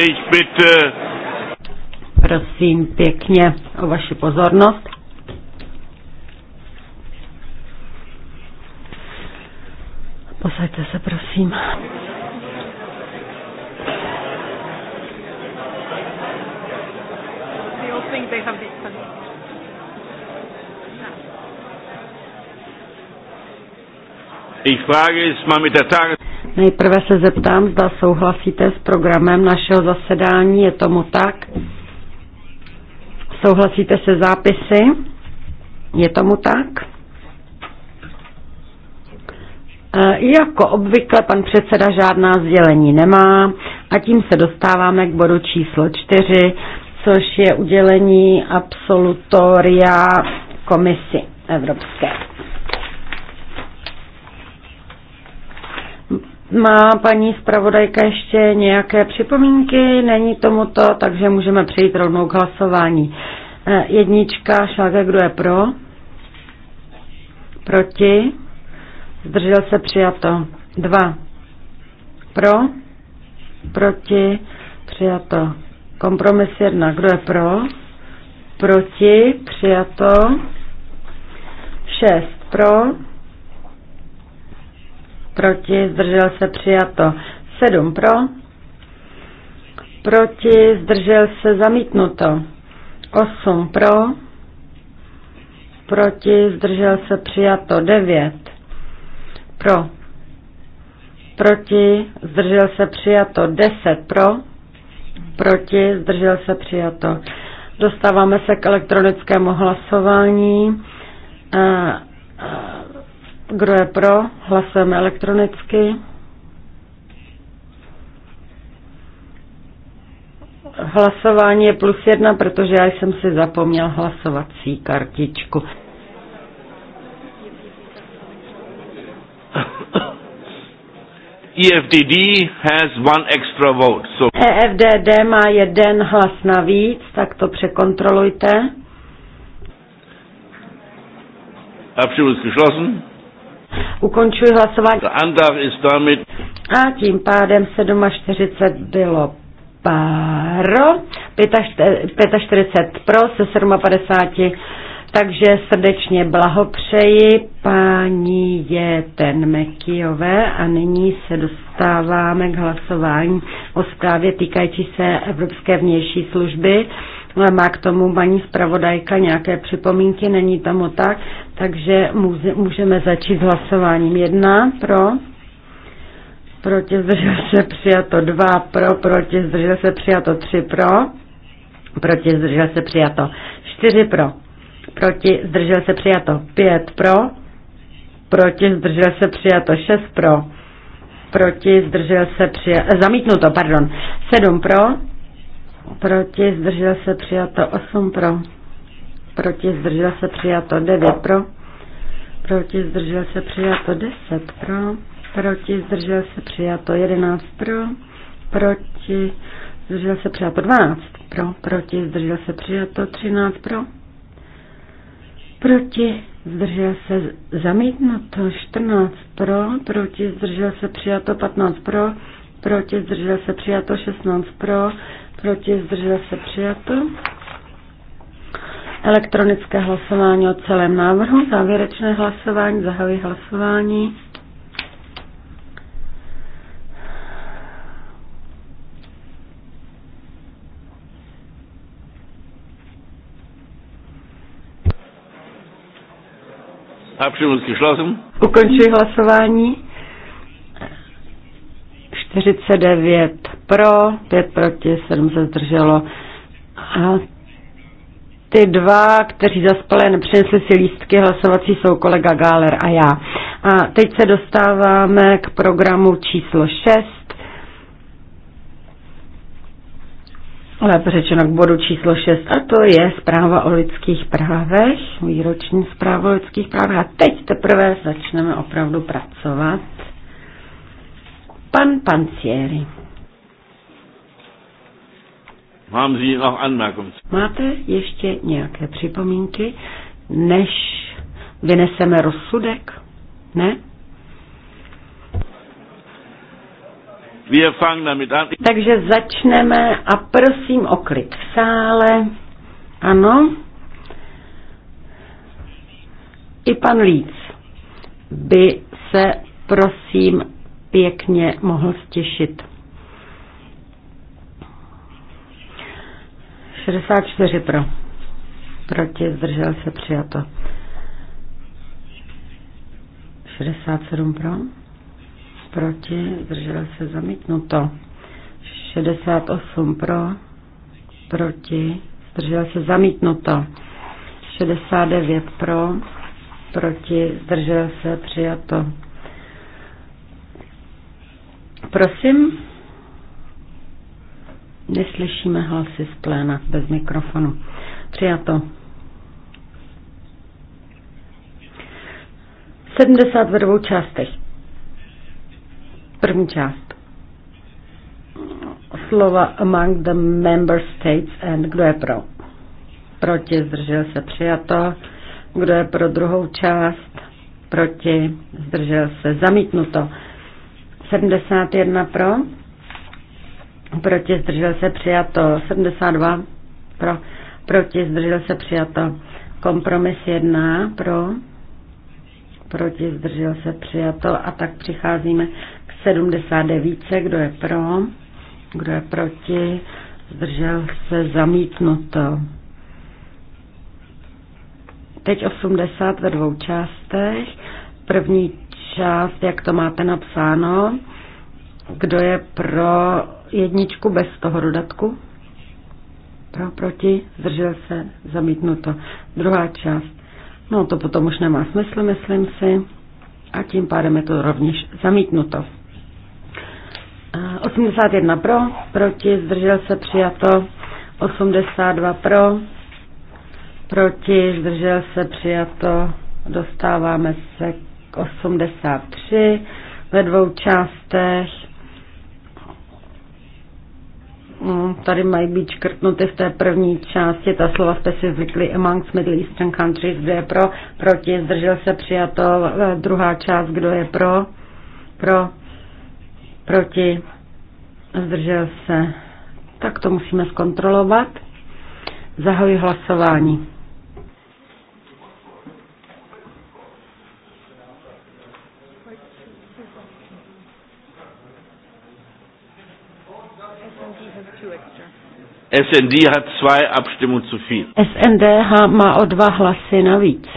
Ich bitte. Prosím pěkně o vaši pozornost. Posaďte se, prosím. Ich frage es mal mit der Tages Nejprve se zeptám, zda souhlasíte s programem našeho zasedání. Je tomu tak? Souhlasíte se zápisy? Je tomu tak? E, jako obvykle pan předseda žádná sdělení nemá a tím se dostáváme k bodu číslo čtyři, což je udělení absolutoria komisi Evropské. Má paní zpravodajka ještě nějaké připomínky? Není tomuto, takže můžeme přejít rovnou k hlasování. Eh, jednička, šláge, kdo je pro? Proti? Zdržel se přijato. Dva. Pro? Proti? Přijato. Kompromis jedna. Kdo je pro? Proti? Přijato. Šest. Pro? proti, zdržel se přijato. 7 pro, proti, zdržel se zamítnuto. 8 pro, proti, zdržel se přijato. 9 pro, proti, zdržel se přijato. 10 pro, proti, zdržel se přijato. Dostáváme se k elektronickému hlasování. Uh, uh, kdo je pro? Hlasujeme elektronicky. Hlasování je plus jedna, protože já jsem si zapomněl hlasovací kartičku. EFDD has one extra vote. So EFDD má jeden hlas navíc, tak to překontrolujte. Absolutně Ukončuji hlasování. A tím pádem 47 bylo pro, 45 pro se 57, takže srdečně blahopřeji paní je ten Mekijové a nyní se dostáváme k hlasování o zprávě týkající se Evropské vnější služby. Má k tomu paní zpravodajka nějaké připomínky, není tomu tak, takže můžeme začít hlasováním. Jedna pro, proti zdržel se přijato dva pro, proti zdržel se přijato tři pro, proti zdržel se přijato čtyři pro, proti zdržel se přijato pět pro, proti zdržel se přijato šest pro, proti zdržel se přijato, zamítnuto, pardon, sedm pro, proti zdržel se přijato osm pro proti, zdržel se přijato 9 pro, proti, zdržel se přijato 10 pro, proti, zdržel se přijato 11 pro, proti, zdržel se přijato 12 pro, proti, zdržel se přijato 13 pro, proti, zdržel se zamítnuto 14 pro, proti, zdržel se přijato 15 pro, proti, zdržel se přijato 16 pro, proti, zdržel se přijato Elektronické hlasování o celém návrhu, závěrečné hlasování, zahajuji hlasování. Ukončuji hlasování. 49 pro, 5 proti, 7 se zdrželo. A ty dva, kteří zaspali nepřinesli si lístky hlasovací, jsou kolega Gáler a já. A teď se dostáváme k programu číslo 6. lépe řečeno k bodu číslo 6, a to je zpráva o lidských právech, výroční zpráva o lidských právech. A teď teprve začneme opravdu pracovat. Pan Pancieri. Máte ještě nějaké připomínky, než vyneseme rozsudek? Ne? Takže začneme a prosím o klid v sále. Ano. I pan Líc by se prosím pěkně mohl stěšit. 64 pro. Proti zdržel se přijato. 67 pro. Proti zdržel se zamítnuto. 68 pro. Proti zdržel se zamítnuto. 69 pro. Proti zdržel se přijato. Prosím. Neslyšíme hlasy z pléna bez mikrofonu. Přijato. 70 ve dvou částech. První část. Slova among the member states and kdo je pro. Proti zdržel se přijato. Kdo je pro druhou část? Proti zdržel se zamítnuto. 71 pro proti zdržel se přijato 72 pro, proti zdržel se přijato kompromis 1 pro, proti zdržel se přijato a tak přicházíme k 79, kdo je pro, kdo je proti, zdržel se zamítnuto. Teď 80 ve dvou částech. První část, jak to máte napsáno, kdo je pro jedničku bez toho dodatku? Pro, proti, zdržel se, zamítnuto. Druhá část. No to potom už nemá smysl, myslím si. A tím pádem je to rovněž zamítnuto. 81 pro, proti, zdržel se, přijato. 82 pro, proti, zdržel se, přijato. Dostáváme se k 83 ve dvou částech Mm, tady mají být škrtnuty v té první části, ta slova specifically amongst Middle Eastern countries, kdo je pro, proti, zdržel se přijato, e, druhá část, kdo je pro, pro, proti, zdržel se. Tak to musíme zkontrolovat. Zahoji hlasování. SND hat zwei Abstimmungen zu viel. SND hat mal o dva hlasy navíc.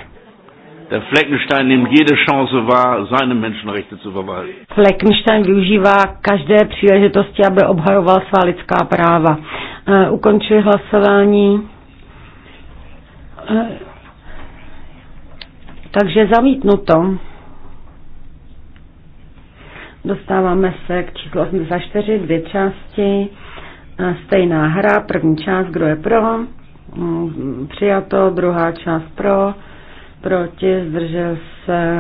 Der Fleckenstein nimmt jede Chance wahr, seine Menschenrechte zu verwalten. Fleckenstein využívá každé příležitosti, aby obhajoval svá lidská práva. Uh, ukončuji hlasování. Uh, takže zamítnuto. Dostáváme se k číslu 84, dvě části. Stejná hra, první část, kdo je pro, mm, přijato, druhá část pro, proti, zdržel se,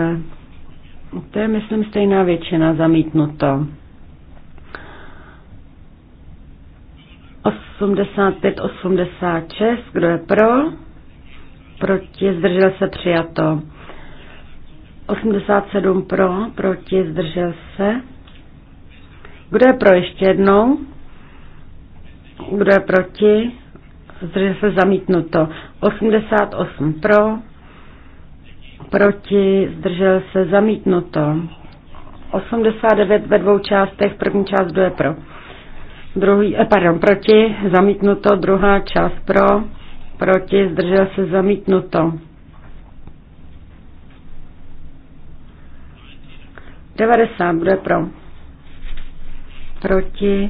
to je myslím stejná většina, zamítnuto. 85, 86, kdo je pro, proti, zdržel se, přijato. 87 pro, proti, zdržel se. Kdo je pro ještě jednou? Kdo je proti? Zdržel se zamítnuto. 88 pro. Proti? Zdržel se zamítnuto. 89 ve dvou částech. První část kdo je pro? Druhý, eh, pardon, proti? Zamítnuto. Druhá část pro. Proti? Zdržel se zamítnuto. 90 bude pro. Proti?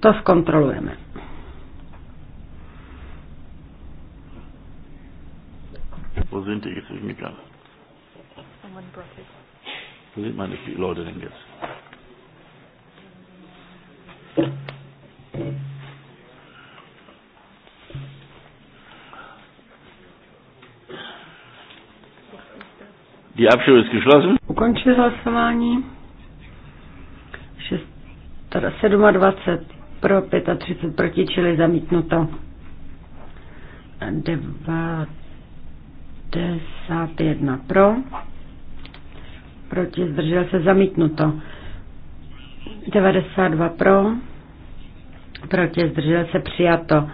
To zkontrolujeme. die jetzt Die Abstimmung ist geschlossen. Ukončil hlasování teda 27 pro, 35 proti, čili zamítnuto. 91 pro, proti, zdržel se, zamítnuto. 92 pro, proti, zdržel se, přijato.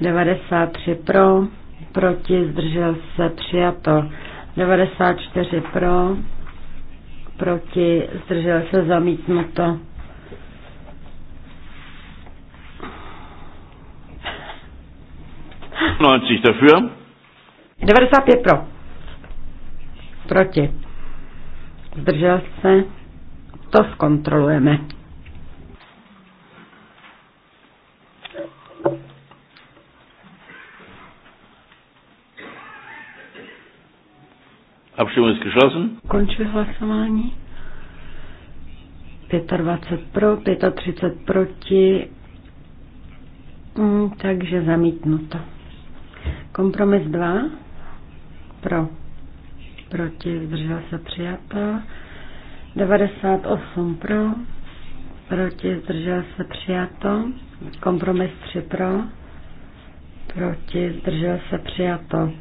93 pro, proti, zdržel se, přijato. 94 pro, proti, zdržel se, zamítnuto. 90 dafür. 95 pro. Proti. Zdržel se. To zkontrolujeme. Abstimmung ist geschlossen. Končí hlasování. 25 pro, 35 proti. Hmm, takže zamítnuto. Kompromis 2. Pro. Proti. Zdržel se přijata. 98 pro. Proti. Zdržel se přijato. Kompromis 3 pro. Proti. Zdržel se přijato.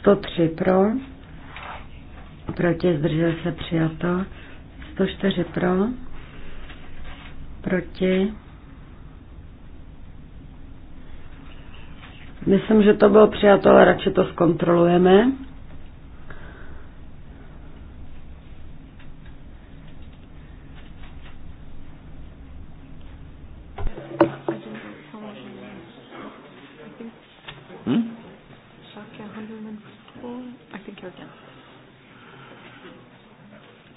103 pro. Proti. Zdržel se přijato. 104 pro. Proti Myslím, že to bylo přijato, ale radši to zkontrolujeme. Hm?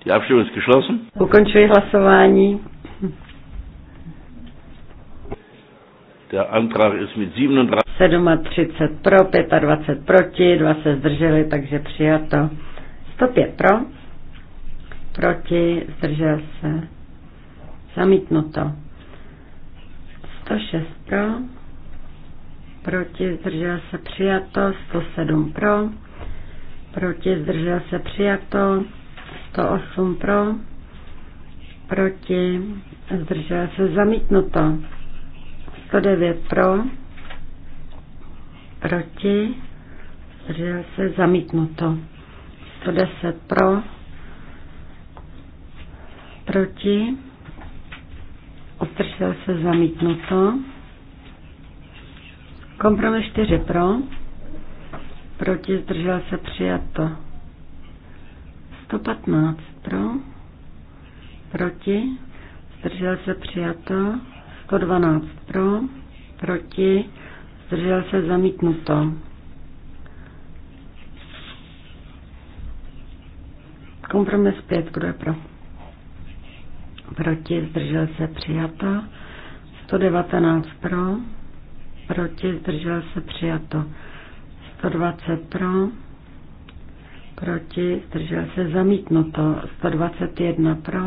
Die Abstimmung ist geschlossen. Ukončuji hlasování. Der Antrag ist mit 37 37 pro, 25 proti, 2 se zdrželi, takže přijato. 105 pro, proti, zdržel se, zamítnuto. 106 pro, proti, zdržel se, přijato. 107 pro, proti, zdržel se, přijato. 108 pro, proti, zdržel se, zamítnuto. 109 pro, proti, zdržel se zamítnuto. 110 pro, proti, obdržel se zamítnuto. Kompromis 4 pro, proti, zdržel se přijato. 115 pro, proti, zdržel se přijato. 112 pro, proti, Zdržel se zamítnuto. Kompromis 5, kdo je pro? Proti, zdržel se přijato. 119 pro. Proti, zdržel se přijato. 120 pro. Proti, zdržel se zamítnuto. 121 pro.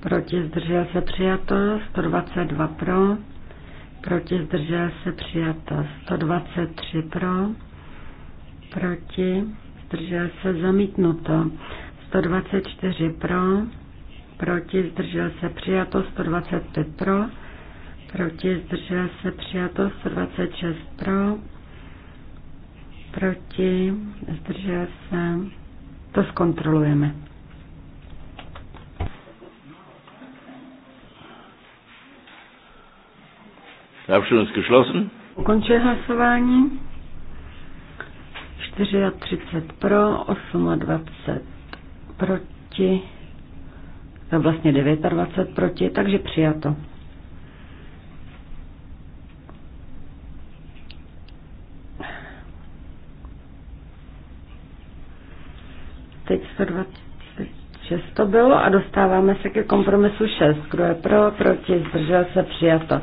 Proti, zdržel se přijato. 122 pro proti, zdržel se, přijato. 123 pro, proti, zdržel se, zamítnuto. 124 pro, proti, zdržel se, přijato. 125 pro, proti, zdržel se, přijato. 126 pro, proti, zdržel se, to zkontrolujeme. Abstimmung ist geschlossen. Ukončuje hlasování. 34 pro, 28 proti, no vlastně 29 proti, takže přijato. Teď 126 to bylo a dostáváme se ke kompromisu 6. Kdo je pro, proti, zdržel se, přijato.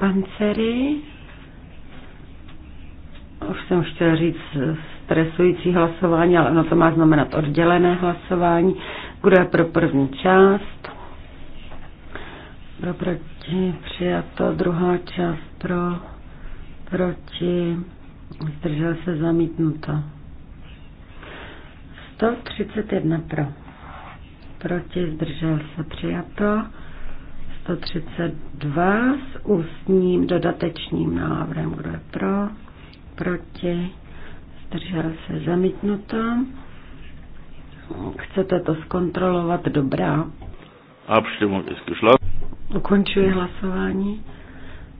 Pancery. Už jsem chtěla říct stresující hlasování, ale ono to má znamenat oddělené hlasování. Kdo je pro první část? Pro proti přijato, druhá část pro proti, zdržel se zamítnuto. 131 pro, proti zdržel se přijato. 132 s ústním dodatečným návrhem. Kdo je pro? Proti? Zdržel se zamítnuto. Chcete to zkontrolovat? Dobrá. Abstimmung Ukončuji hlasování.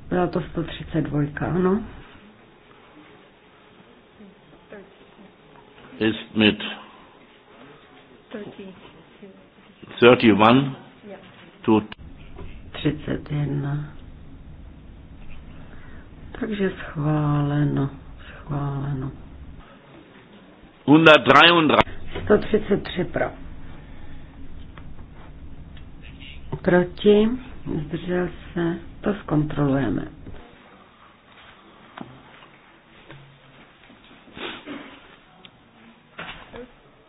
Byla to 132, ano. Ist mit 31 to 31. Takže schváleno, schváleno. 133 pro. Proti, zdržel se, to zkontrolujeme.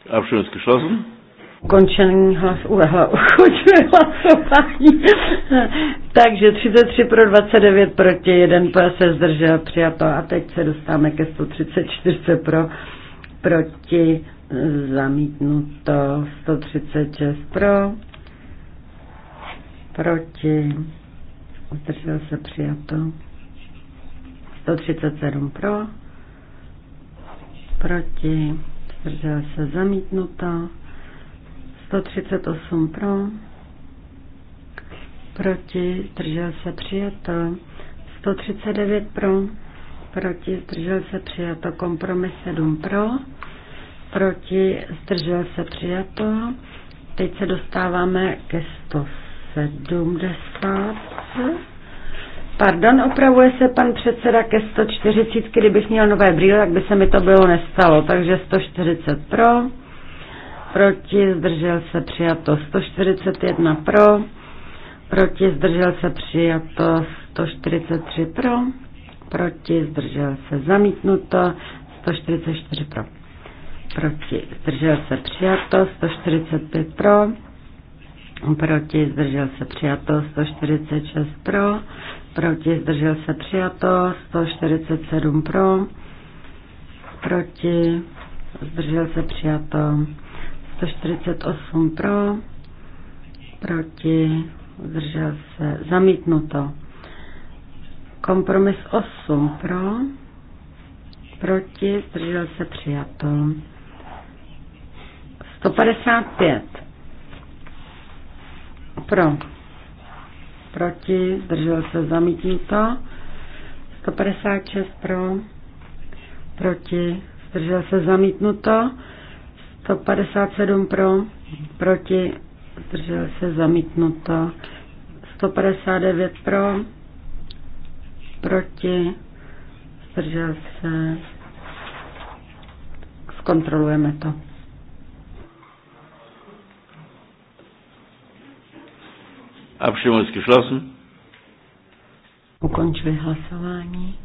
Abstimmung ist geschlossen. Končený hlas, ulehla ukončuje hlasování. Takže 33 pro 29 proti, jeden pro se zdržel, přijato. A teď se dostáme ke 134 pro, proti, zamítnuto, 136 pro, proti, zdržel se přijato. 137 pro, proti, zdržel se zamítnuto. 138 pro, proti, zdržel se přijato, 139 pro, proti, zdržel se přijato, kompromis 7 pro, proti, zdržel se přijato. Teď se dostáváme ke 170. Pardon, opravuje se pan předseda ke 140, kdybych měl nové brýle, tak by se mi to bylo nestalo. Takže 140 pro, proti, zdržel se přijato 141 pro, proti, zdržel se přijato 143 pro, proti, zdržel se zamítnuto 144 pro, proti, zdržel se přijato 145 pro, proti, zdržel se přijato 146 pro, proti, zdržel se přijato 147 pro, proti, zdržel se přijato 148 pro, proti, zdržel se, zamítnuto. Kompromis 8 pro, proti, zdržel se, přijato. 155 pro, proti, zdržel se, zamítnuto. 156 pro, proti, zdržel se, zamítnuto. 157 pro, proti, zdržel se zamítnuto. 159 pro, proti, zdržel se. Zkontrolujeme to. Abstimmung ist Ukončili hlasování.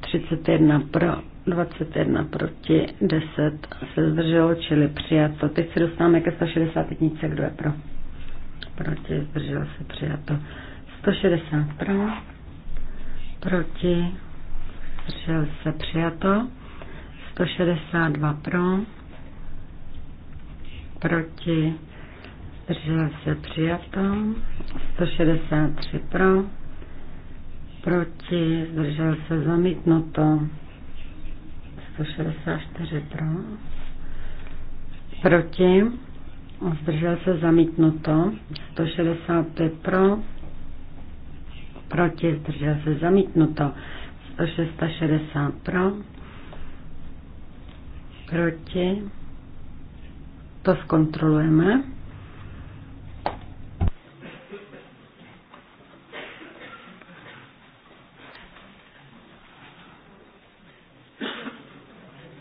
31 pro, 21 proti 10 se zdrželo, čili přijato. Teď se dostáváme ke 160 jednice, kdo je pro. Proti, zdrželo se, přijato. 160 pro, proti, zdrželo se, přijato. 162 pro, proti, zdrželo se, přijato. 163 pro, proti, zdrželo se, zamítnuto. 164 pro. Proti. Zdržel se zamítnuto. 165 pro. Proti. Zdržel se zamítnuto. 160 pro. Proti. To zkontrolujeme.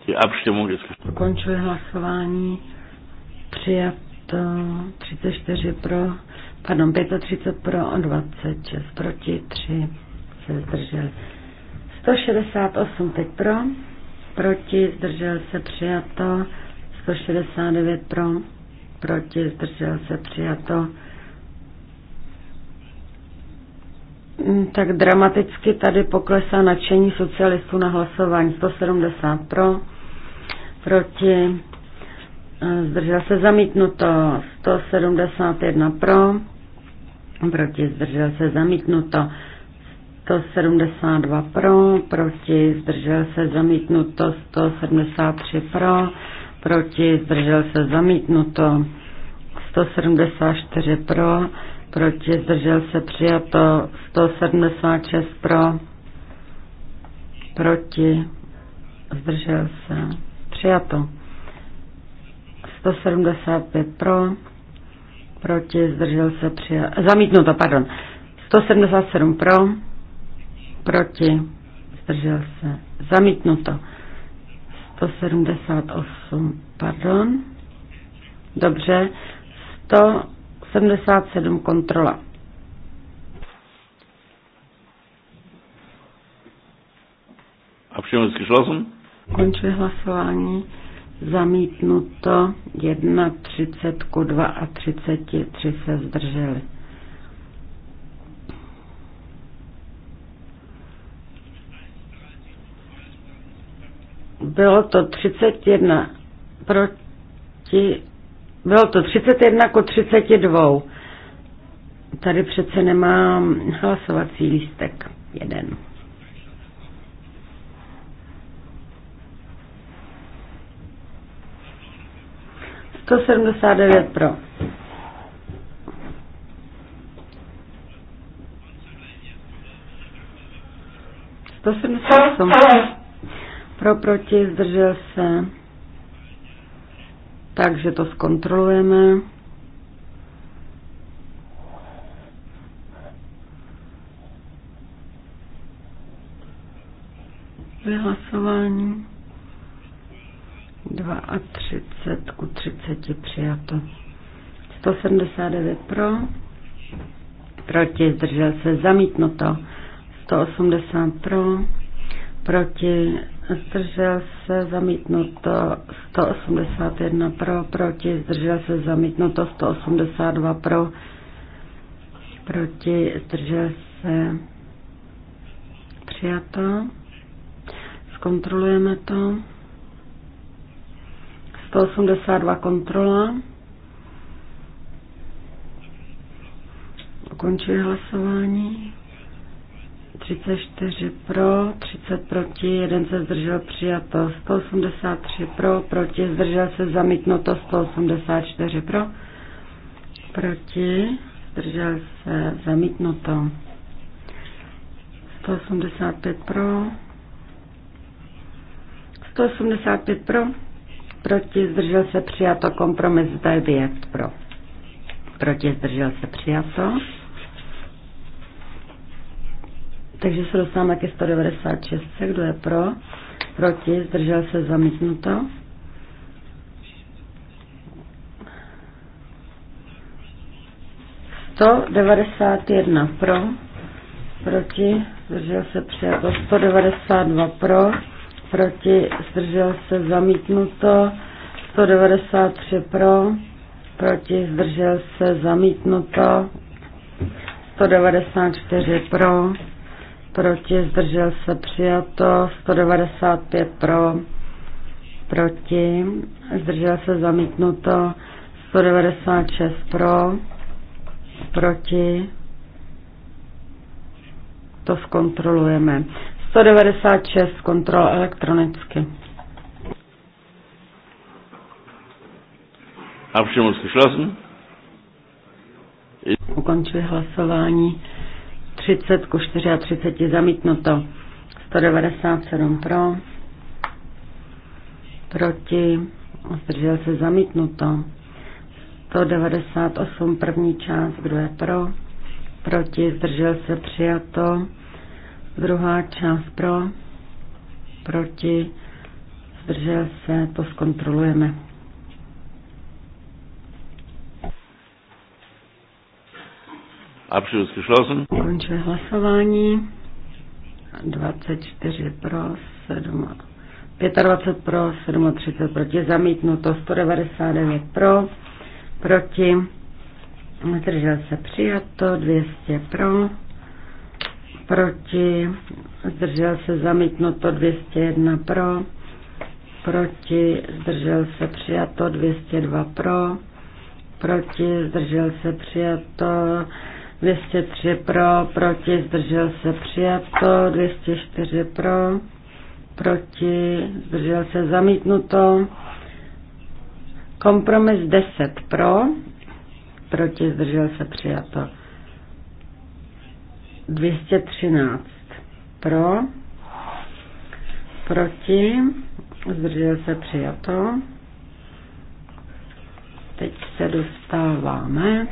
Die Abstimmung ist Končuje hlasování. Přijato 34 eh, pro, pardon, 35 pro, 26 proti, 3 se zdrželi. 168 teď pro, proti, zdržel se přijato, 169 pro, proti, zdržel se přijato. Mm, tak dramaticky tady poklesá nadšení socialistů na hlasování. 170 pro, proti, zdržel se zamítnuto 171 pro, proti, zdržel se zamítnuto 172 pro, proti, zdržel se zamítnuto 173 pro, proti, zdržel se zamítnuto 174 pro, proti, zdržel se přijato 176 pro, proti, zdržel se Přijato. 175 pro, proti, zdržel se přijato, zamítnuto, pardon, 177 pro, proti, zdržel se, zamítnuto, 178, pardon, dobře, 177 kontrola. Abstimmung ist geschlossen. Končuje hlasování. Zamítnuto 1, 31 ku 32, 3 se zdrželi. Bylo to 31 proti, bylo to 31 ku 32. Tady přece nemám hlasovací lístek. Jeden. 179 pro. To 78. Pro, proti, zdržel se. Takže to zkontrolujeme. Vyhlasování. 32 ku 30 přijato. 179 pro, proti, zdržel se, zamítnuto. 180 pro, proti, zdržel se, zamítnuto. 181 pro, proti, zdržel se, zamítnuto. 182 pro, proti, zdržel se, přijato. Zkontrolujeme to. 182 kontrola. Ukončuji hlasování. 34 pro, 30 proti, jeden se zdržel přijato, 183 pro, proti, zdržel se zamítnuto, 184 pro, proti, zdržel se zamítnuto, 185 pro, 185 pro, Proti zdržel se přijato kompromis D9 pro. Proti zdržel se přijato. Takže se dostáváme ke 196. Kdo je pro? Proti zdržel se zamítnuto. To 91 pro, proti, zdržel se přijato 192 pro, proti, zdržel se zamítnuto, 193 pro, proti, zdržel se zamítnuto, 194 pro, proti, zdržel se přijato, 195 pro, proti, zdržel se zamítnuto, 196 pro, proti, to zkontrolujeme. 196 kontrol elektronicky. slyšela jsem? Ukončili hlasování. 30 ku 34 zamítnuto. 197 pro. Proti. Zdržel se zamítnuto. 198 první část. Kdo je pro? Proti. Zdržel se přijato. Druhá část pro, proti, zdržel se, to zkontrolujeme. Abschluss geschlossen. Končil hlasování. 24 pro, 7, 25 pro, 37 proti, zamítnuto, 199 pro, proti, zdržel se přijato, 200 pro, proti, zdržel se zamítnuto 201 pro, proti, zdržel se přijato 202 pro, proti, zdržel se přijato 203 pro, proti, zdržel se přijato 204 pro, proti, zdržel se zamítnuto, kompromis 10 pro, proti, zdržel se přijato 213 pro, proti, zdržel se přijato. Teď se dostáváme.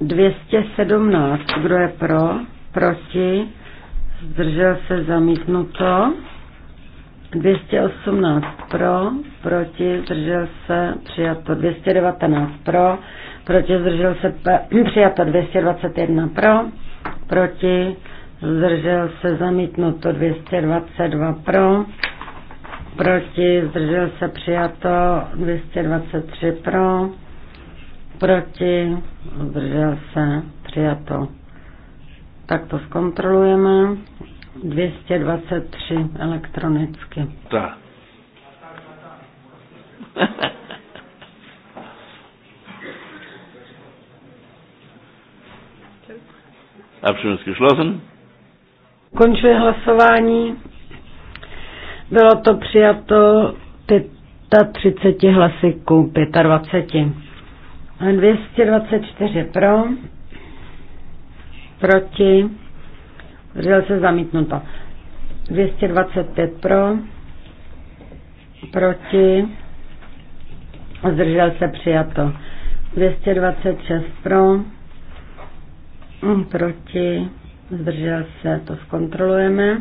217, kdo je pro, proti, zdržel se zamítnuto. 218 pro, proti, zdržel se, přijato 219 pro, proti, zdržel se, přijato 221 pro, proti, zdržel se, zamítnuto 222 pro, proti, zdržel se, přijato 223 pro, proti, zdržel se, přijato. Tak to zkontrolujeme. 223 elektronicky. Tak. Abstimmung ist geschlossen. Končuje hlasování. Bylo to přijato ty ta 30 hlasy ku 25. 224 pro, proti, Zdržel se zamítnuto. 225 pro, proti, zdržel se přijato. 226 pro, proti, zdržel se, to zkontrolujeme.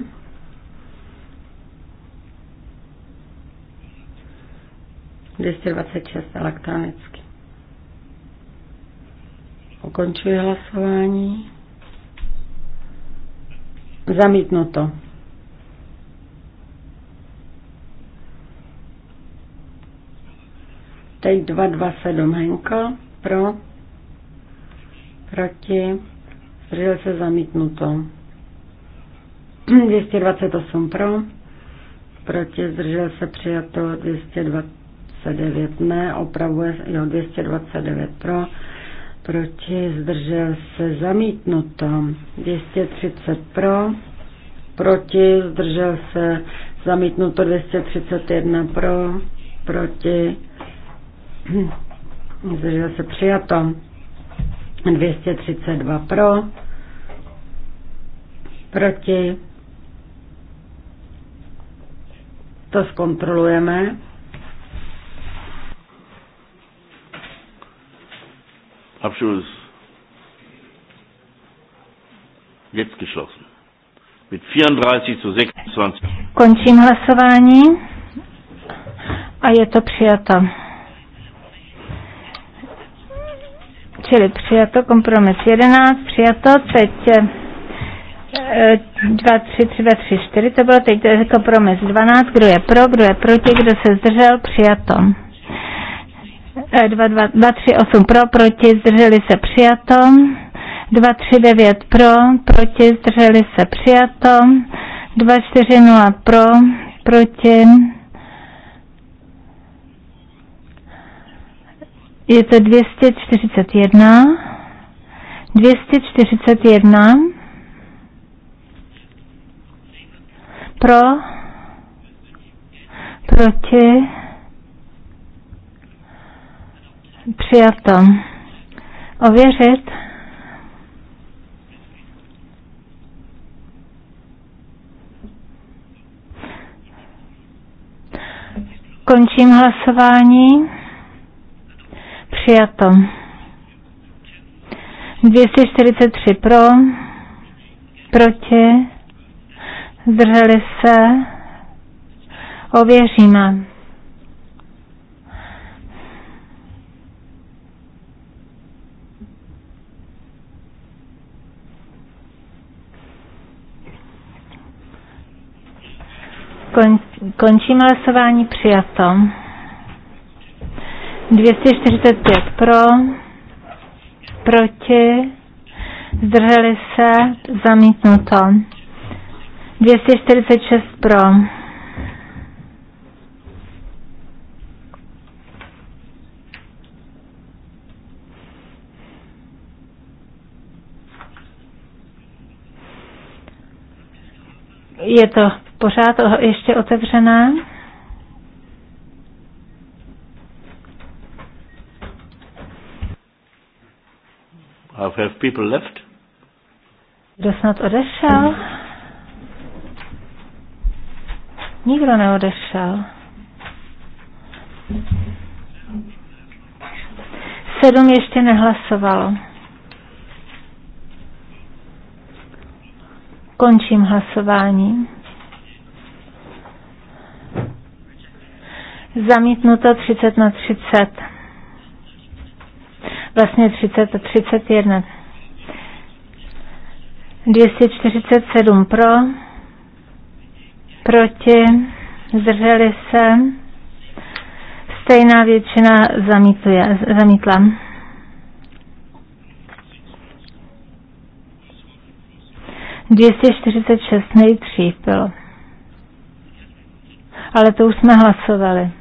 šest elektronicky. Ukončuji hlasování. Zamítnuto. Teď 227 Henkel pro, proti, zdržel se zamítnuto. 228 pro, proti, zdržel se přijato 229 ne, opravuje, jo, 229 pro, proti, zdržel se zamítnuto. 230 pro, proti, zdržel se zamítnuto. 231 pro, proti, zdržel se přijato. 232 pro, proti, to zkontrolujeme. Abschluss jetzt geschlossen. Mit 34 zu 26. Končím hlasování a je to přijato. Čili přijato kompromis 11, přijato, teď 2, 3, 3, 2, 3, 4, to bylo teď kompromis 12, kdo je pro, kdo je proti, kdo se zdržel, přijato. 238 e, pro, proti, zdrželi se přijato. 239 pro, proti, zdrželi se přijato. 240 pro, proti. Je to 241. 241 pro, proti, Přijato. Ověřit. Končím hlasování. Přijato. 243 pro, proti, zdrželi se, ověříme. Kon, končím hlasování přijato. 245 pro, proti, zdrželi se, zamítnuto. 246 pro. Je to pořád ještě otevřená. Have people left? Kdo snad odešel? Nikdo neodešel. Sedm ještě nehlasovalo. Končím hlasování. Zamítnuto 30 na 30. Vlastně 30 a 31. 247 pro, proti, zdrželi se, stejná většina zamítuje, zamítla. Dvěstě čtyřicet šest nejdřív bylo. Ale to už jsme hlasovali.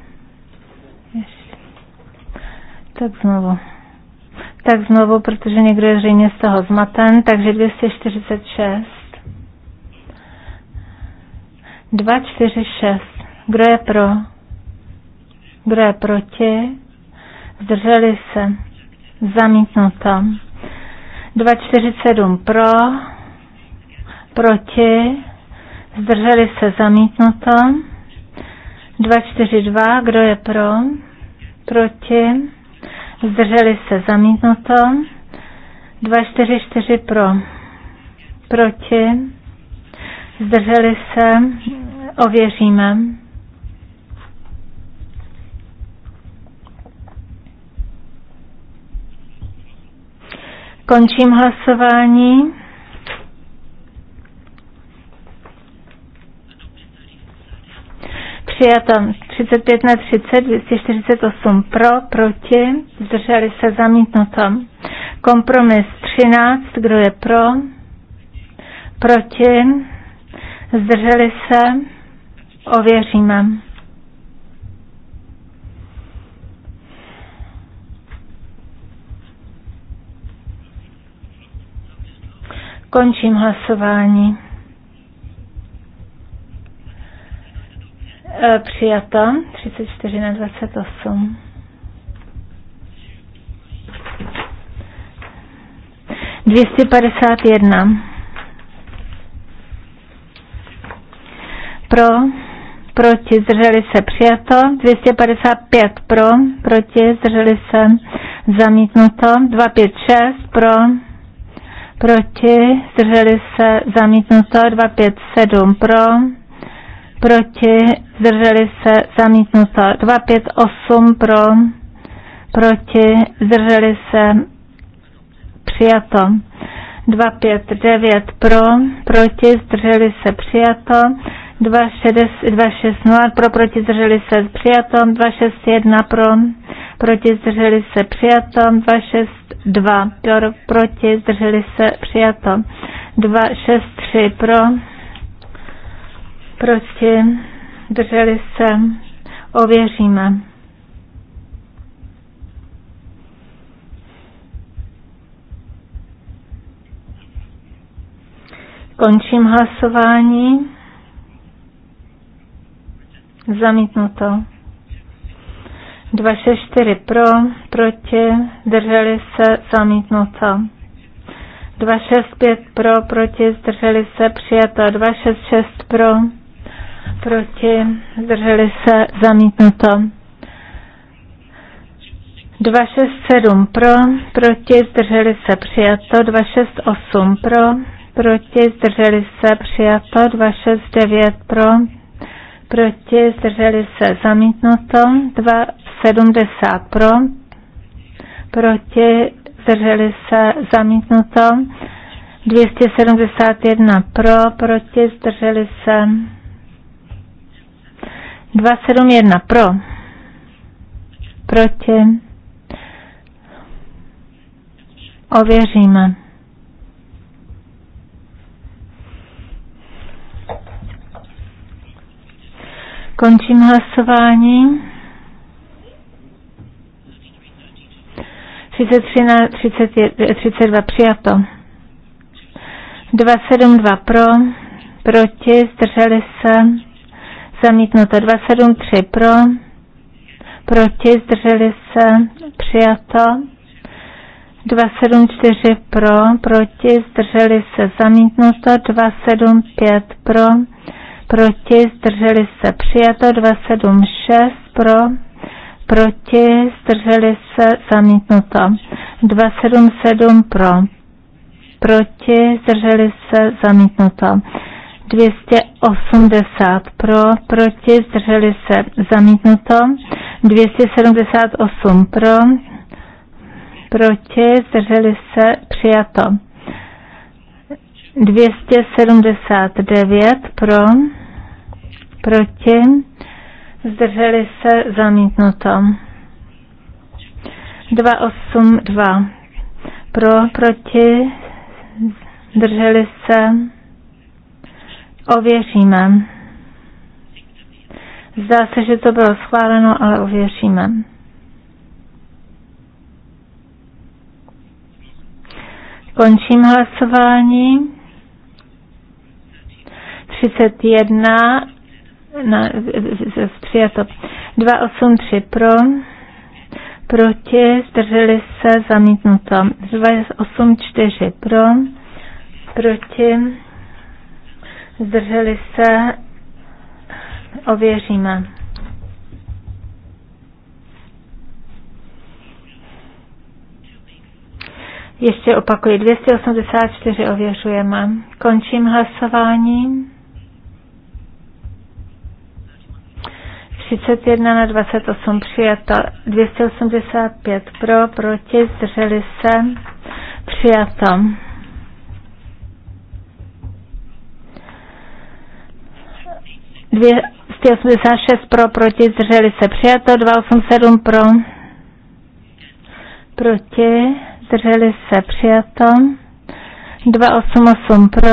Tak znovu. Tak znovu, protože někdo je zřejmě z toho zmaten, takže 246. 246. Kdo je pro? Kdo je proti? Zdrželi se. Zamítnuto. 247 pro, proti, zdrželi se zamítnuto. 242, kdo je pro, proti, zdrželi se zamítnuto, 244 pro, proti, zdrželi se, ověříme. Končím hlasování. Přijato 35 na 30, 248 pro, proti, zdrželi se zamítnuto. Kompromis 13, kdo je pro, proti, zdrželi se, ověříme. Končím hlasování. Eh, přijata 34 na 28. Dvěstě padesát jedna. Pro, proti, zdrželi se přijato. 255 pro, proti, zdrželi se zamítnuto. 256 pro, proti, zdrželi se zamítnuto. 257 pro, proti, zdrželi se, zamítnuto. 258 pro, proti, zdrželi se, přijato. 259 pro, proti, zdrželi se, přijato. 260 pro, proti, zdrželi se, přijato. 261 pro, proti, zdrželi se, přijato. 262 pro, proti, zdrželi se, přijato. 263 pro, proti, drželi se, ověříme. Končím hlasování. Zamítnuto. 264 pro, proti, zdrželi se, zamítnuto. 265 pro, proti, zdrželi se, přijato. 266 pro, proti, zdrželi se, zamítnuto. 267 pro, proti, zdrželi se, přijato. 268 pro, proti, zdrželi se, přijato. 269 pro, proti, zdrželi se, zamítnuto. 270 pro, proti, zdrželi se, zamítnuto. 271 pro, proti, zdrželi se, 271 pro. Proti. Ověříme. Končím hlasování. 33 na 30, 32 přijato. 272 pro, proti, zdrželi se Zamítnuto 273 pro, proti, zdrželi se, přijato. 274 pro, proti, zdrželi se, zamítnuto. 275 pro, proti, zdrželi se, přijato. 276 pro, proti, zdrželi se, zamítnuto. 277 pro, proti, zdrželi se, zamítnuto. 200 80 pro, proti, zdrželi se zamítnuto, 278 pro, proti, zdrželi se přijato, 279 pro, proti, zdrželi se zamítnuto, 282 pro, proti, zdrželi se Ověříme. Zdá se, že to bylo schváleno, ale ověříme. Končím hlasování. 31 na, přijato 283 pro, proti, zdrželi se, zamítnuto 284 pro, proti, Zdrželi se? Ověříme. Ještě opakuji, 284 ověřujeme. Končím hlasování. 31 na 28 přijato, 285 pro, proti, zdrželi se, přijato. 286 pro, proti, zdrželi se přijato, 287 pro, proti, zdrželi se přijato, 288 pro,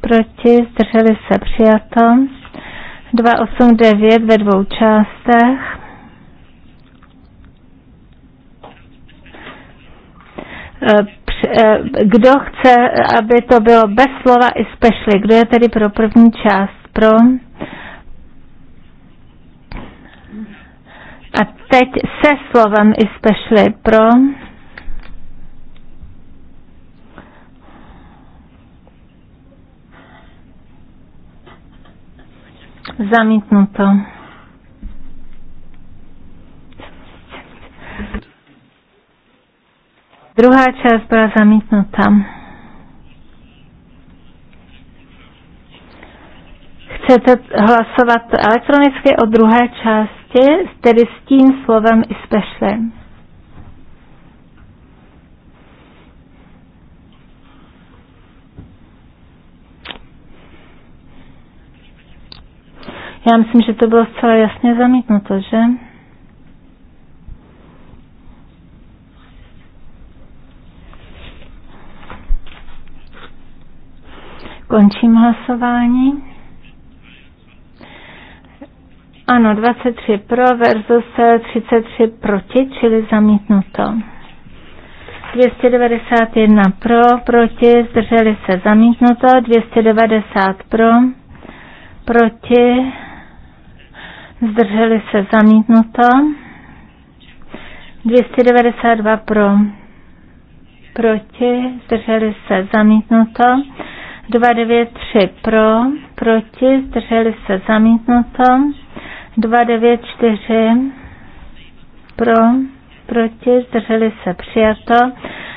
proti, zdrželi se přijato, 289 ve dvou částech, 5, kdo chce, aby to bylo bez slova i specially, kdo je tedy pro první část, pro, teď se slovem especially pro zamítnuto. Druhá část byla zamítnuta. Chcete hlasovat elektronicky o druhé části? části, tedy s tím slovem especially. Já myslím, že to bylo zcela jasně zamítnuto, že? Končím hlasování. Ano, 23 pro versus 33 proti, čili zamítnuto. 291 pro, proti, zdrželi se zamítnuto, 290 pro, proti, zdrželi se zamítnuto, 292 pro, proti, zdrželi se zamítnuto, 293 pro, proti, zdrželi se zamítnuto, 294 pro, proti, zdrželi se přijato.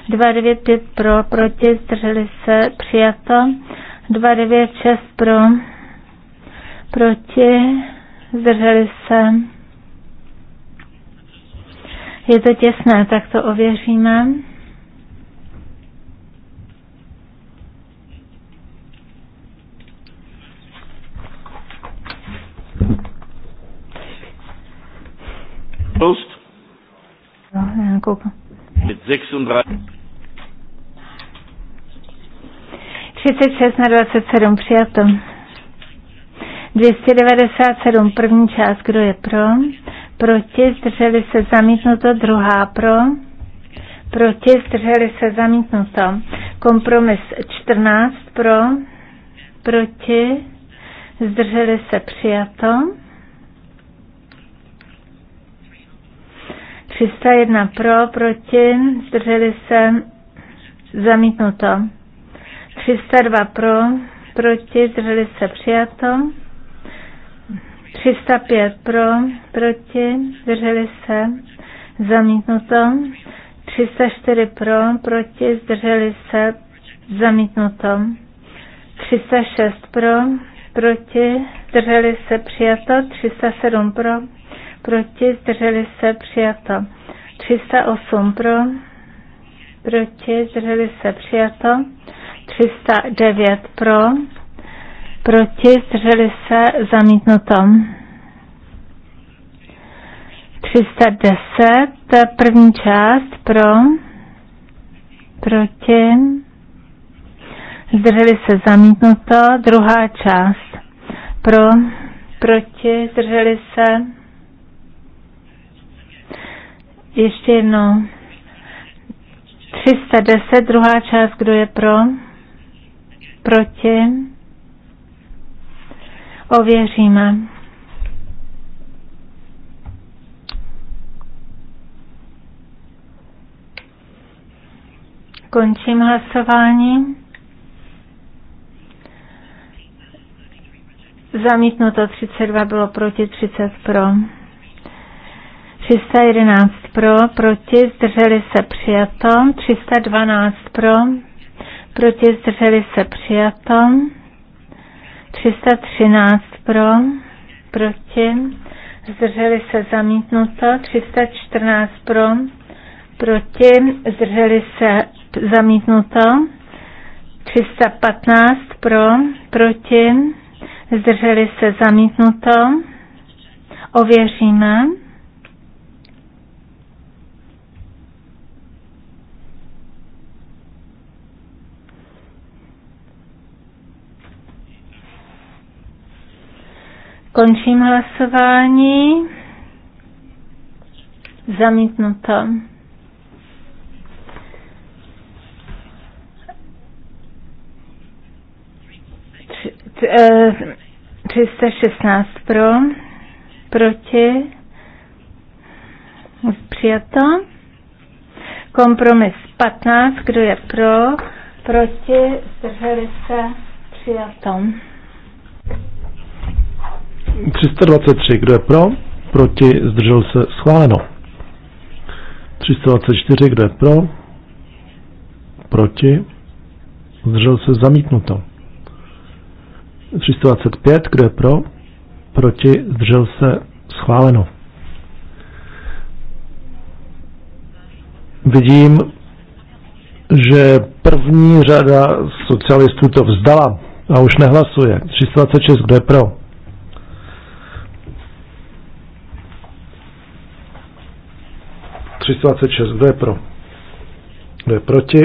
295 pro, proti, zdrželi se přijato. 296 pro, proti, zdrželi se. Je to těsné, tak to ověříme. Prost. No, Mit 36. 36 na 27 přijato. 297 první část, kdo je pro? Proti, zdrželi se zamítnuto, druhá pro. Proti, zdrželi se zamítnuto. Kompromis 14 pro. Proti, zdrželi se přijato. 301 pro, proti, zdrželi se, zamítnuto. 302 pro, proti, zdrželi se, přijato. 305 pro, proti, zdrželi se, zamítnuto. 304 pro, proti, zdrželi se, zamítnuto. 306 pro, proti, zdrželi se, přijato. 307 pro, proti, zdrželi se, přijato. 308 pro, proti, zdrželi se, přijato. 309 pro, proti, zdrželi se, zamítnuto. 310, první část pro, proti, zdrželi se zamítnuto, druhá část pro, proti, zdrželi se ještě jednou. 310, druhá část, kdo je pro? Proti? Ověříme. Končím hlasování. Zamítnuto 32 bylo proti 30 pro. 311 pro, proti, zdrželi se přijato. 312 pro, proti, zdrželi se přijato. 313 pro, proti, zdrželi se zamítnuto. 314 pro, proti, zdrželi se zamítnuto. 315 pro, proti, zdrželi se zamítnuto. Ověříme. Končím hlasování. Zamítnuto. Tři, tři, 316 eh, pro, proti, přijato. Kompromis 15, kdo je pro, proti, zdrželi se, přijato. 323, kdo je pro? Proti, zdržel se, schváleno. 324, kdo je pro? Proti, zdržel se, zamítnuto. 325, kdo je pro? Proti, zdržel se, schváleno. Vidím, že první řada socialistů to vzdala a už nehlasuje. 326, kdo je pro? 326. Kdo je pro? Kdo je proti?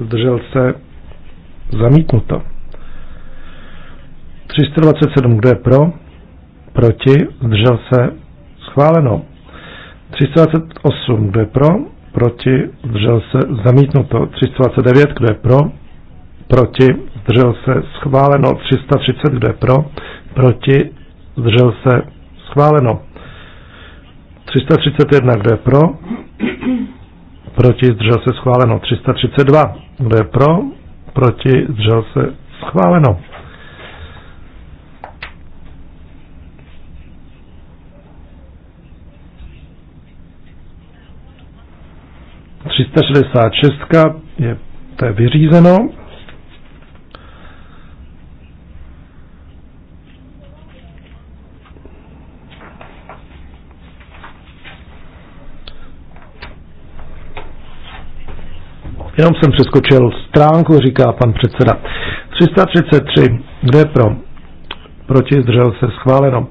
Zdržel se? Zamítnuto. 327. Kdo je pro? Proti? Zdržel se? Schváleno. 328. Kdo je pro? Proti? Zdržel se? Zamítnuto. 329. Kdo je pro? Proti? Zdržel se? Schváleno. 330. Kdo je pro? Proti? Zdržel se? Schváleno. 331, kdo je pro? Proti zdržel se schváleno. 332, kdo je pro? Proti zdržel se schváleno. šestka je to je vyřízeno Jenom jsem přeskočil stránku, říká pan předseda. 333. kde je pro? Proti zdržel se schváleno.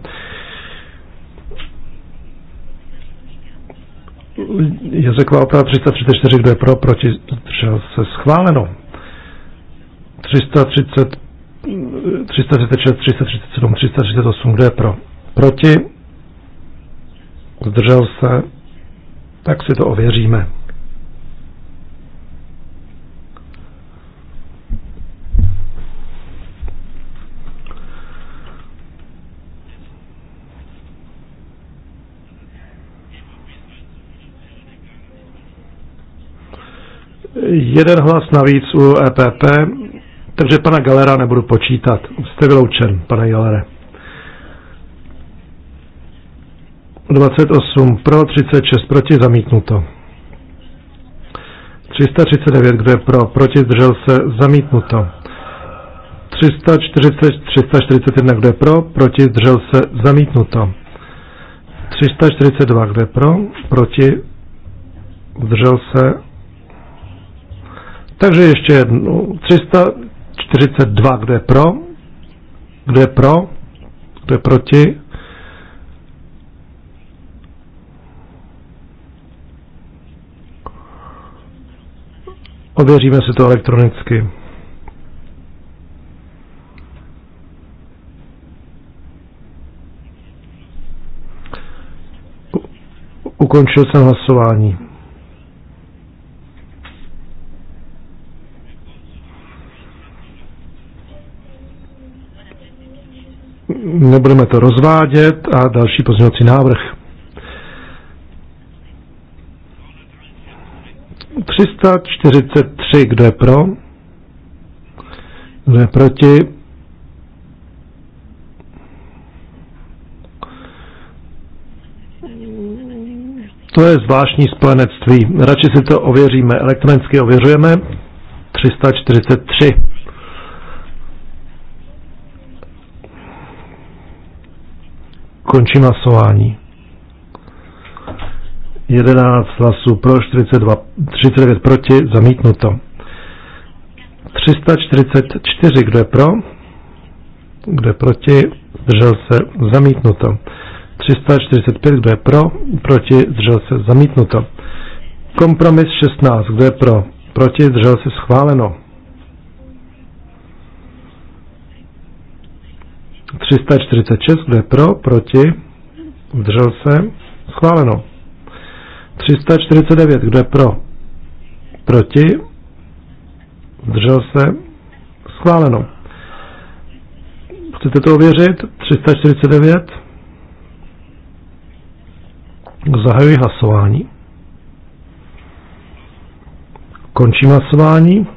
Jezek Válta 334. Kdo je pro? Proti zdržel se schváleno. 330, 336, 337, 338. Kdo je pro? Proti zdržel se. Tak si to ověříme. jeden hlas navíc u EPP, takže pana Galera nebudu počítat. Jste vyloučen, pane Galere. 28 pro, 36 proti, zamítnuto. 339, kdo je pro, proti, zdržel se, zamítnuto. 340, 341, kdo je pro, proti, zdržel se, zamítnuto. 342, kdo je pro, proti, zdržel se, takže ještě jednou. 342, kdo je pro? Kdo je pro? Kdo je proti? Ověříme si to elektronicky. Ukončil jsem hlasování. nebudeme to rozvádět a další pozměňovací návrh. 343, kdo je pro? Kdo je proti? To je zvláštní splenectví. Radši si to ověříme. Elektronicky ověřujeme. 343. Končím hlasování. 11 hlasů pro, 42, 39 proti, zamítnuto. 344, kdo je pro? Kdo je proti? Zdržel se, zamítnuto. 345, kdo je pro? Proti, zdržel se, zamítnuto. Kompromis 16, kdo je pro? Proti, zdržel se, schváleno. 346, kdo je pro, proti, zdržel se, schváleno. 349, kdo je pro, proti, zdržel se, schváleno. Chcete to ověřit? 349. Zahajuji hlasování. Končím hlasování.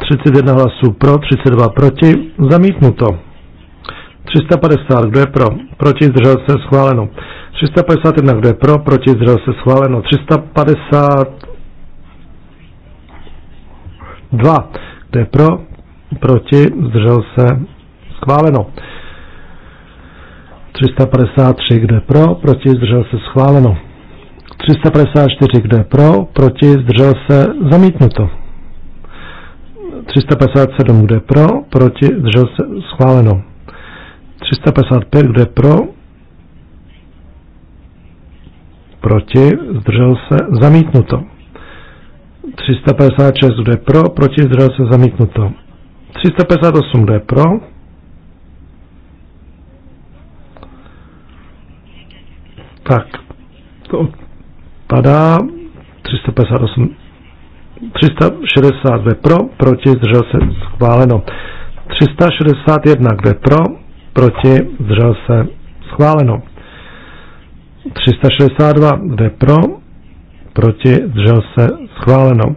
31 hlasů pro, 32 proti, zamítnuto. 350, kdo je pro, proti, zdržel se, schváleno. 351, kdo je pro, proti, zdržel se, schváleno. 352, kdo je pro, proti, zdržel se, schváleno. 353, kdo je pro, proti, zdržel se, schváleno. 354, kdo je pro, proti, zdržel se, zamítnuto. 357, je pro, proti, zdržel se, schváleno. 355, je pro, proti, zdržel se, zamítnuto. 356, je pro, proti, zdržel se, zamítnuto. 358, je pro, tak, to padá, 358 362 pro, proti, zdržel se schváleno. 361, kde pro, proti, zdržel se schváleno. 362, kde pro, proti, zdržel se schváleno.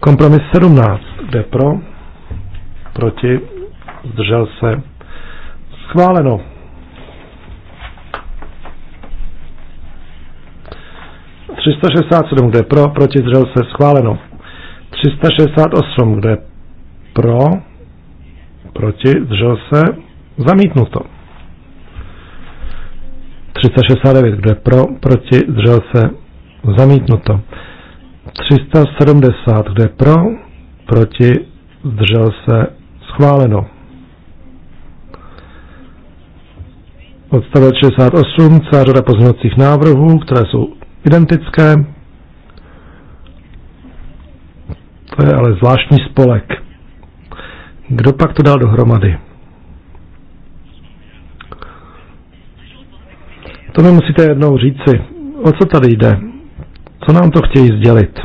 Kompromis 17, kde pro, proti, zdržel se schváleno. sedm kde pro, proti zdržel se schváleno. 368, kde pro, proti, zdržel se, zamítnuto. 369, kde pro, proti, zdržel se, zamítnuto. 370, kde pro, proti, zdržel se, schváleno. Odstavec 68, celá řada pozměňovacích návrhů, které jsou identické, To je ale zvláštní spolek. Kdo pak to dal dohromady? To mi musíte jednou říci. O co tady jde? Co nám to chtějí sdělit?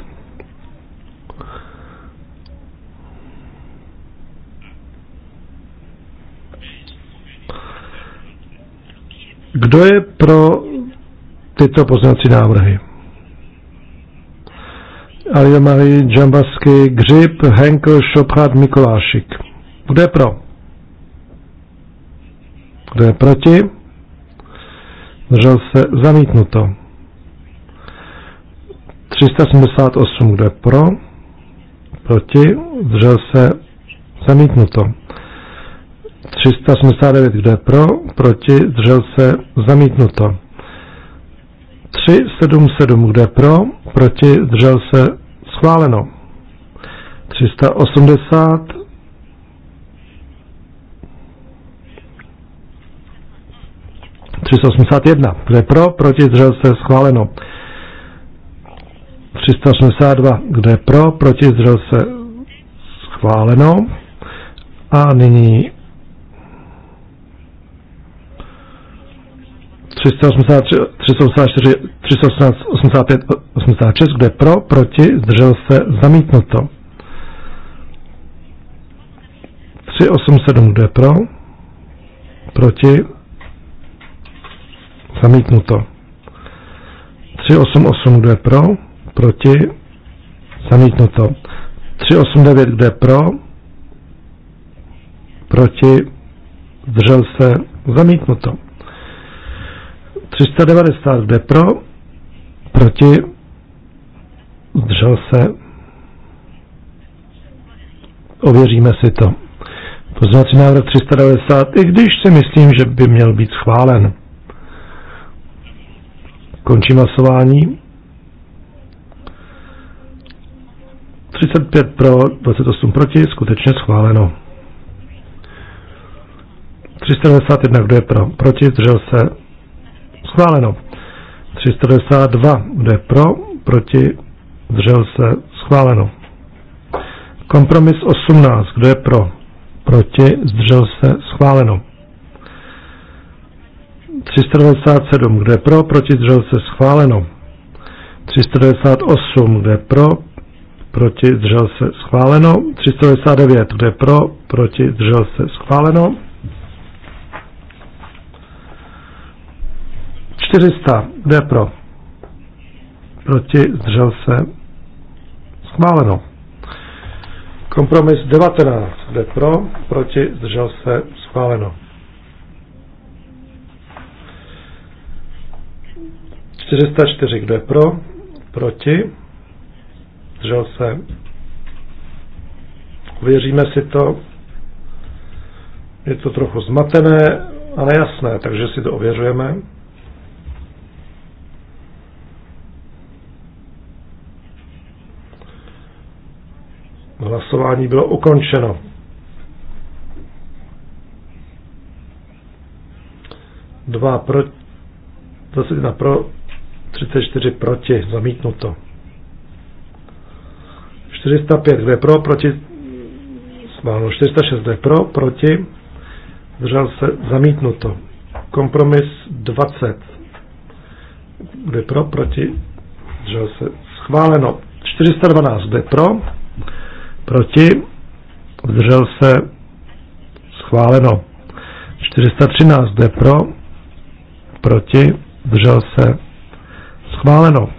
Kdo je pro tyto poznací návrhy? Aliomarie, Džambasky, Grip, Henkel, Šopchat, Mikolášik. Kdo je pro? Kdo je proti? Držel se zamítnuto. 378, kdo je pro? Proti? Držel se zamítnuto. 379, kdo je pro? Proti? Držel se zamítnuto. 3, 7, 7, kde pro, proti, držel se, schváleno. 380, 381, kde pro, proti, držel se, schváleno. 382, kde pro, proti, zdržel se schváleno. A nyní 386, 384, 318, 85, 86, kde pro, proti, zdržel se, zamítnuto. 387, kde pro, proti, zamítnuto. 388, kde pro, proti, zamítnuto. 389, kde pro, proti, zdržel se, zamítnuto. 390 jde pro, proti, zdržel se, ověříme si to. Pozměňovací návrh 390, i když si myslím, že by měl být schválen. Končí masování 35 pro, 28 proti, skutečně schváleno. 391, kdo je pro? Proti, zdržel se, schváleno. 392, kdo je pro, proti, zdržel se, schváleno. Kompromis 18, kdo je pro, proti, zdržel se, schváleno. 397, kdo je pro, proti, zdržel se, schváleno. 398, kdo je pro, proti, zdržel se, schváleno. 399, kdo je pro, proti, zdržel se, schváleno. 400. Kdo pro? Proti? Zdržel se? Schváleno. Kompromis 19. Kdo pro? Proti? Zdržel se? Schváleno. 404. Kdo je pro? Proti? Zdržel se? Věříme si to. Je to trochu zmatené a nejasné, takže si to ověřujeme. Hlasování bylo ukončeno. Dva pro, 21 pro, 34 proti, zamítnuto. 405, kde pro, proti, smálo, 406, kde pro, proti, zdržel se, zamítnuto. Kompromis 20, kde pro, proti, zdržel se, schváleno. 412, kde pro, proti, zdržel se, schváleno. 413 jde pro, proti, zdržel se, schváleno.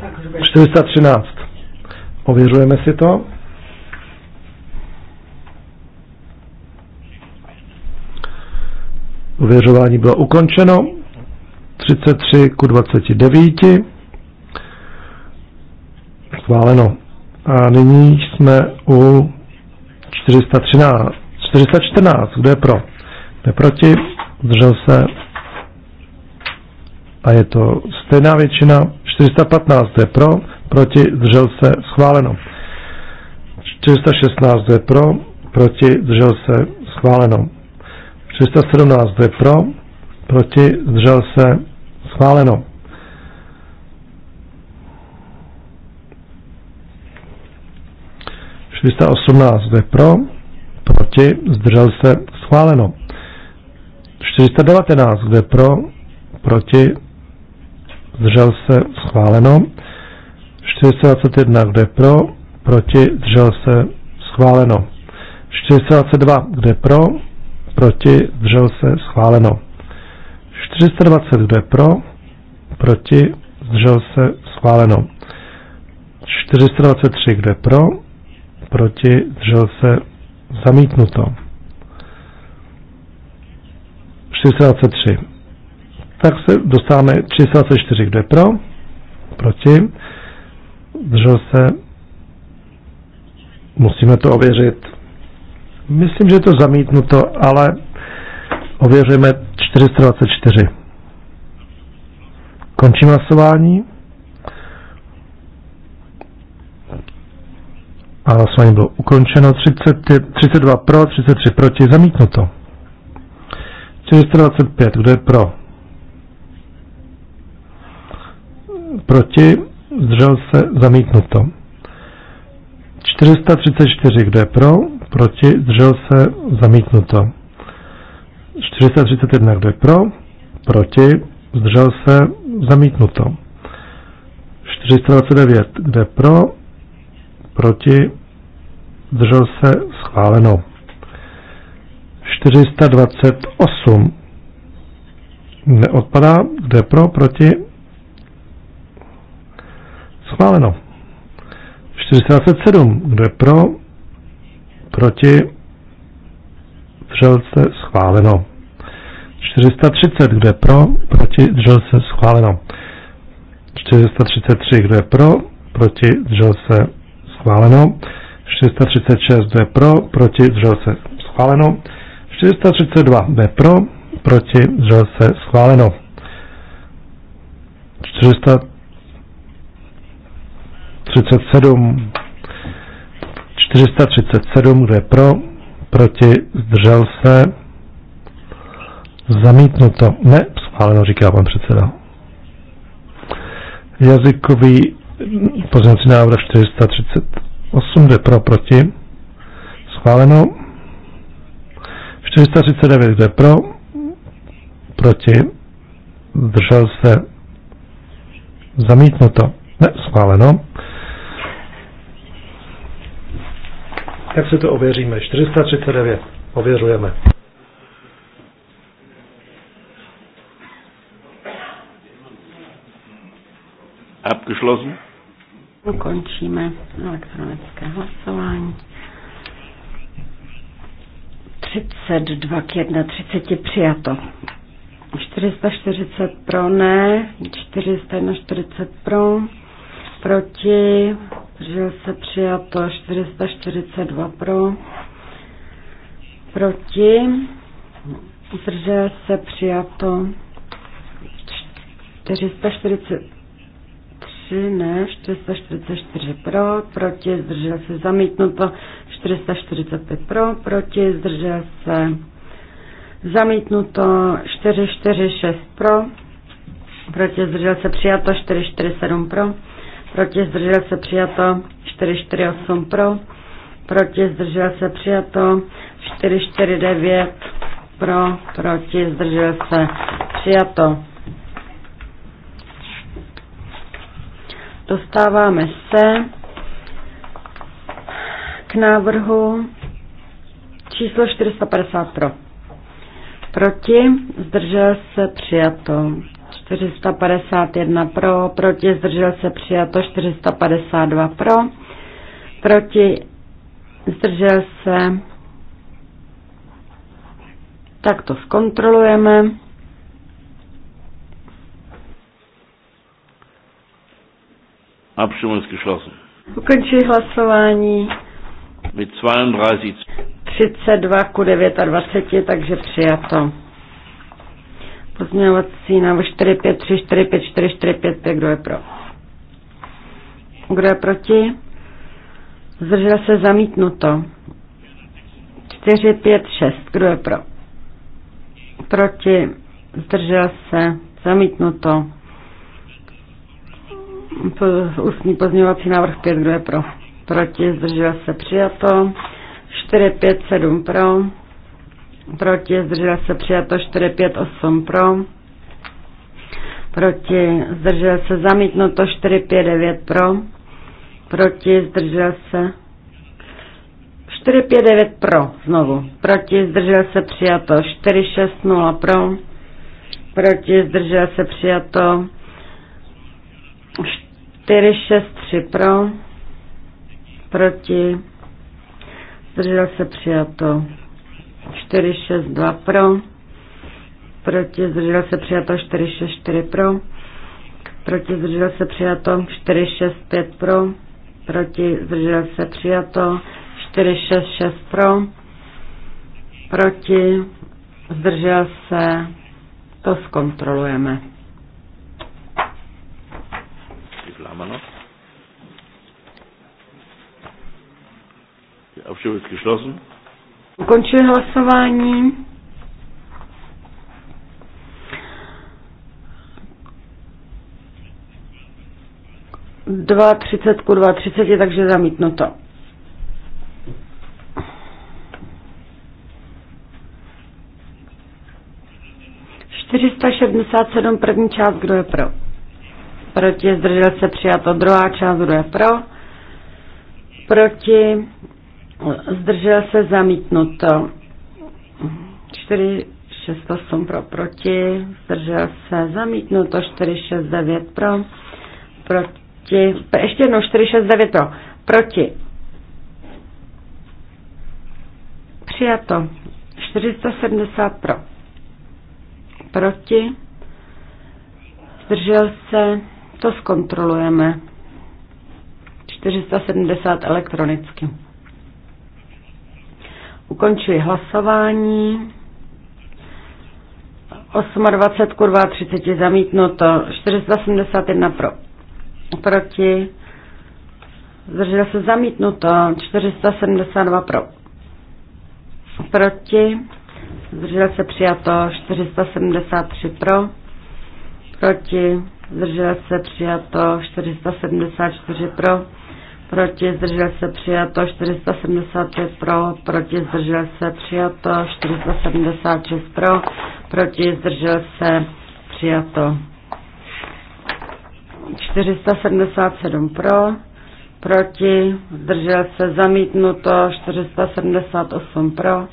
Tak, 413. Ověřujeme si to. Ověřování bylo ukončeno. 33 ku 29. Schváleno. A nyní jsme u 413. 414. Kdo je pro? Kdo je proti? Zdržel se. A je to stejná většina. 415. Kdo je pro? Proti? Zdržel se. Schváleno. 416. Kdo je pro? Proti? Zdržel se. Schváleno. 317, je pro, proti, zdržel se, schváleno. 418 kdo je pro, proti, zdržel se, schváleno. 419, kdo je pro, proti, zdržel se, schváleno. 421, kdo je pro, proti, zdržel se, schváleno. 422, kdo je pro, proti, zdržel se, schváleno. 420 kdo je pro, proti, zdržel se, schváleno. 423 kdo je pro, proti, zdržel se, zamítnuto. 423. Tak se dostáváme 424 kdo je pro, proti, zdržel se, musíme to ověřit, Myslím, že je to zamítnuto, ale ověřujeme 424. Končím hlasování. A hlasování bylo ukončeno. 30, 32 pro, 33 proti, zamítnuto. 425, kdo je pro? Proti, zdržel se, zamítnuto. 434, kdo je pro? proti, zdržel se, zamítnuto. 431, kdo je pro, proti, zdržel se, zamítnuto. 429, je pro, proti, zdržel se, schváleno. 428, neodpadá, je pro, proti, schváleno. 427, je pro, proti, držel se, schváleno. 430, kdo je pro, proti, držel se, schváleno. 433, kdo je pro, proti, držel se, schváleno. 436, kdo je pro, proti, držel se, schváleno. 432, kdo je pro, proti, držel se, schváleno. 437, 437, kdo je pro, proti, zdržel se, zamítnuto, ne, schváleno, říká pan předseda. Jazykový pozměňovací návrh 438, kdo je pro, proti, schváleno. 439, kdo je pro, proti, zdržel se, zamítnuto, ne, schváleno. Jak se to ověříme? 439. Ověřujeme. Abgeschlossen. Ukončíme elektronické hlasování. 32 k 31 přijato. 440 pro ne, 441 pro proti, zdržel se přijato 442 pro, proti, zdržel se přijato 443, ne, 444 pro, proti, zdržel se zamítnuto 445 pro, proti, zdržel se zamítnuto 446 pro, proti, zdržel se přijato 447 pro, proti zdržel se přijato 448 pro, proti zdržel se přijato 449 pro, proti zdržel se přijato. Dostáváme se k návrhu číslo 450 pro. Proti zdržel se přijato. 451 pro, proti zdržel se přijato 452 pro, proti zdržel se, tak to zkontrolujeme. A geschlossen. Ukončuji hlasování. 32 ku 29, takže přijato pozměňovací návrh 4, 5, 3, 4, 5, 4, 4, 5, 5, kdo je pro? Kdo je proti? Zdržel se zamítnuto. 4, 5, 6, kdo je pro? Proti? Zdržel se zamítnuto. Po, ústní pozměňovací návrh 5, kdo je pro? Proti? Zdržel se přijato. 4, 5, 7 pro proti, zdržel se přijato 458 pro, proti, zdržel se zamítnuto 459 pro, proti, zdržel se 459 pro, znovu, proti, zdržel se přijato 460 pro, proti, zdržel se přijato 463 pro, proti, zdržel se přijato 462 pro, proti zdržel se přijato 464 pro, proti zdržel se přijato 465 pro, proti zdržel se přijato 466 pro, proti zdržel se, to zkontrolujeme. Lámano. Die ist geschlossen. Ukončuji hlasování. Dva třicet ku dva třiceti, takže zamítnuto. Čtyřista šedmdesát sedm první část, kdo je pro? Proti zdržel se přijato druhá část, kdo je pro? Proti Zdržel se zamítnuto. 4, 6, 8 pro proti. Zdržel se zamítnuto. 4, 6, 9 pro. Proti. Ještě jednou 4, 6, 9 pro. Proti. Přijato. 470 pro. Proti. Zdržel se. To zkontrolujeme. 470 elektronicky. Ukončuji hlasování. 28 kurva 30 zamítnuto, 471 pro. Proti. Zdržel se zamítnuto, 472 pro. Proti. Zdržel se přijato, 473 pro. Proti. Zdržel se přijato, 474 pro proti zdržel se přijato 475 pro, proti zdržel se přijato 476 pro, proti zdržel se přijato 477 pro, proti zdržel se zamítnuto 478 pro.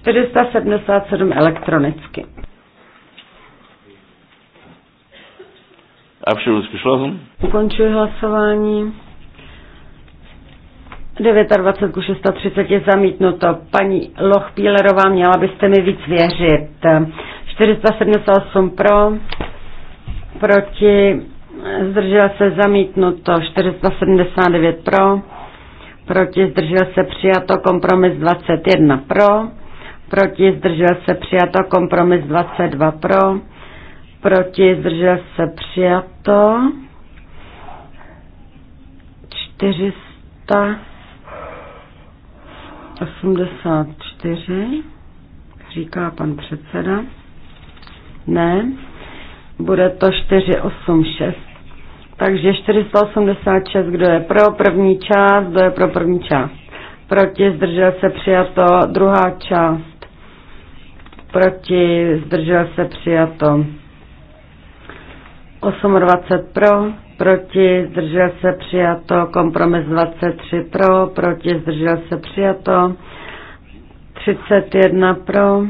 477 elektronicky. Abstimmung ist geschlossen. Ukončuji hlasování. 29 ku 630 je zamítnuto. Paní Lochpílerová, měla byste mi víc věřit. 478 pro, proti, zdržel se zamítnuto. 479 pro, proti, zdržel se přijato. Kompromis 21 pro, proti, zdržel se přijato. Kompromis 22 pro proti, zdržel se přijato. 484, říká pan předseda. Ne, bude to 486. Takže 486, kdo je pro první část, kdo je pro první část. Proti, zdržel se přijato, druhá část. Proti, zdržel se přijato. 28 pro, proti, zdržel se přijato, kompromis 23 pro, proti, zdržel se přijato, 31 pro,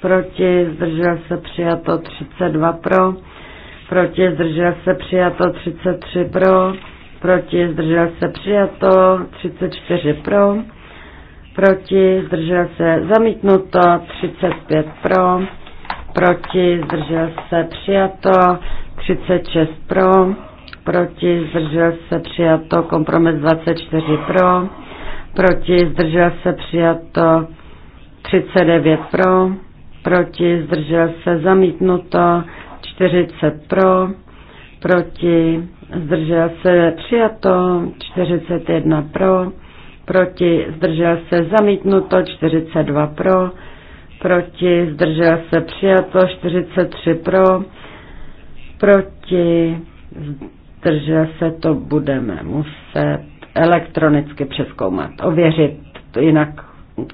proti, zdržel se přijato, 32 pro, proti, zdržel se přijato, 33 pro, proti, zdržel se přijato, 34 pro, proti, zdržel se zamítnuto, 35 pro, proti, zdržel se přijato, 36 pro, proti zdržel se přijato, kompromis 24 pro, proti zdržel se přijato, 39 pro, proti zdržel se zamítnuto, 40 pro, proti zdržel se přijato, 41 pro, proti zdržel se zamítnuto, 42 pro, proti zdržel se přijato, 43 pro, proti, zdržel se to, budeme muset elektronicky přeskoumat, ověřit, to jinak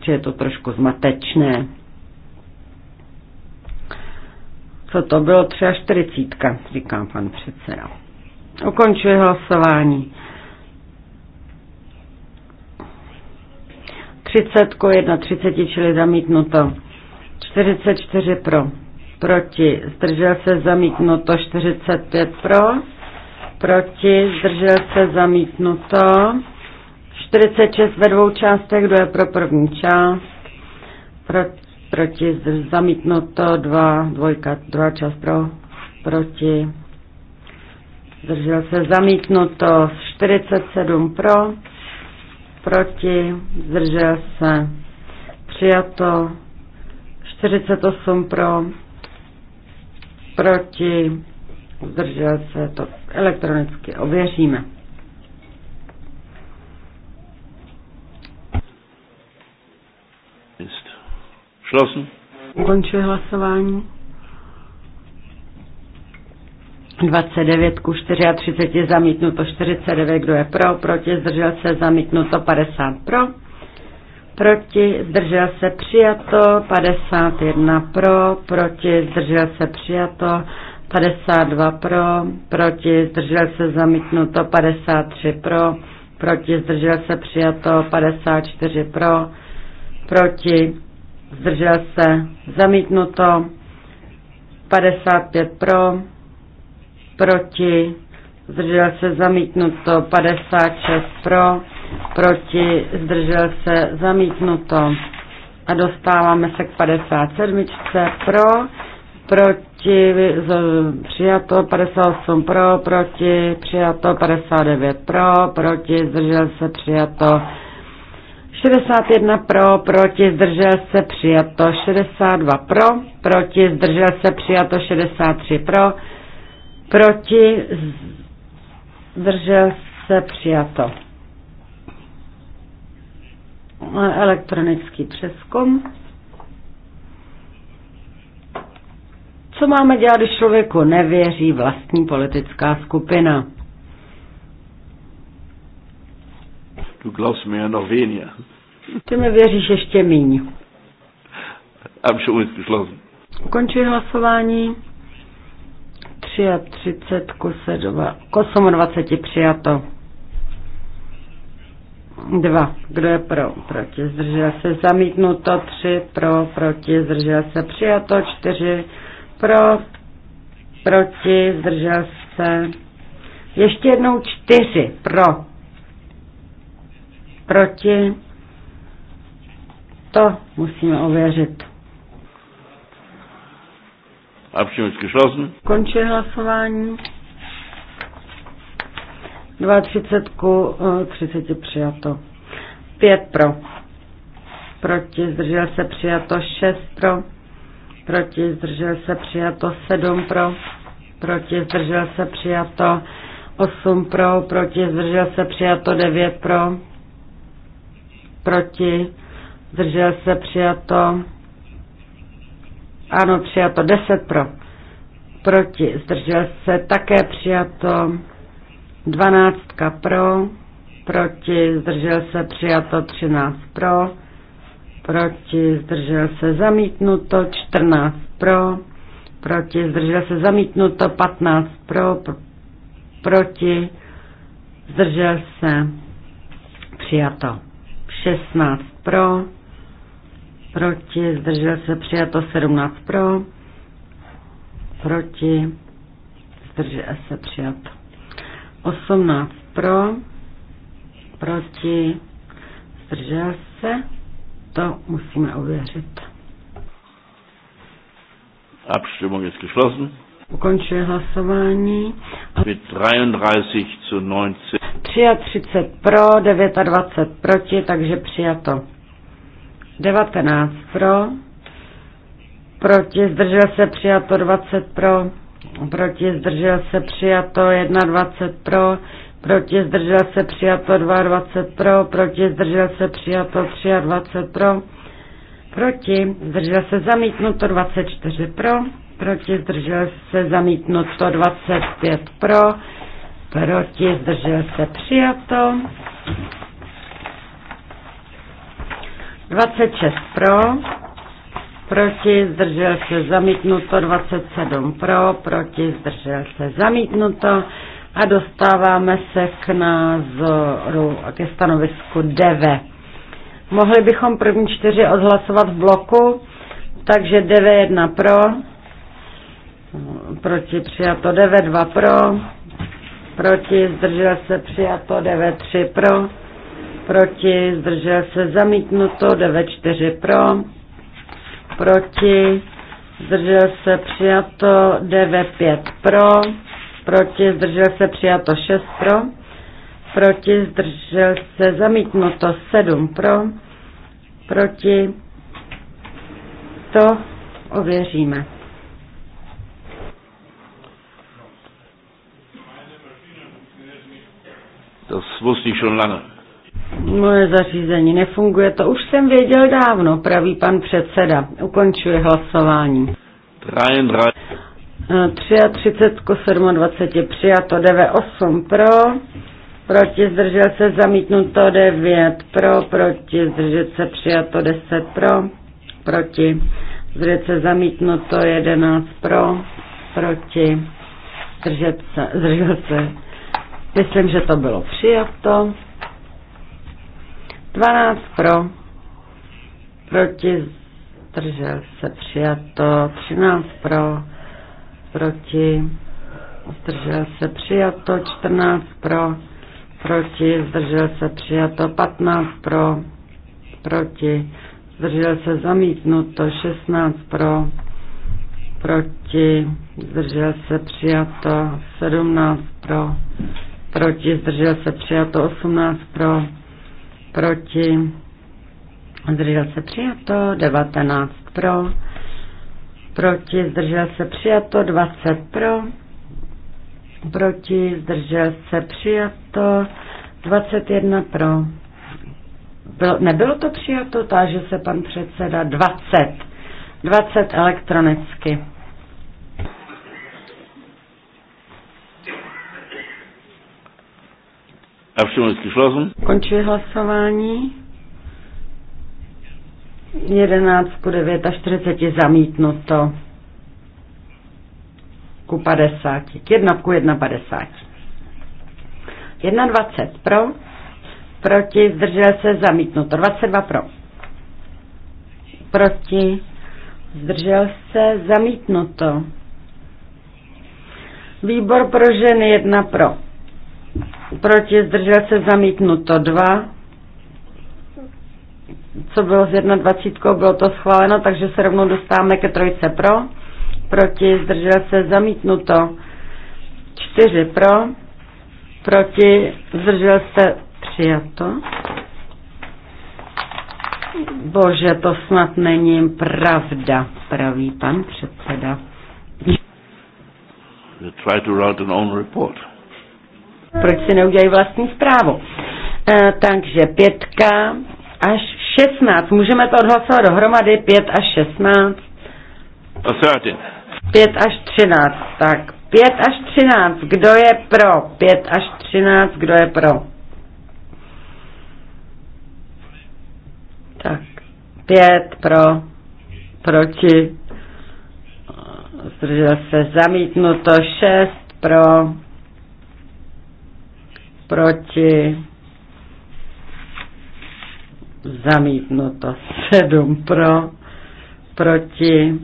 je to trošku zmatečné. Co to bylo? čtyřicítka, říká pan předseda. Ukončuji hlasování. 30 31, 30, čili zamítnuto. 44 pro proti, zdržel se zamítnuto 45 pro, proti, zdržel se zamítnuto 46 ve dvou částech, kdo je pro první část, pro, proti, zdrž, zamítnuto 2, dvojka, druhá část pro, proti, zdržel se zamítnuto 47 pro, proti, zdržel se přijato 48 pro, proti, zdržel se, to elektronicky ověříme. Schlossen. Ukončuje hlasování. 29 ku 34 zamítnuto 49, kdo je pro, proti, zdržel se, zamítnuto 50 pro proti, zdržel se přijato, 51 pro, proti, zdržel se přijato, 52 pro, proti, zdržel se zamítnuto, 53 pro, proti, zdržel se přijato, 54 pro, proti, zdržel se zamítnuto, 55 pro, proti, zdržel se zamítnuto, 56 pro, proti, zdržel se, zamítnuto. A dostáváme se k 57. pro, proti, přijato 58 pro, proti, přijato 59 pro, proti, zdržel se, přijato 61 pro, proti, zdržel se, přijato 62 pro, proti, zdržel se, přijato 63 pro, proti, zdržel se, přijato elektronický přeskum. Co máme dělat, když člověku nevěří vlastní politická skupina? Du glaubst mir ja noch weniger. Ty mi věříš ještě míň. schon ist geschlossen. Ukončuji hlasování. 33 ku 20 přijato. 2. Kdo je pro? Proti zdržel se zamítnuto. 3. Pro. Proti zdržel se přijato. 4. Pro. Proti zdržel se. Ještě jednou 4. Pro. Proti. To musíme ověřit. A ist geschlossen. Končí hlasování. 32 ku 30 eh, přijato. 5 pro. Proti zdržel se přijato 6 pro. Proti zdržel se přijato 7 pro. Proti zdržel se přijato 8 pro. Proti zdržel se přijato 9 pro. Proti zdržel se přijato. Ano, přijato 10 pro. Proti zdržel se také přijato 12 pro, proti, zdržel se přijato 13 pro, proti, zdržel se zamítnuto 14 pro, proti, zdržel se zamítnuto 15 pro, proti, zdržel se přijato 16 pro, proti, zdržel se přijato 17 pro, proti, zdržel se přijato 18 pro, proti, zdržel se, to musíme uvěřit. Abstimmung ist geschlossen. Ukončuje hlasování. Mit 33 zu 19. 33 pro, 29 proti, takže přijato. 19 pro, proti, zdržel se přijato 20 pro, proti zdržel se přijato 21 pro, proti zdržel se přijato 22 pro, proti zdržel se přijato 23 pro, proti zdržel se zamítnuto 24 pro, proti zdržel se zamítnuto 25 pro, proti zdržel se přijato 26 pro, proti, zdržel se zamítnuto, 27 pro, proti, zdržel se zamítnuto a dostáváme se k názoru, a ke stanovisku DV. Mohli bychom první čtyři odhlasovat v bloku, takže DV1 pro, proti přijato DV2 pro, proti zdržel se přijato DV3 pro, proti zdržel se zamítnuto DV4 pro, proti, zdržel se přijato 9-5 pro, proti, zdržel se přijato 6 pro, proti, zdržel se zamítnuto 7 pro, proti, to ověříme. To wusste ich schon lange. Moje zařízení nefunguje, to už jsem věděl dávno, pravý pan předseda. Ukončuje hlasování. 33 k 27 přijato, 8 pro, proti zdržel se zamítnuto 9 pro, proti zdržet se přijato 10 pro, proti zdržet se zamítnuto 11 pro, proti zdržet se, zdržel se. Myslím, že to bylo přijato. 12 pro, proti, zdržel se přijato, 13 pro, proti, zdržel se přijato, 14 pro, proti, zdržel se přijato, 15 pro, proti, zdržel se zamítnuto, 16 pro, proti, zdržel se přijato, 17 pro, proti, zdržel se přijato, 18 pro, proti, zdržel se přijato, 19 pro, proti, zdržel se přijato, 20 pro, proti, zdržel se přijato, 21 pro. Bylo, nebylo to přijato, takže se pan předseda, 20. 20 elektronicky. A Končuji hlasování. 11 ku 49 zamítnuto. Ku 50. K 1 ku 51. 21 pro. Proti zdržel se zamítnuto. 22 pro. Proti zdržel se zamítnuto. Výbor pro ženy 1 pro proti, zdržel se zamítnuto 2. Co bylo s 21, bylo to schváleno, takže se rovnou dostáváme ke trojce pro, proti, zdržel se zamítnuto 4 pro, proti, zdržel se přijato. Bože, to snad není pravda, pravý pan předseda. try to write an own report proč si neudělají vlastní zprávu. E, takže pětka až 16. Můžeme to odhlasovat dohromady 5 až 16. 5 až 13. Tak 5 až 13. Kdo je pro? 5 až 13. Kdo je pro? Tak. 5 pro. Proti. Zdržel se zamítnuto. 6 pro proti, zamítnuto, sedm pro, proti,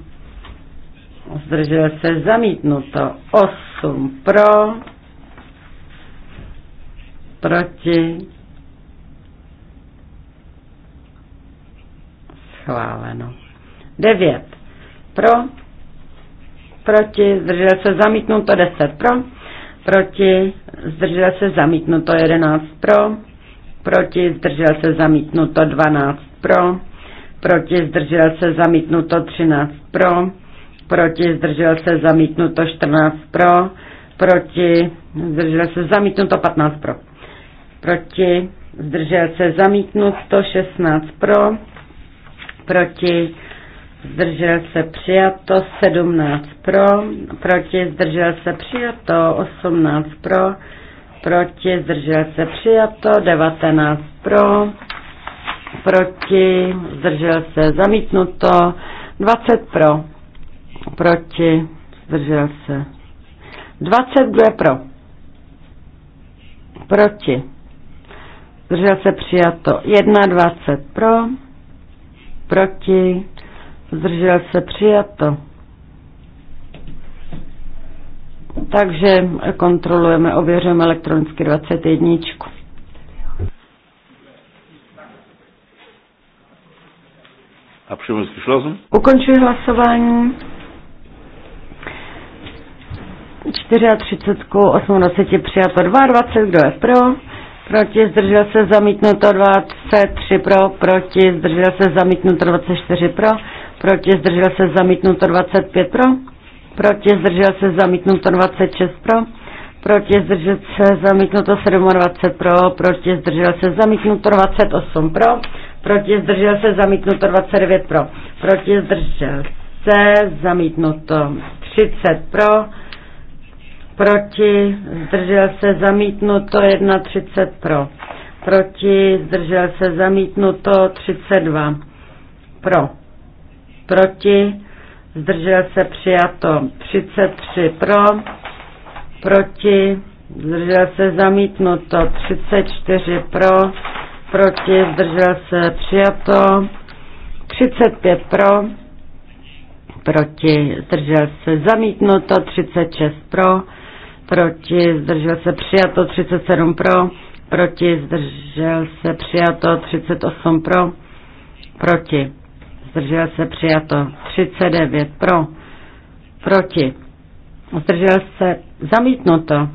zdržel se, zamítnuto, osm pro, proti, schváleno, devět pro, proti, zdržel se, zamítnuto, deset pro, proti, zdržel se zamítnuto 11 pro, proti, zdržel se zamítnuto 12 pro, proti, zdržel se zamítnuto 13 pro, proti, zdržel se zamítnuto 14 pro, proti, zdržel se zamítnuto 15 pro, proti, zdržel se zamítnuto 16 pro, proti, zdržel se přijato, 17 pro, proti, zdržel se přijato, 18 pro, proti, zdržel se přijato, 19 pro, proti, zdržel se zamítnuto, 20 pro, proti, zdržel se, 22 pro, proti, zdržel se přijato, 21 pro, proti, zdržel se přijato. Takže kontrolujeme, ověřujeme elektronicky 21. A Ukončuji hlasování. 34 ku 28 přijato 22, kdo je pro? Proti zdržel se zamítnuto 23 pro, proti zdržel se zamítnuto 24 pro proti zdržel se zamítnuto 25 pro, proti zdržel se zamítnuto 26 pro, proti zdržel se zamítnuto 27 pro, proti zdržel se zamítnuto 28 pro, proti zdržel se zamítnuto 29 pro, proti zdržel se zamítnuto 30 pro, proti zdržel se zamítnuto 31 pro, proti zdržel se zamítnuto 32 pro proti, zdržel se přijato 33 pro, proti, zdržel se zamítnuto 34 pro, proti, zdržel se přijato 35 pro, proti, zdržel se zamítnuto 36 pro, proti, zdržel se přijato 37 pro, proti, zdržel se přijato 38 pro, proti zdržel se přijato 39 pro, proti, zdržel se zamítnuto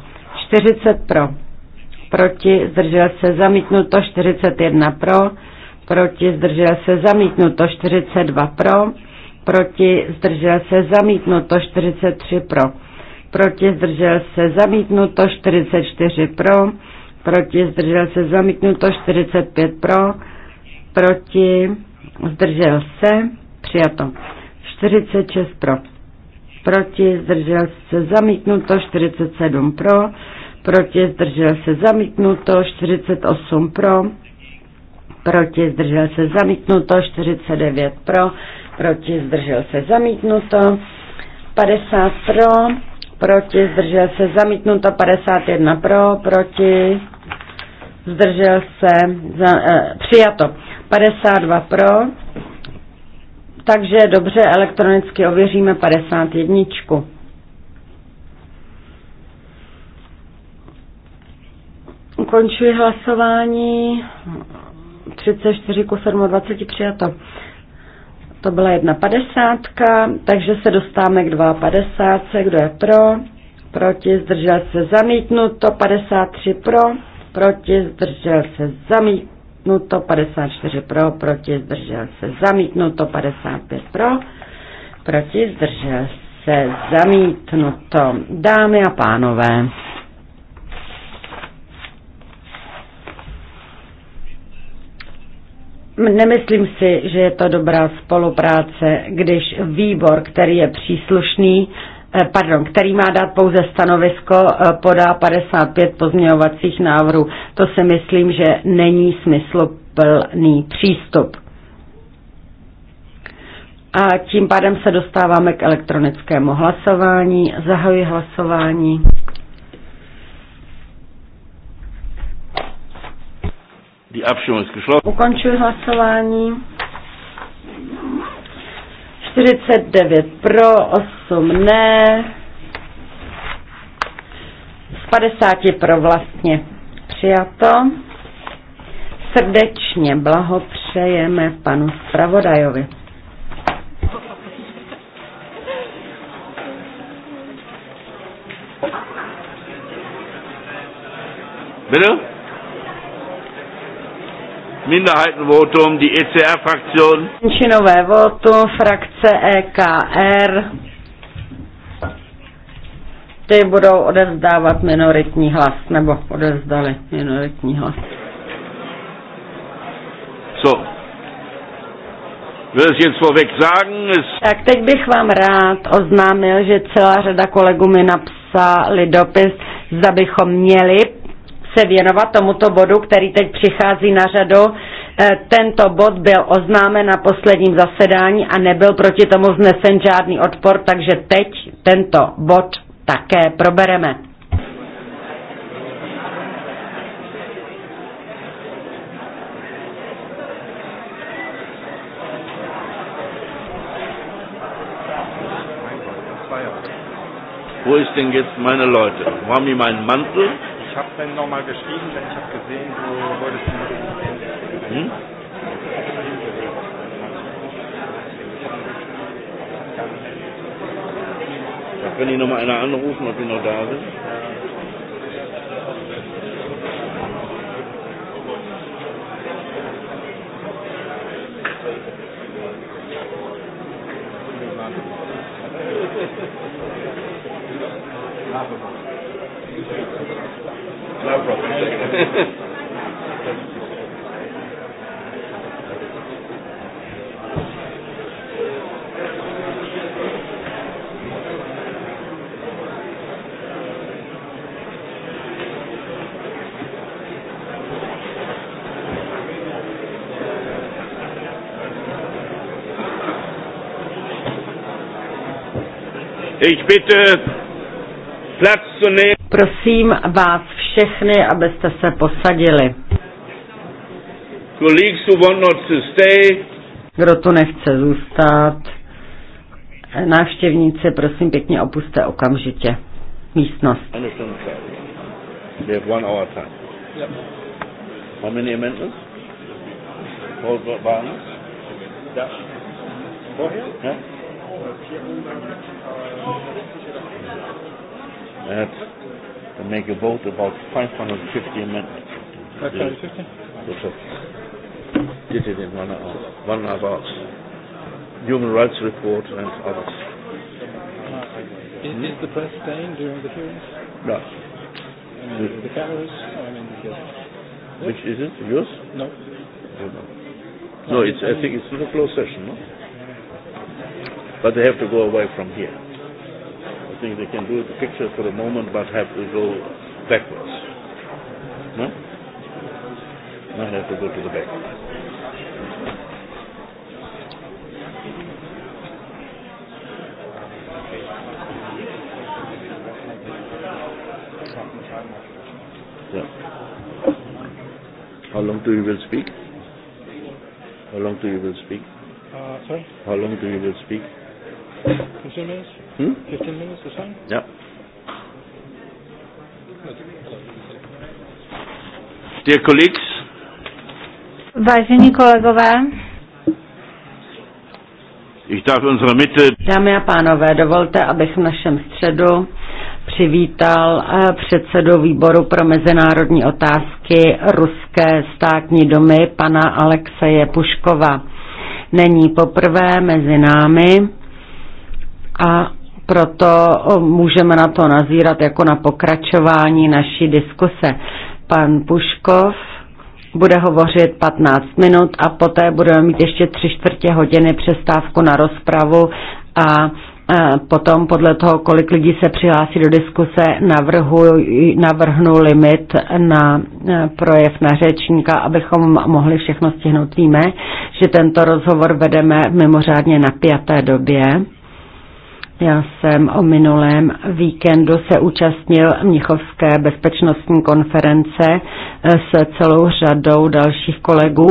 40 pro, proti, zdržel se zamítnuto 41 pro, proti, zdržel se zamítnuto 42 pro, proti, zdržel se zamítnuto 43 pro, proti, zdržel se zamítnuto 44 pro, proti, zdržel se zamítnuto 45 pro, proti, zdržel se, přijato. 46 pro, proti, zdržel se, zamítnuto, 47 pro, proti, zdržel se, zamítnuto, 48 pro, proti, zdržel se, zamítnuto, 49 pro, proti, zdržel se, zamítnuto, 50 pro, proti, zdržel se, zamítnuto, 51 pro, proti, zdržel se, za, eh, přijato. 52 pro, takže dobře, elektronicky ověříme 51. Ukončuji hlasování. 34 ku 27 přijato. To byla jedna padesátka, takže se dostáváme k 52. Kdo je pro? Proti zdržel se zamítnuto. 53 pro. Proti zdržel se zamítnuto zamítnuto, 54 pro, proti zdržel se zamítnuto, 55 pro, proti zdržel se zamítnuto. Dámy a pánové, Nemyslím si, že je to dobrá spolupráce, když výbor, který je příslušný, Eh, pardon, který má dát pouze stanovisko, eh, podá 55 pozměňovacích návrhů. To si myslím, že není smysluplný přístup. A tím pádem se dostáváme k elektronickému hlasování. Zahajuji hlasování. Ukončuji hlasování. 49 pro, 8 ne. Z 50 pro vlastně přijato. Srdečně blahopřejeme panu Spravodajovi. Bylo? Minderheitenvotum, die ECR-Fraktion. Menschinové votum, frakce EKR. Ty budou odevzdávat minoritní hlas, nebo odevzdali minoritní hlas. So. Tak teď bych vám rád oznámil, že celá řada kolegů mi napsali dopis, zda bychom měli se věnovat tomuto bodu, který teď přichází na řadu. E, tento bod byl oznámen na posledním zasedání a nebyl proti tomu vznesen žádný odpor, takže teď tento bod také probereme. Wo ist denn jetzt meine Leute? Wo haben die meinen Mantel? habe dann nochmal geschrieben, denn ich habe gesehen, du wolltest nicht. Hm? Wenn kann ich nochmal einer anrufen, ob die noch da sind. no problem. Ich bitte Platz zu nehmen. Prosím vás všechny, abyste se posadili. Kdo tu nechce zůstat, návštěvníci, prosím pěkně opuste okamžitě místnost. We have one hour time. How many amendments? Yeah. Uh, uh, and make a vote about 550 amendments. 550? That's Did it in one hour. One hour a hours. Human rights report and others. is, is the press staying during the hearings? No. I mean, the cameras? I mean, the... Which is it? Yours? No. I don't know. No. no, it's, I think it's in a closed session, no? But they have to go away from here think they can do the picture for a moment, but have to go backwards. No? Now have to go to the back. Yeah. How long do you will speak? How long do you will speak? Uh, sorry? How long do you will speak? 15 minutes? Hmm? 15 minutes or something? Dear colleagues. Vážení kolegové. Ich darf unsere Mitte. Dámy a pánové, dovolte, abych v našem středu přivítal eh, předsedu výboru pro mezinárodní otázky Ruské státní domy pana Alexeje Puškova. Není poprvé mezi námi a proto můžeme na to nazírat jako na pokračování naší diskuse. Pan Puškov bude hovořit 15 minut a poté budeme mít ještě tři čtvrtě hodiny přestávku na rozpravu a potom podle toho, kolik lidí se přihlásí do diskuse, navrhu, navrhnu limit na e, projev na řečníka, abychom mohli všechno stihnout. Víme, že tento rozhovor vedeme v mimořádně napjaté době já jsem o minulém víkendu se účastnil Mnichovské bezpečnostní konference eh, s celou řadou dalších kolegů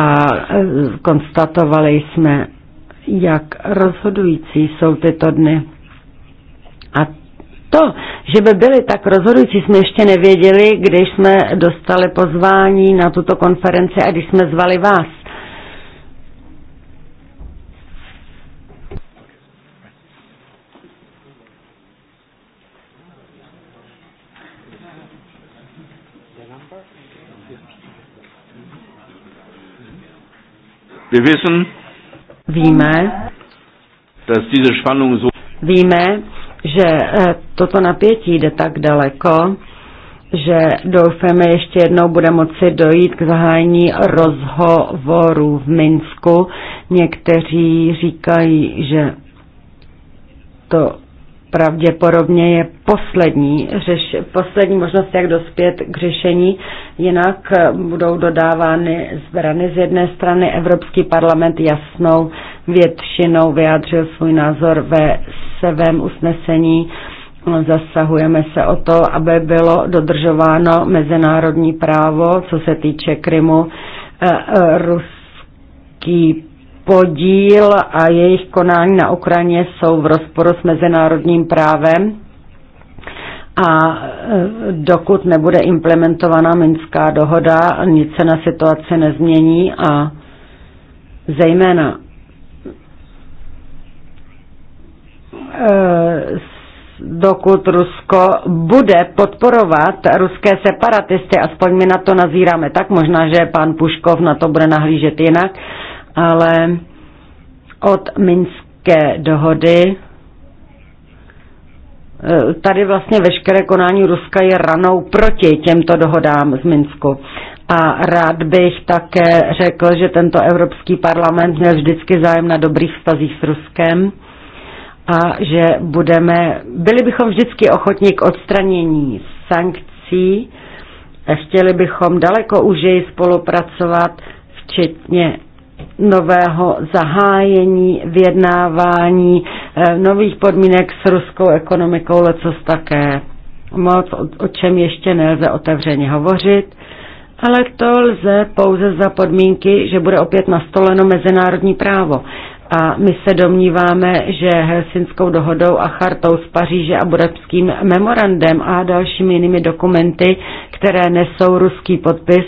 a eh, konstatovali jsme, jak rozhodující jsou tyto dny. A to, že by byly tak rozhodující, jsme ještě nevěděli, když jsme dostali pozvání na tuto konferenci a když jsme zvali vás. Wir wissen, Víme, dass diese Spannung so Víme, že eh, toto napětí jde tak daleko, že doufáme ještě jednou bude moci dojít k zahájení rozhovoru v Minsku. Někteří říkají, že to pravděpodobně je poslední, řeš, poslední možnost, jak dospět k řešení. Jinak eh, budou dodávány zbrany. Z jedné strany Evropský parlament jasnou většinou vyjádřil svůj názor ve svém usnesení. Zasahujeme se o to, aby bylo dodržováno mezinárodní právo, co se týče Krymu. Eh, eh, ruský podíl a jejich konání na Ukrajině jsou v rozporu s mezinárodním právem a e, dokud nebude implementovaná Minská dohoda, nic se na situaci nezmění a zejména e, dokud Rusko bude podporovat ruské separatisty, aspoň my na to nazíráme tak, možná, že pan Puškov na to bude nahlížet jinak, ale od Minské dohody e, tady vlastně veškeré konání Ruska je ranou proti těmto dohodám z Minsku. A rád bych také řekl, že tento Evropský parlament měl vždycky zájem na dobrých vztazích s Ruskem a že budeme, byli bychom vždycky ochotní k odstranění sankcí, a chtěli bychom daleko užeji spolupracovat, včetně nového zahájení, vyjednávání, eh, nových podmínek s ruskou ekonomikou, lecos také moc, o čem ještě nelze otevřeně hovořit, ale to lze pouze za podmínky, že bude opět nastoleno mezinárodní právo. A my se domníváme, že Helsinskou dohodou a chartou z Paříže a Budapským memorandem a dalšími jinými dokumenty, které nesou ruský podpis,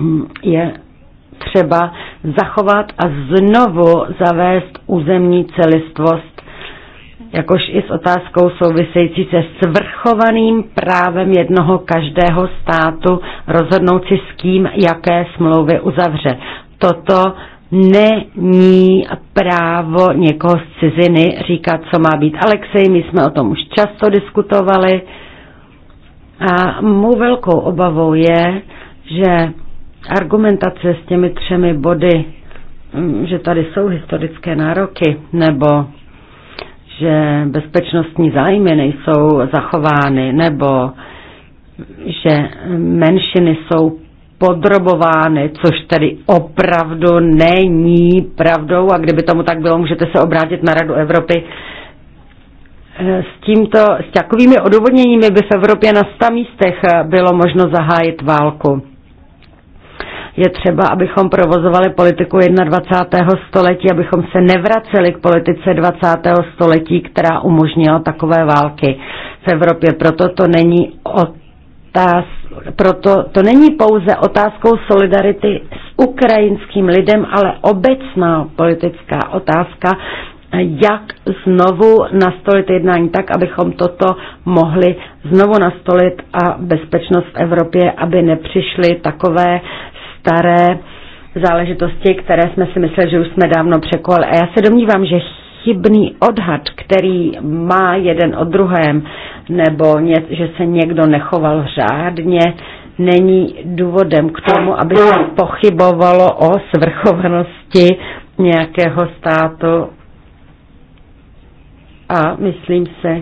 hm, je třeba zachovat a znovu zavést územní celistvost, jakož i s otázkou související se svrchovaným právem jednoho každého státu rozhodnout si s kým, jaké smlouvy uzavře. Toto není právo někoho z ciziny říkat, co má být. Alexej, my jsme o tom už často diskutovali a mou velkou obavou je, že argumentace s těmi třemi body, mm, že tady jsou historické nároky, nebo že bezpečnostní zájmy nejsou zachovány, nebo že menšiny jsou podrobovány, což tedy opravdu není pravdou a kdyby tomu tak bylo, můžete se obrátit na Radu Evropy. Eh, s, tímto, s takovými odůvodněními by v Evropě na sta místech eh, bylo možno zahájit válku. Je třeba, abychom provozovali politiku 21. století, abychom se nevraceli k politice 20. století, která umožnila takové války v Evropě. Proto to není otázka proto to není pouze otázkou solidarity s ukrajinským lidem, ale obecná politická otázka, jak znovu nastolit jednání tak, abychom toto mohli znovu nastolit a bezpečnost v Evropě, aby nepřišly takové staré záležitosti, které jsme si mysleli, že už jsme dávno překolili. A já se domnívám, že chybný odhad, který má jeden o druhém, nebo ně, že se někdo nechoval řádně, není důvodem k tomu, aby se pochybovalo o svrchovanosti nějakého státu. A myslím se,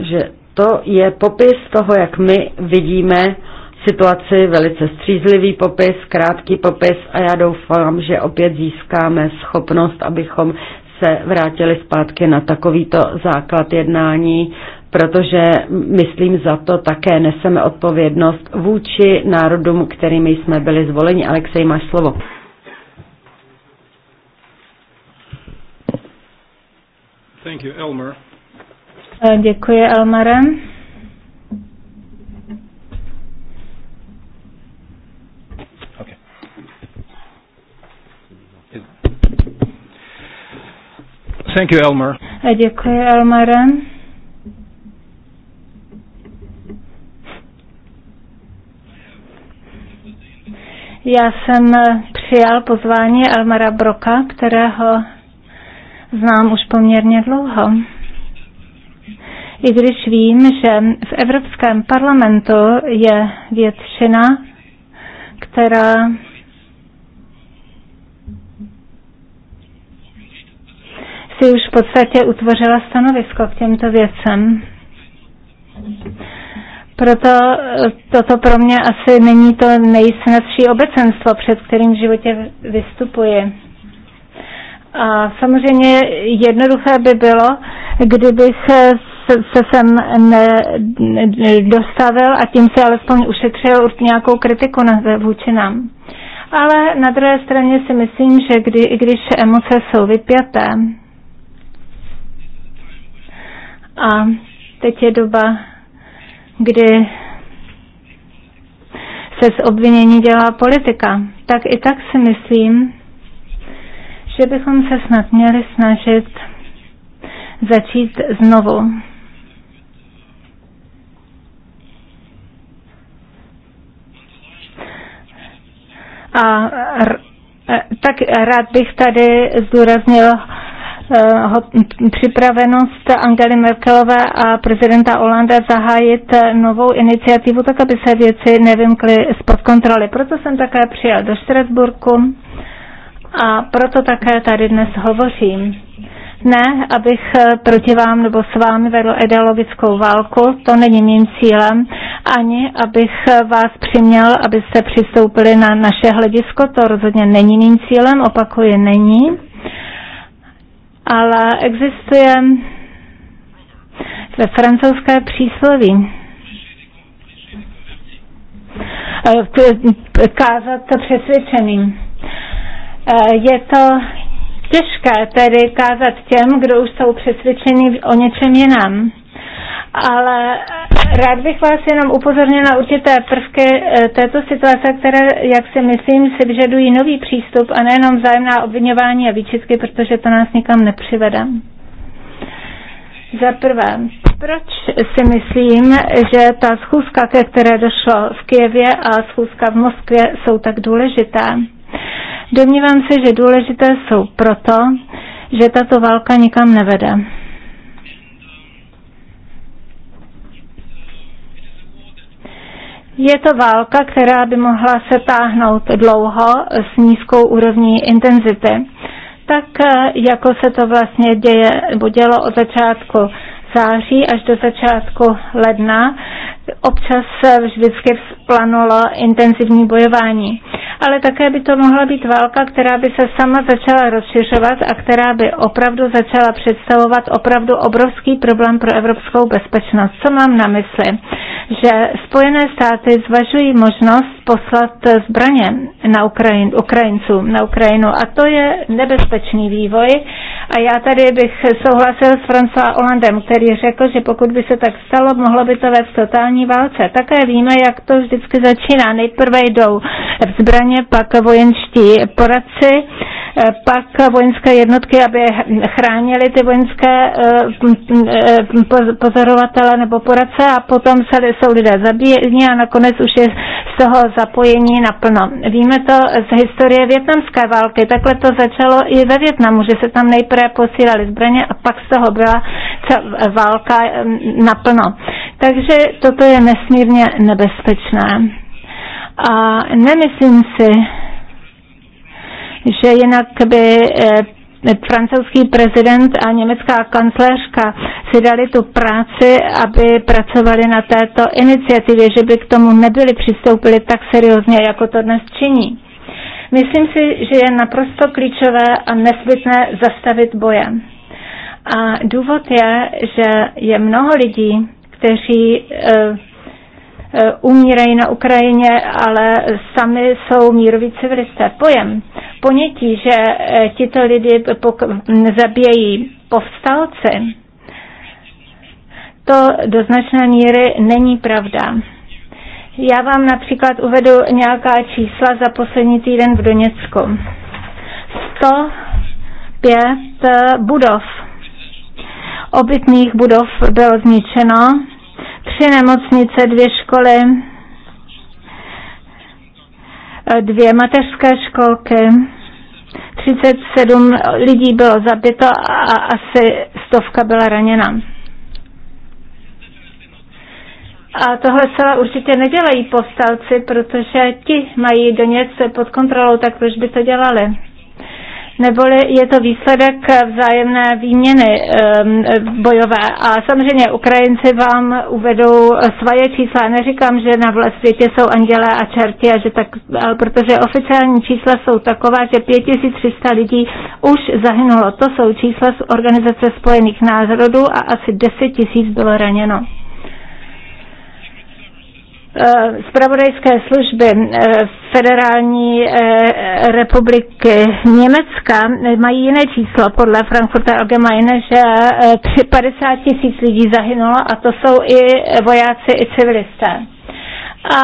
že to je popis toho, jak my vidíme situaci, velice střízlivý popis, krátký popis a já doufám, že opět získáme schopnost, abychom se vrátili zpátky na takovýto základ jednání, protože myslím za to také neseme odpovědnost vůči národům, kterými jsme byli zvoleni. Alexej, máš slovo. Thank you, Elmer. Děkuji, Elmarem. Thank you, Elmer. A děkuji, Elmare. Já jsem přijal pozvání Elmara Broka, kterého znám už poměrně dlouho. I když vím, že v Evropském parlamentu je většina, která si už v podstatě utvořila stanovisko k těmto věcem. Proto eh, toto pro mě asi není to nejsnadší obecenstvo, před kterým v životě vystupuji. A samozřejmě jednoduché by bylo, kdyby se sem dostavil a tím si alespoň ušetřil nějakou kritiku na, vůči nám. Ale na druhé straně si myslím, že kdy, když emoce jsou vypjaté, a teď je doba, kdy se z obvinění dělá politika. Tak i tak si myslím, že bychom se snad měli snažit začít znovu. A e, tak rád bych tady zdůraznil Eh, připravenost Angely Merkelové a prezidenta Holanda zahájit eh, novou iniciativu, tak aby se věci nevymkly spod kontroly. Proto jsem také přijel do Štrasburku a proto také tady dnes hovořím. Ne, abych eh, proti vám nebo s vámi vedl ideologickou válku, to není mým cílem, ani abych vás přiměl, abyste přistoupili na naše hledisko, to rozhodně není mým cílem, opakuji, není ale existuje ve francouzské přísloví eh, kázat to přesvědčeným. Eh, je to těžké tedy kázat těm, kdo už jsou přesvědčeni o něčem jiném ale rád bych vás jenom upozornil na určité prvky eh, této situace, které, jak si myslím, si vyžadují nový přístup a nejenom vzájemná obvinování a výčitky, protože to nás nikam nepřivede. Za prvé, proč si myslím, že ta schůzka, ke které došlo v Kijevě a schůzka v Moskvě jsou tak důležité? Domnívám se, že důležité jsou proto, že tato válka nikam nevede Je to válka, která by mohla se táhnout dlouho s nízkou úrovní intenzity, tak eh, jako se to vlastně děje, dělo od začátku září až do začátku ledna občas vždycky vzplanulo intenzivní bojování. Ale také by to mohla být válka, která by se sama začala rozšiřovat a která by opravdu začala představovat opravdu obrovský problém pro evropskou bezpečnost. Co mám na mysli? Že Spojené státy zvažují možnost poslat zbraně na Ukrajin, Ukrajincům na Ukrajinu a to je nebezpečný vývoj a já tady bych souhlasil s François Hollandem, který řekl, že pokud by se tak stalo, mohlo by to vést totální globální válce. Také víme, jak to vždycky začíná. Nejprve jdou v zbraně, pak vojenští poradci, eh, pak vojenské jednotky, aby chránili ty vojenské eh, eh, pozorovatele nebo poradce a potom se jsou lidé zabíjení a nakonec už je z toho zapojení naplno. Víme to z historie větnamské války. Takhle to začalo i ve Větnamu, že se tam nejprve posílali zbraně a pak z toho byla válka naplno. Takže toto je nesmírně nebezpečné. A nemyslím si, že jinak by eh, francouzský prezident a německá kancléřka si dali tu práci, aby pracovali na této iniciativě, že by k tomu nebyli přistoupili tak seriózně, jako to dnes činí. Myslím si, že je naprosto klíčové a nezbytné zastavit boje. A důvod je, že je mnoho lidí, kteří eh, eh, umírají na Ukrajině, ale sami jsou míroví civilisté. Pojem ponětí, že eh, tito lidi zabíjejí povstalci, to do značné míry není pravda. Já vám například uvedu nějaká čísla za poslední týden v Doněcku. 105 budov obytných budov bylo zničeno, tři nemocnice, dvě školy, dvě mateřské školky, 37 lidí bylo zabito a asi stovka byla raněna. A tohle se určitě nedělají povstalci, protože ti mají do něco pod kontrolou, tak proč by to dělali? neboli je to výsledek vzájemné výměny ehm, bojové. A samozřejmě Ukrajinci vám uvedou svoje čísla. Já neříkám, že na světě jsou andělé a čerti, a že tak, protože oficiální čísla jsou taková, že 5300 lidí už zahynulo. To jsou čísla z Organizace spojených národů a asi 10 000 bylo raněno. Eh, zpravodajské služby eh, Federální eh, republiky Německa mají jiné číslo podle Frankfurta Allgemeine, že 50 tisíc lidí zahynulo a to jsou i vojáci, i civilisté. A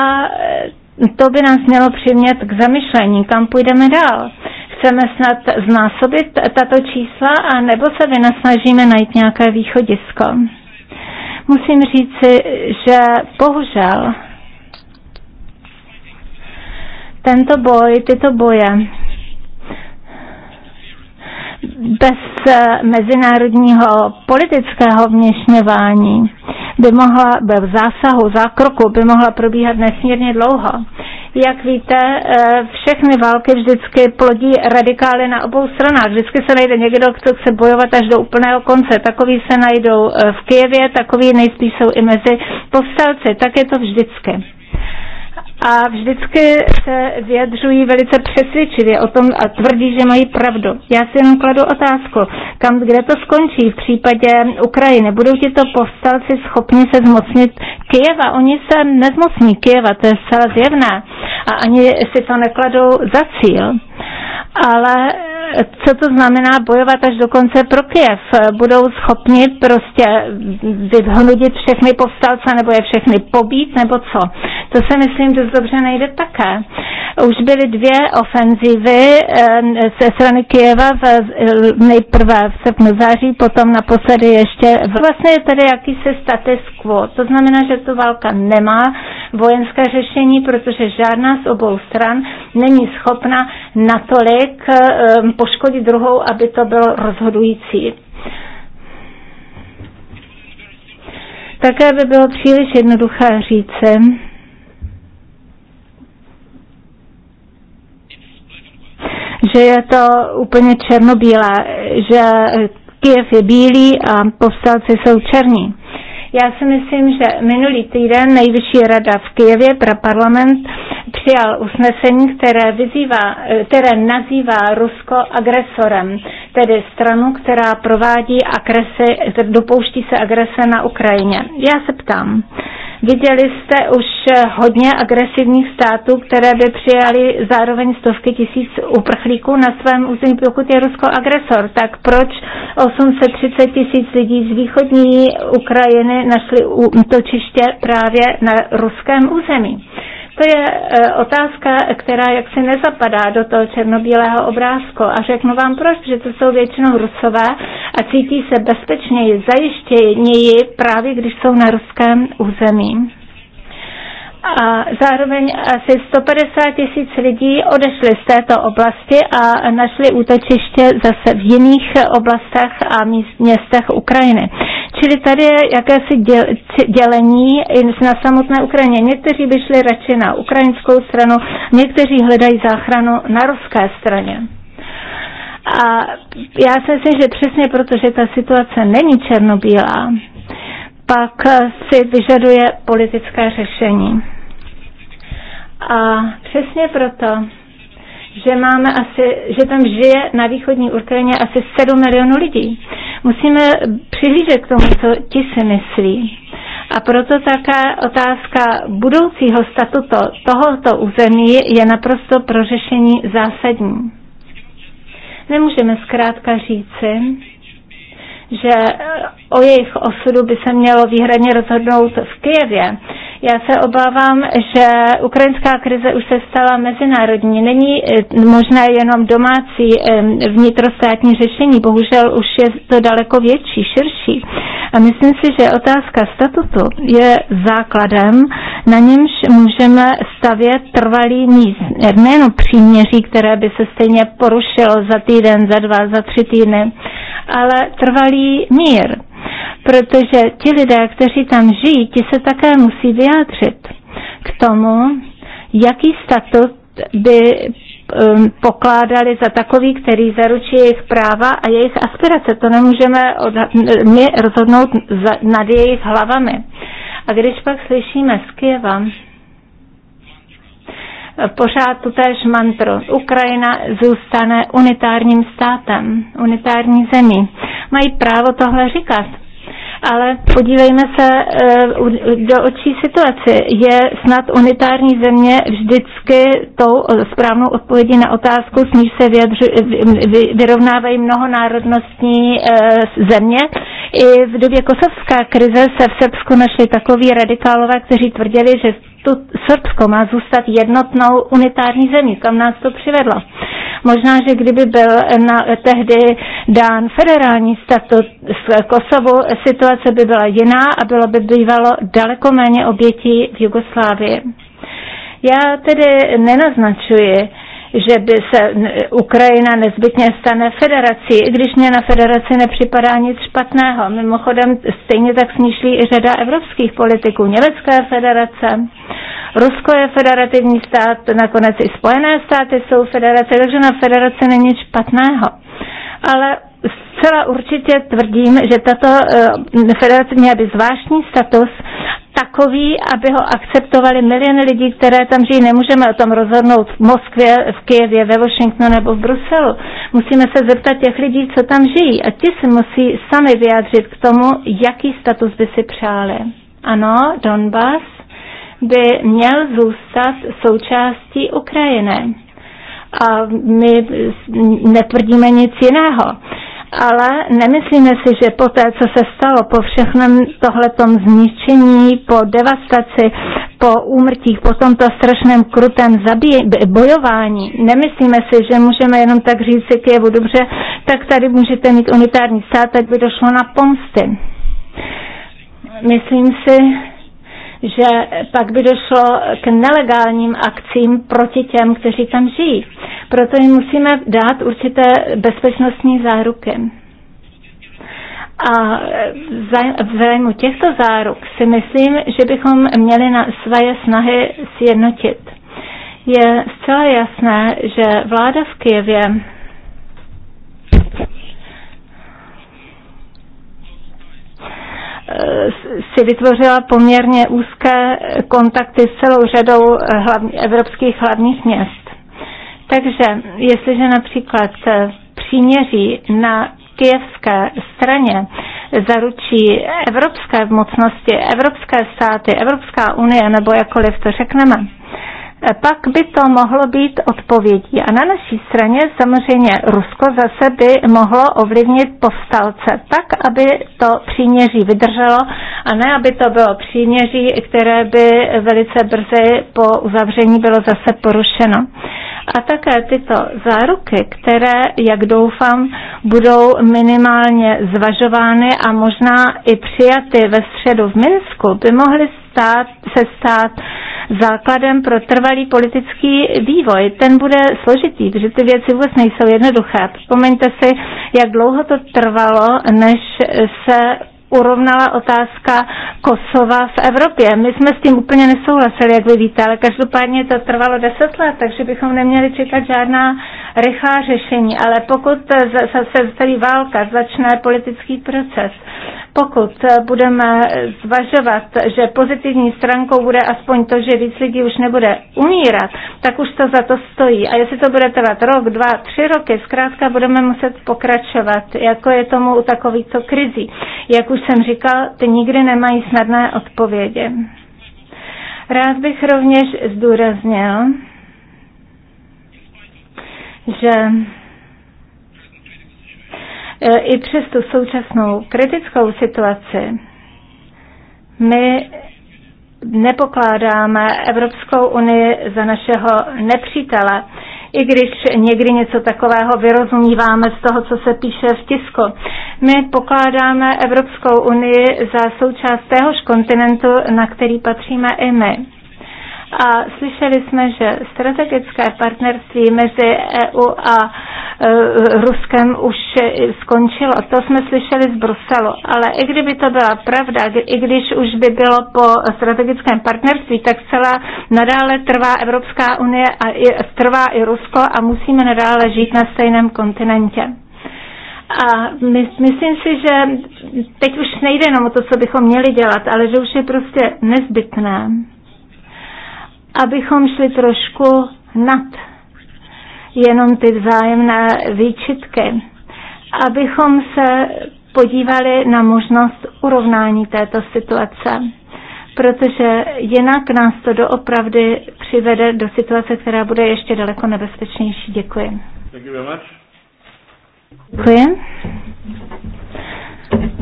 to by nás mělo přimět k zamyšlení, kam půjdeme dál. Chceme snad znásobit tato čísla a nebo se vynasnažíme najít nějaké východisko. Musím říci, že bohužel tento boj, tyto boje bez eh, mezinárodního politického vněšňování by mohla, bez zásahu, zákroku by mohla probíhat nesmírně dlouho. Jak víte, eh, všechny války vždycky plodí radikály na obou stranách. Vždycky se najde někdo, kdo chce bojovat až do úplného konce. Takový se najdou eh, v Kijevě, takový nejspíš jsou i mezi povstalci. Tak je to vždycky a vždycky se vyjadřují velice přesvědčivě o tom a tvrdí, že mají pravdu. Já si jenom kladu otázku, kam, kde to skončí v případě Ukrajiny. Budou ti to povstalci schopni se zmocnit Kijeva? Oni se nezmocní Kijeva, to je zcela zjevné. A ani si to nekladou za cíl. Ale co to znamená bojovat až do konce pro Kiev. Budou schopni prostě vyhnudit všechny povstalce nebo je všechny pobít nebo co. To se myslím dost dobře nejde také. Už byly dvě ofenzivy eh, ze strany Kieva v, eh, nejprve v srpnu září, potom naposledy ještě. V... Vlastně je tady jakýsi status quo. To znamená, že tu válka nemá vojenské řešení, protože žádná z obou stran není schopna natolik um, poškodit druhou, aby to bylo rozhodující. Také by bylo příliš jednoduché říci, že je to úplně černobílé, že Kiev je bílý a povstalci jsou černí. Já si myslím, že minulý týden nejvyšší rada v Kijevě pro parlament přijal usnesení, které, vyzývá, které nazývá Rusko agresorem, tedy stranu, která provádí agresy, dopouští se agrese na Ukrajině. Já se ptám, Viděli jste už eh, hodně agresivních států, které by přijali zároveň stovky tisíc uprchlíků na svém území, pokud je Rusko agresor. Tak proč 830 tisíc lidí z východní Ukrajiny našli útočiště právě na ruském území? To je e, otázka, která jaksi nezapadá do toho černobílého obrázku. A řeknu vám proč, že to jsou většinou rusové a cítí se bezpečněji, zajištěji právě, když jsou na ruském území a zároveň asi 150 tisíc lidí odešli z této oblasti a našli útočiště zase v jiných oblastech a městech Ukrajiny. Čili tady je jakési dělení na samotné Ukrajině. Někteří by šli radši na ukrajinskou stranu, někteří hledají záchranu na ruské straně. A já si myslím, že přesně proto, že ta situace není černobílá, pak si vyžaduje politické řešení. A přesně proto, že máme asi, že tam žije na východní Ukrajině asi 7 milionů lidí. Musíme přihlížet k tomu, co ti si myslí. A proto taká otázka budoucího statutu tohoto území je naprosto pro řešení zásadní. Nemůžeme zkrátka říci, že o jejich osudu by se mělo výhradně rozhodnout v Kijevě. Já se obávám, že ukrajinská krize už se stala mezinárodní. Není eh, možné jenom domácí vnitrostátní řešení, bohužel už je to daleko větší, širší. A myslím si, že otázka statutu je základem, na němž můžeme stavět trvalý míst. Nejenom příměří, které by se stejně porušilo za týden, za dva, za tři týdny, ale trvalý mír, protože ti lidé, kteří tam žijí, ti se také musí vyjádřit k tomu, jaký statut by um, pokládali za takový, který zaručí jejich práva a jejich aspirace. To nemůžeme od, my rozhodnout za, nad jejich hlavami. A když pak slyšíme z Kieva, pořád tutéž mantru. Ukrajina zůstane unitárním státem, unitární zemí. Mají právo tohle říkat. Ale podívejme se eh, do očí situaci. Je snad unitární země vždycky tou správnou odpovědí na otázku, s níž se vyjadřu, vyrovnávají mnohonárodnostní eh, země? I v době kosovská krize se v Srbsku našli takoví radikálové, kteří tvrdili, že tu Srbsko má zůstat jednotnou unitární zemí, kam nás to přivedlo. Možná, že kdyby byl na, tehdy dán federální statut z Kosovu, situace by byla jiná a bylo by bývalo daleko méně obětí v Jugoslávii. Já tedy nenaznačuji, že by se Ukrajina nezbytně stane federací, i když mě na federaci nepřipadá nic špatného. Mimochodem stejně tak smýšlí i řada evropských politiků. Německá federace, Rusko je federativní stát, nakonec i Spojené státy jsou federace, takže na federaci není nic špatného. Ale zcela určitě tvrdím, že tato eh, federace měla by zvláštní status takový, aby ho akceptovali miliony lidí, které tam žijí. Nemůžeme o tom rozhodnout v Moskvě, v Kijevě, ve Washingtonu nebo v Bruselu. Musíme se zeptat těch lidí, co tam žijí. A ti se musí sami vyjádřit k tomu, jaký status by si přáli. Ano, Donbass by měl zůstat součástí Ukrajiny a my netvrdíme nic jiného ale nemyslíme si, že po té, co se stalo, po všechném tohletom zničení, po devastaci, po úmrtích, po tomto strašném krutém bojování, nemyslíme si, že můžeme jenom tak říct si Kijevu, dobře, tak tady můžete mít unitární stát, tak by došlo na pomsty. Myslím si, že pak by došlo k nelegálním akcím proti těm, kteří tam žijí. Proto jim musíme dát určité bezpečnostní záruky. A v zájmu těchto záruk si myslím, že bychom měli na své snahy sjednotit. Je zcela jasné, že vláda v Kijevě Eh, si vytvořila poměrně úzké kontakty s celou řadou eh, hlavní, evropských hlavních měst. Takže jestliže například eh, příměří na kijevské straně zaručí evropské mocnosti, evropské státy, Evropská unie nebo jakkoliv to řekneme, pak by to mohlo být odpovědí. A na naší straně samozřejmě Rusko zase by mohlo ovlivnit povstalce tak, aby to příměří vydrželo a ne, aby to bylo příměří, které by velice brzy po uzavření bylo zase porušeno. A také tyto záruky, které, jak doufám, budou minimálně zvažovány a možná i přijaty ve středu v Minsku, by mohly stát, se stát základem pro trvalý politický vývoj. Ten bude složitý, protože ty věci vůbec nejsou jednoduché. Vzpomeňte si, jak dlouho to trvalo, než se urovnala otázka Kosova v Evropě. My jsme s tím úplně nesouhlasili, jak vy víte, ale každopádně to trvalo deset let, takže bychom neměli čekat žádná rychlá řešení. Ale pokud se celý válka začne politický proces, pokud budeme zvažovat, že pozitivní stránkou bude aspoň to, že víc lidí už nebude umírat, tak už to za to stojí. A jestli to bude trvat rok, dva, tři roky, zkrátka budeme muset pokračovat, jako je tomu u takovýchto krizí. Jak už jsem říkal, ty nikdy nemají snadné odpovědi. Rád bych rovněž zdůraznil, že e, i přes tu současnou kritickou situaci my nepokládáme Evropskou unii za našeho nepřítele i když někdy něco takového vyrozumíváme z toho, co se píše v tisku. My pokládáme Evropskou unii za součást téhož kontinentu, na který patříme i my a slyšeli jsme, že strategické partnerství mezi EU a e, Ruskem už skončilo. To jsme slyšeli z Bruselu. Ale i kdyby to byla pravda, i když už by bylo po strategickém partnerství, tak celá nadále trvá Evropská unie a trvá i Rusko a musíme nadále žít na stejném kontinentě. A my, myslím si, že teď už nejde jenom o to, co bychom měli dělat, ale že už je prostě nezbytné abychom šli trošku nad jenom ty vzájemné výčitky, abychom se podívali na možnost urovnání této situace, protože jinak nás to doopravdy přivede do situace, která bude ještě daleko nebezpečnější. Děkuji. Děkuji.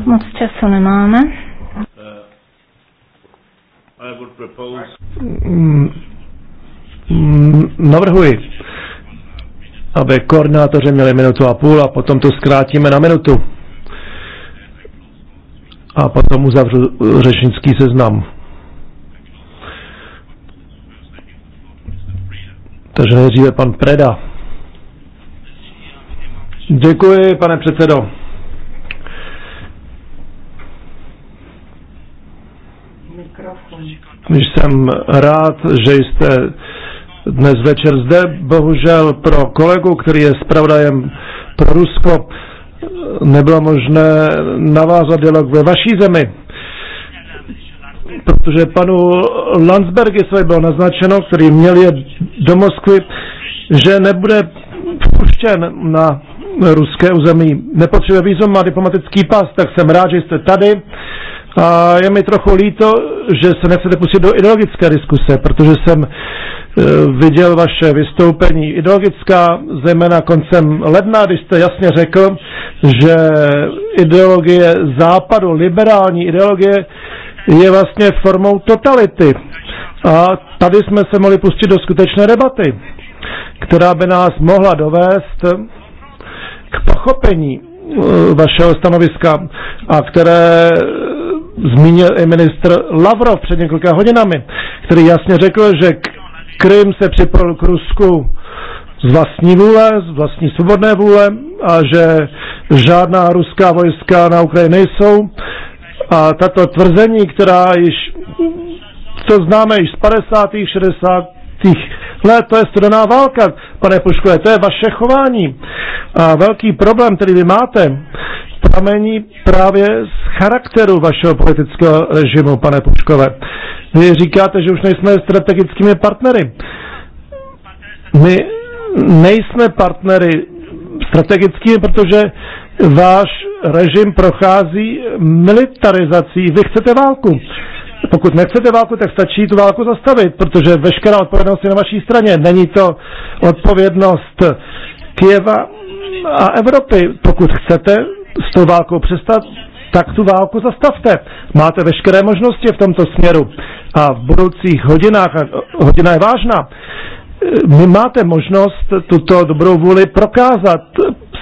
Moc času nemáme. Mm, navrhuji, aby koordinátoři měli minutu a půl a potom to zkrátíme na minutu. A potom uzavřu řečnický seznam. Takže nejdříve pan Preda. Děkuji, pane předsedo. Jsem rád, že jste dnes večer zde. Bohužel pro kolegu, který je zpravodajem pro Rusko, nebylo možné navázat dialog ve vaší zemi, protože panu Landsbergisovi bylo naznačeno, který měl je do Moskvy, že nebude vpuštěn na ruské území. Nepotřebuje výzum, má diplomatický pas, tak jsem rád, že jste tady a je mi trochu líto, že se nechcete pustit do ideologické diskuse, protože jsem e, viděl vaše vystoupení ideologická, zejména koncem ledna, když jste jasně řekl, že ideologie západu, liberální ideologie, je vlastně formou totality. A tady jsme se mohli pustit do skutečné debaty, která by nás mohla dovést k pochopení e, vašeho stanoviska a které zmínil i ministr Lavrov před několika hodinami, který jasně řekl, že Krym se připojil k Rusku z vlastní vůle, z vlastní svobodné vůle a že žádná ruská vojska na Ukrajině nejsou. A tato tvrzení, která již, to známe již z 50. 60. let, to je studená válka, pane Puškové, to je vaše chování. A velký problém, který vy máte, pramení právě z charakteru vašeho politického režimu, pane Puškové. Vy říkáte, že už nejsme strategickými partnery. My nejsme partnery strategickými, protože váš režim prochází militarizací. Vy chcete válku. Pokud nechcete válku, tak stačí tu válku zastavit, protože veškerá odpovědnost je na vaší straně. Není to odpovědnost Kieva a Evropy. Pokud chcete s tou válkou přestat, tak tu válku zastavte. Máte veškeré možnosti v tomto směru. A v budoucích hodinách, a hodina je vážná, my máte možnost tuto dobrou vůli prokázat,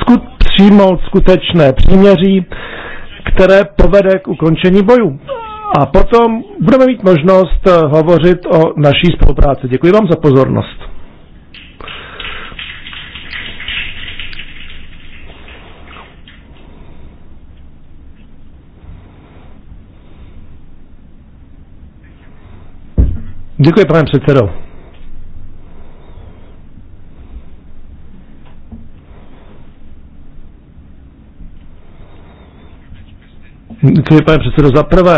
skut, přijmout skutečné příměří, které povede k ukončení bojů. A potom budeme mít možnost hovořit o naší spolupráci. Děkuji vám za pozornost. Děkuji, pane předsedo. Děkuji, pane předsedo. Za prvé,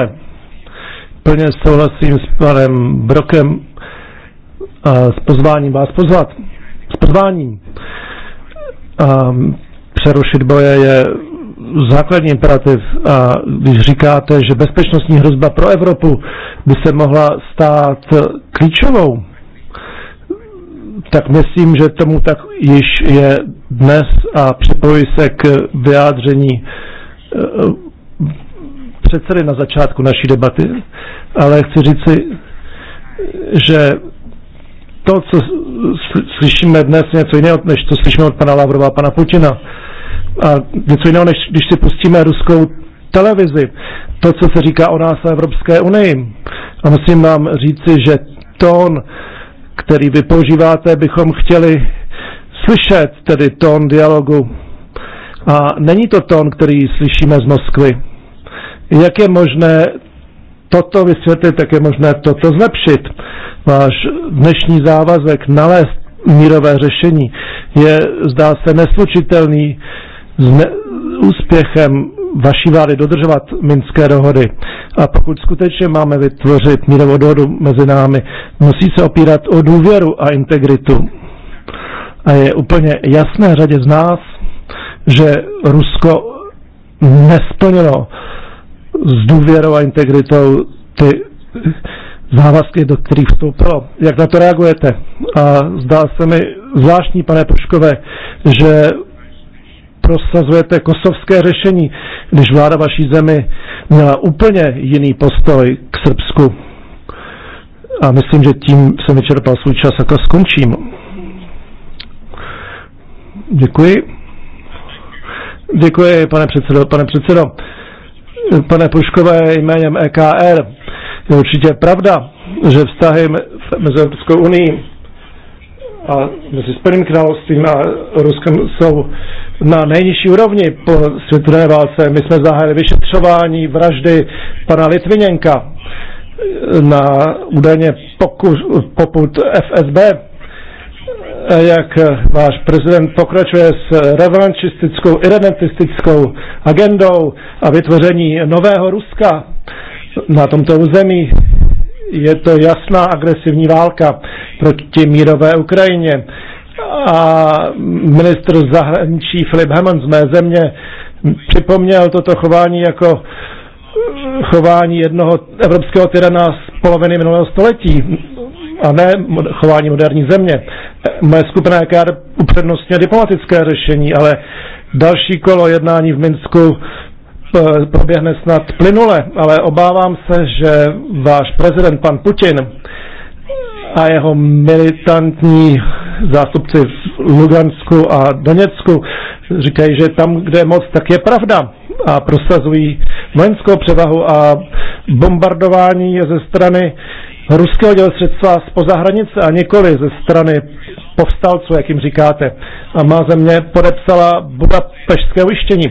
plně souhlasím s panem Brokem a s pozváním vás pozvat. S pozváním. A přerušit boje je základní imperativ, a když říkáte, že bezpečnostní hrozba pro Evropu by se mohla stát klíčovou, tak myslím, že tomu tak již je dnes a připojí se k vyjádření e, předsedy na začátku naší debaty, ale chci říci, že to, co slyšíme dnes, je něco jiného, než to slyšíme od pana Lavrova a pana Putina a něco jiného, než když si pustíme ruskou televizi. To, co se říká o nás a Evropské unii. A musím vám říci, že tón, který vy používáte, bychom chtěli slyšet, tedy tón dialogu. A není to tón, který slyšíme z Moskvy. Jak je možné toto vysvětlit, tak je možné toto zlepšit. Váš dnešní závazek nalézt mírové řešení je, zdá se, neslučitelný s ne- úspěchem vaší vlády dodržovat minské dohody. A pokud skutečně máme vytvořit mírovou dohodu mezi námi, musí se opírat o důvěru a integritu. A je úplně jasné řadě z nás, že Rusko nesplnilo s důvěrou a integritou ty závazky, do kterých vstoupilo. Jak na to reagujete? A zdá se mi zvláštní, pane Poškové, že prosazujete kosovské řešení, když vláda vaší zemi měla úplně jiný postoj k Srbsku. A myslím, že tím jsem vyčerpal svůj čas a jako skončím. Děkuji. Děkuji, pane předsedo. Pane předsedo, pane Puškové jménem EKR je určitě pravda, že vztahy mezi Evropskou unii a mezi Spojeným královstvím a Ruskem jsou na nejnižší úrovni po světové válce. My jsme zahájili vyšetřování vraždy pana Litviněnka na údajně pokus, poput FSB. Jak váš prezident pokračuje s revanchistickou, irredentistickou agendou a vytvoření nového Ruska, na tomto území. Je to jasná agresivní válka proti mírové Ukrajině. A ministr zahraničí Filip Hammond z mé země připomněl toto chování jako eh, chování jednoho evropského tyrana z poloviny minulého století a ne chování moderní země. Moje skupina EKR upřednostňuje diplomatické řešení, ale další kolo jednání v Minsku Eh, proběhne snad plynule, ale obávám se, že váš prezident pan Putin a jeho militantní zástupci v Lugansku a Doněcku říkají, že tam, kde je moc, tak je pravda a prosazují vojenskou převahu a bombardování je ze strany ruského dělostředstva spoza hranice a nikoli ze strany povstalců, jak jim říkáte. A má země podepsala Budapešské ujištění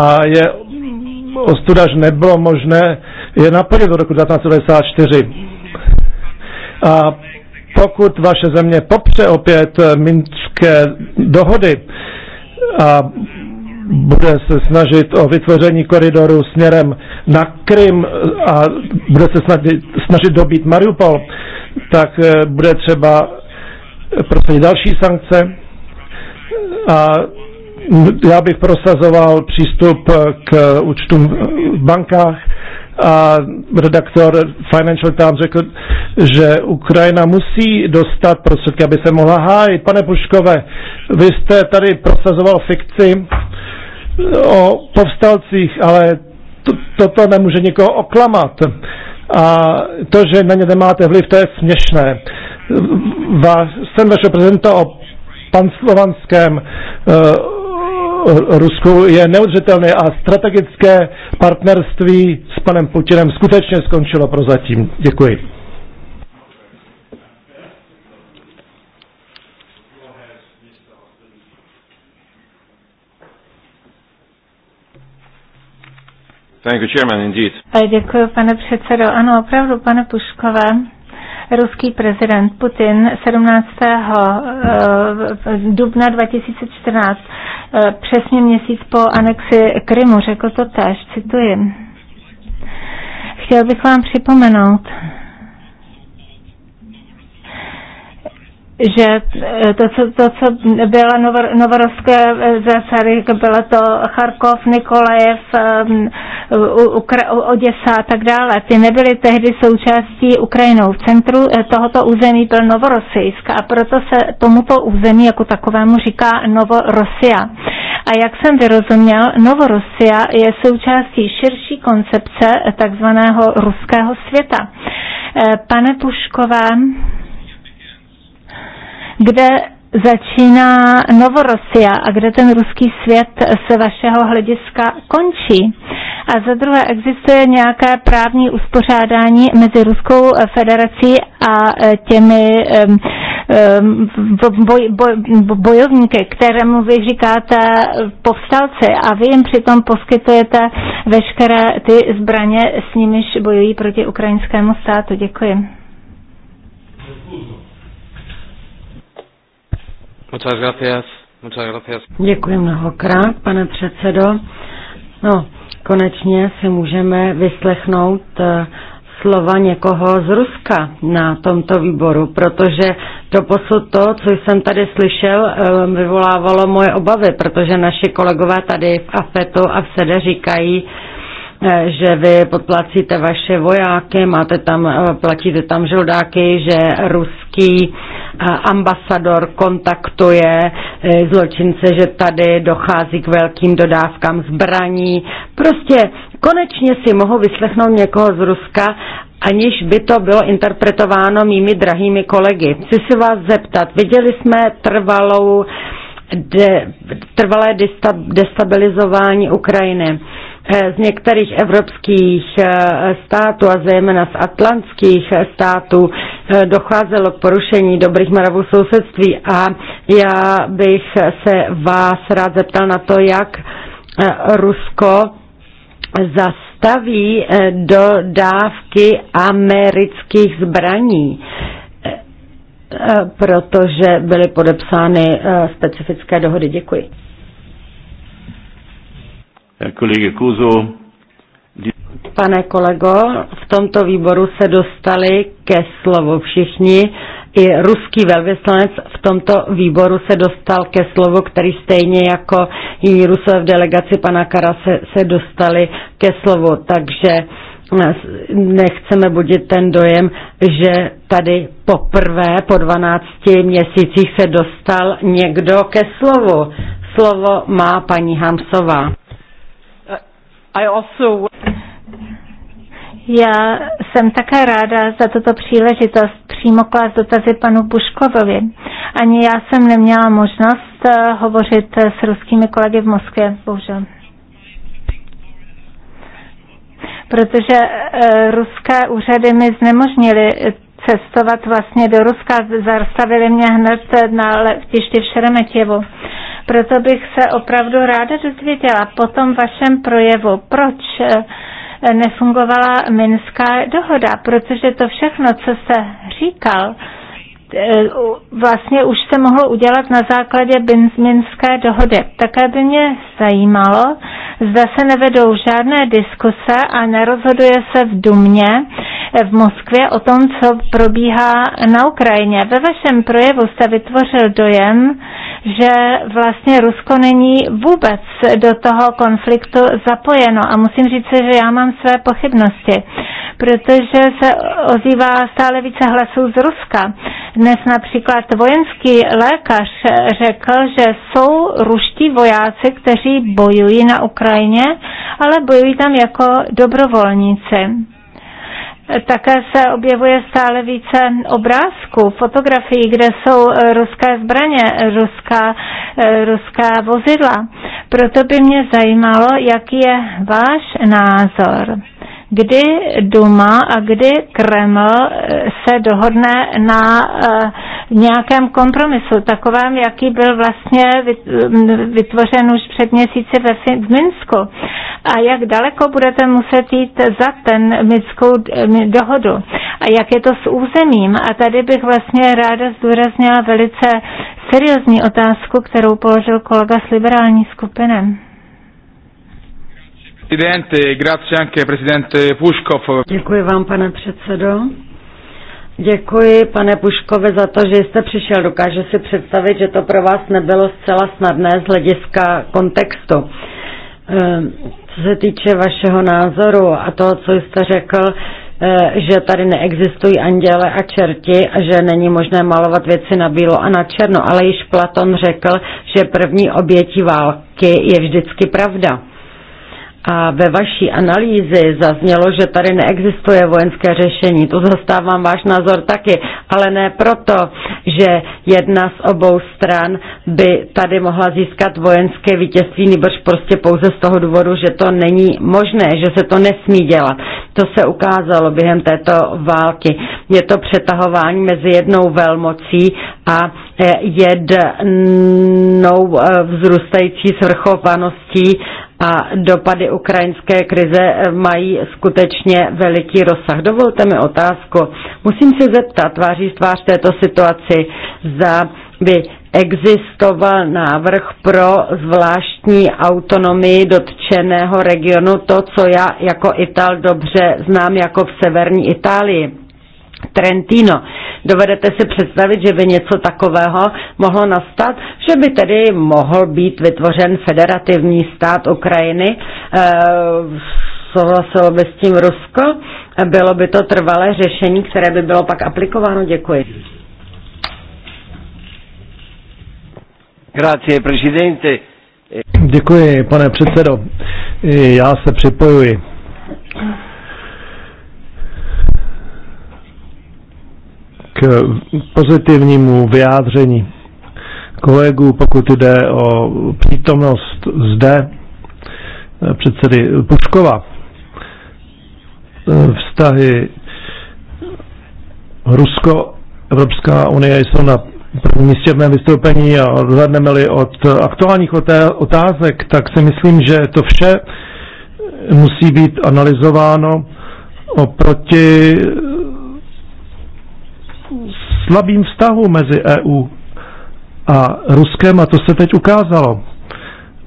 a je ostudaž nebylo možné je naplnit do roku 1994. A pokud vaše země popře opět eh, minské dohody a bude se snažit o vytvoření koridoru směrem na Krym a bude se snažit, snažit dobít Mariupol, tak eh, bude třeba eh, prosadit další sankce a já bych prosazoval přístup k účtům v bankách a redaktor Financial Times řekl, že Ukrajina musí dostat prostředky, aby se mohla hájit. Pane Puškové, vy jste tady prosazoval fikci o povstalcích, ale to, toto nemůže nikoho oklamat. A to, že na ně nemáte vliv, to je směšné. Váš, jsem vašeho prezidenta o pan Slovanském uh, eh, Rusku je neudržitelné a strategické partnerství s panem Putinem skutečně skončilo prozatím. Děkuji. Thank you, Chairman, indeed. Eh, děkuji, pane předsedo. Ano, opravdu, pane Puškové. Ruský prezident Putin 17. Eh, dubna 2014 Eh, přesně měsíc po anexi Krymu, řekl to tež, cituji. Chtěl bych vám připomenout, že eh, to, co, to, co byla Novor, novorovské eh, zásady, byla to Charkov, Nikolajev, ehm, Ukra, Oděsa a tak dále, ty nebyly tehdy součástí Ukrajinou. V centru eh, tohoto území byl Novorosijsk a proto se tomuto území jako takovému říká Novorosia. A jak jsem vyrozuměl, Novorosia je součástí širší koncepce takzvaného ruského světa. Pane Puškové, kde začíná Novorosia a kde ten ruský svět se vašeho hlediska končí. A za druhé, existuje nějaké právní uspořádání mezi Ruskou federací a eh, těmi um, boj, boj, bojovníky, kterému vy říkáte eh, povstalci a vy jim přitom poskytujete veškeré ty zbraně, s nimiž bojují proti ukrajinskému státu. Děkuji. Děkuji mnohokrát, pane předsedo. No, konečně si můžeme vyslechnout eh, slova někoho z Ruska na tomto výboru, protože doposud to, co jsem tady slyšel, eh, vyvolávalo moje obavy, protože naši kolegové tady v AFETu a v SEDE říkají, eh, že vy podplacíte vaše vojáky, máte tam, platíte tam žoldáky, že ruský ambasador kontaktuje eh, zločince, že tady dochází k velkým dodávkám zbraní. Prostě konečně si mohu vyslechnout někoho z Ruska, aniž by to bylo interpretováno mými drahými kolegy. Chci se vás zeptat, viděli jsme trvalou de, trvalé destabilizování Ukrajiny. Eh, z některých evropských eh, států a zejména z atlantských států eh, docházelo k porušení dobrých maravů sousedství a já bych se vás rád zeptal na to, jak Rusko zastaví dodávky amerických zbraní protože byly podepsány specifické dohody. Děkuji. Eh, Kuzo. Pane kolego, v tomto výboru se dostali ke slovu všichni. I ruský velvyslanec v tomto výboru se dostal ke slovu, který stejně jako jiní rusové v delegaci pana Karase se dostali ke slovu. Takže eh, nechceme budit ten dojem, že tady poprvé po 12 měsících se dostal někdo ke slovu. Slovo má paní Hamsová. I also... Já jsem také ráda za tuto příležitost přímo klást dotazy panu Buškovovi. Ani já jsem neměla možnost eh, hovořit s ruskými kolegy v Moskvě, bohužel. Protože eh, ruské úřady mi znemožnili cestovat vlastně do Ruska, zastavili mě hned na letišti v Šeremetěvu. Proto bych se opravdu ráda dozvěděla po tom vašem projevu, proč eh, nefungovala Minská dohoda, protože to všechno, co se říkal, Eh, vlastně už se mohlo udělat na základě Minské dohody. Také by mě zajímalo, zda se nevedou žádné diskuse a nerozhoduje se v Dumě eh, v Moskvě o tom, co probíhá na Ukrajině. Ve vašem projevu jste vytvořil dojem, že vlastně Rusko není vůbec do toho konfliktu zapojeno a musím říct, že já mám své pochybnosti protože se ozývá stále více hlasů z Ruska. Dnes například vojenský lékař řekl, že jsou ruští vojáci, kteří bojují na Ukrajině, ale bojují tam jako dobrovolníci. Také se objevuje stále více obrázků, fotografií, kde jsou ruské zbraně, ruská, ruská vozidla. Proto by mě zajímalo, jaký je váš názor kdy Duma a kdy Kreml eh, se dohodne na eh, nějakém kompromisu, takovém, jaký byl vlastně mm, vytvořen už před měsíci ve v Minsku. A jak daleko budete muset jít za ten Minskou eh, dohodu a jak je to s územím. A tady bych vlastně ráda zdůraznila velice seriózní otázku, kterou položil kolega z liberální skupiny. Presidente, grazie anche Presidente Puškov. Děkuji vám, pane předsedo. Děkuji, pane Puškovi, za to, že jste přišel. Dokážu si představit, že to pro vás nebylo zcela snadné z hlediska kontextu. Ehm, co se týče vašeho názoru a toho, co jste řekl, eh, že tady neexistují anděle a čerti a že není možné malovat věci na bílo a na černo, ale již Platon řekl, že první obětí války je vždycky pravda a ve vaší analýzi zaznělo, že tady neexistuje vojenské řešení. To zastávám váš názor taky, ale ne proto, že jedna z obou stran by tady mohla získat vojenské vítězství, nebož prostě pouze z toho důvodu, že to není možné, že se to nesmí dělat. To se ukázalo během této války. Je to přetahování mezi jednou velmocí a eh, jednou eh, vzrůstající svrchovaností a dopady ukrajinské krize mají skutečně veliký rozsah. Dovolte mi otázku. Musím se zeptat tváří v tvář této situaci, zda by existoval návrh pro zvláštní autonomii dotčeného regionu, to, co já jako Ital dobře znám jako v severní Itálii Trentino. Dovedete si představit, že by něco takového mohlo nastat, že by tedy mohl být vytvořen federativní stát Ukrajiny, eh, souhlasilo by s tím Rusko, bylo by to trvalé řešení, které by bylo pak aplikováno. Děkuji. Děkuji, pane předsedo. Já se připojuji k pozitivnímu vyjádření kolegů, pokud jde o přítomnost zde eh, předsedy Puškova. Eh, vztahy Rusko Evropská unie jsou na prvním místě v mém vystoupení a odhledneme-li od aktuálních otázek, tak si myslím, že to vše musí být analyzováno oproti slabým vztahu mezi EU a Ruskem a to se teď ukázalo,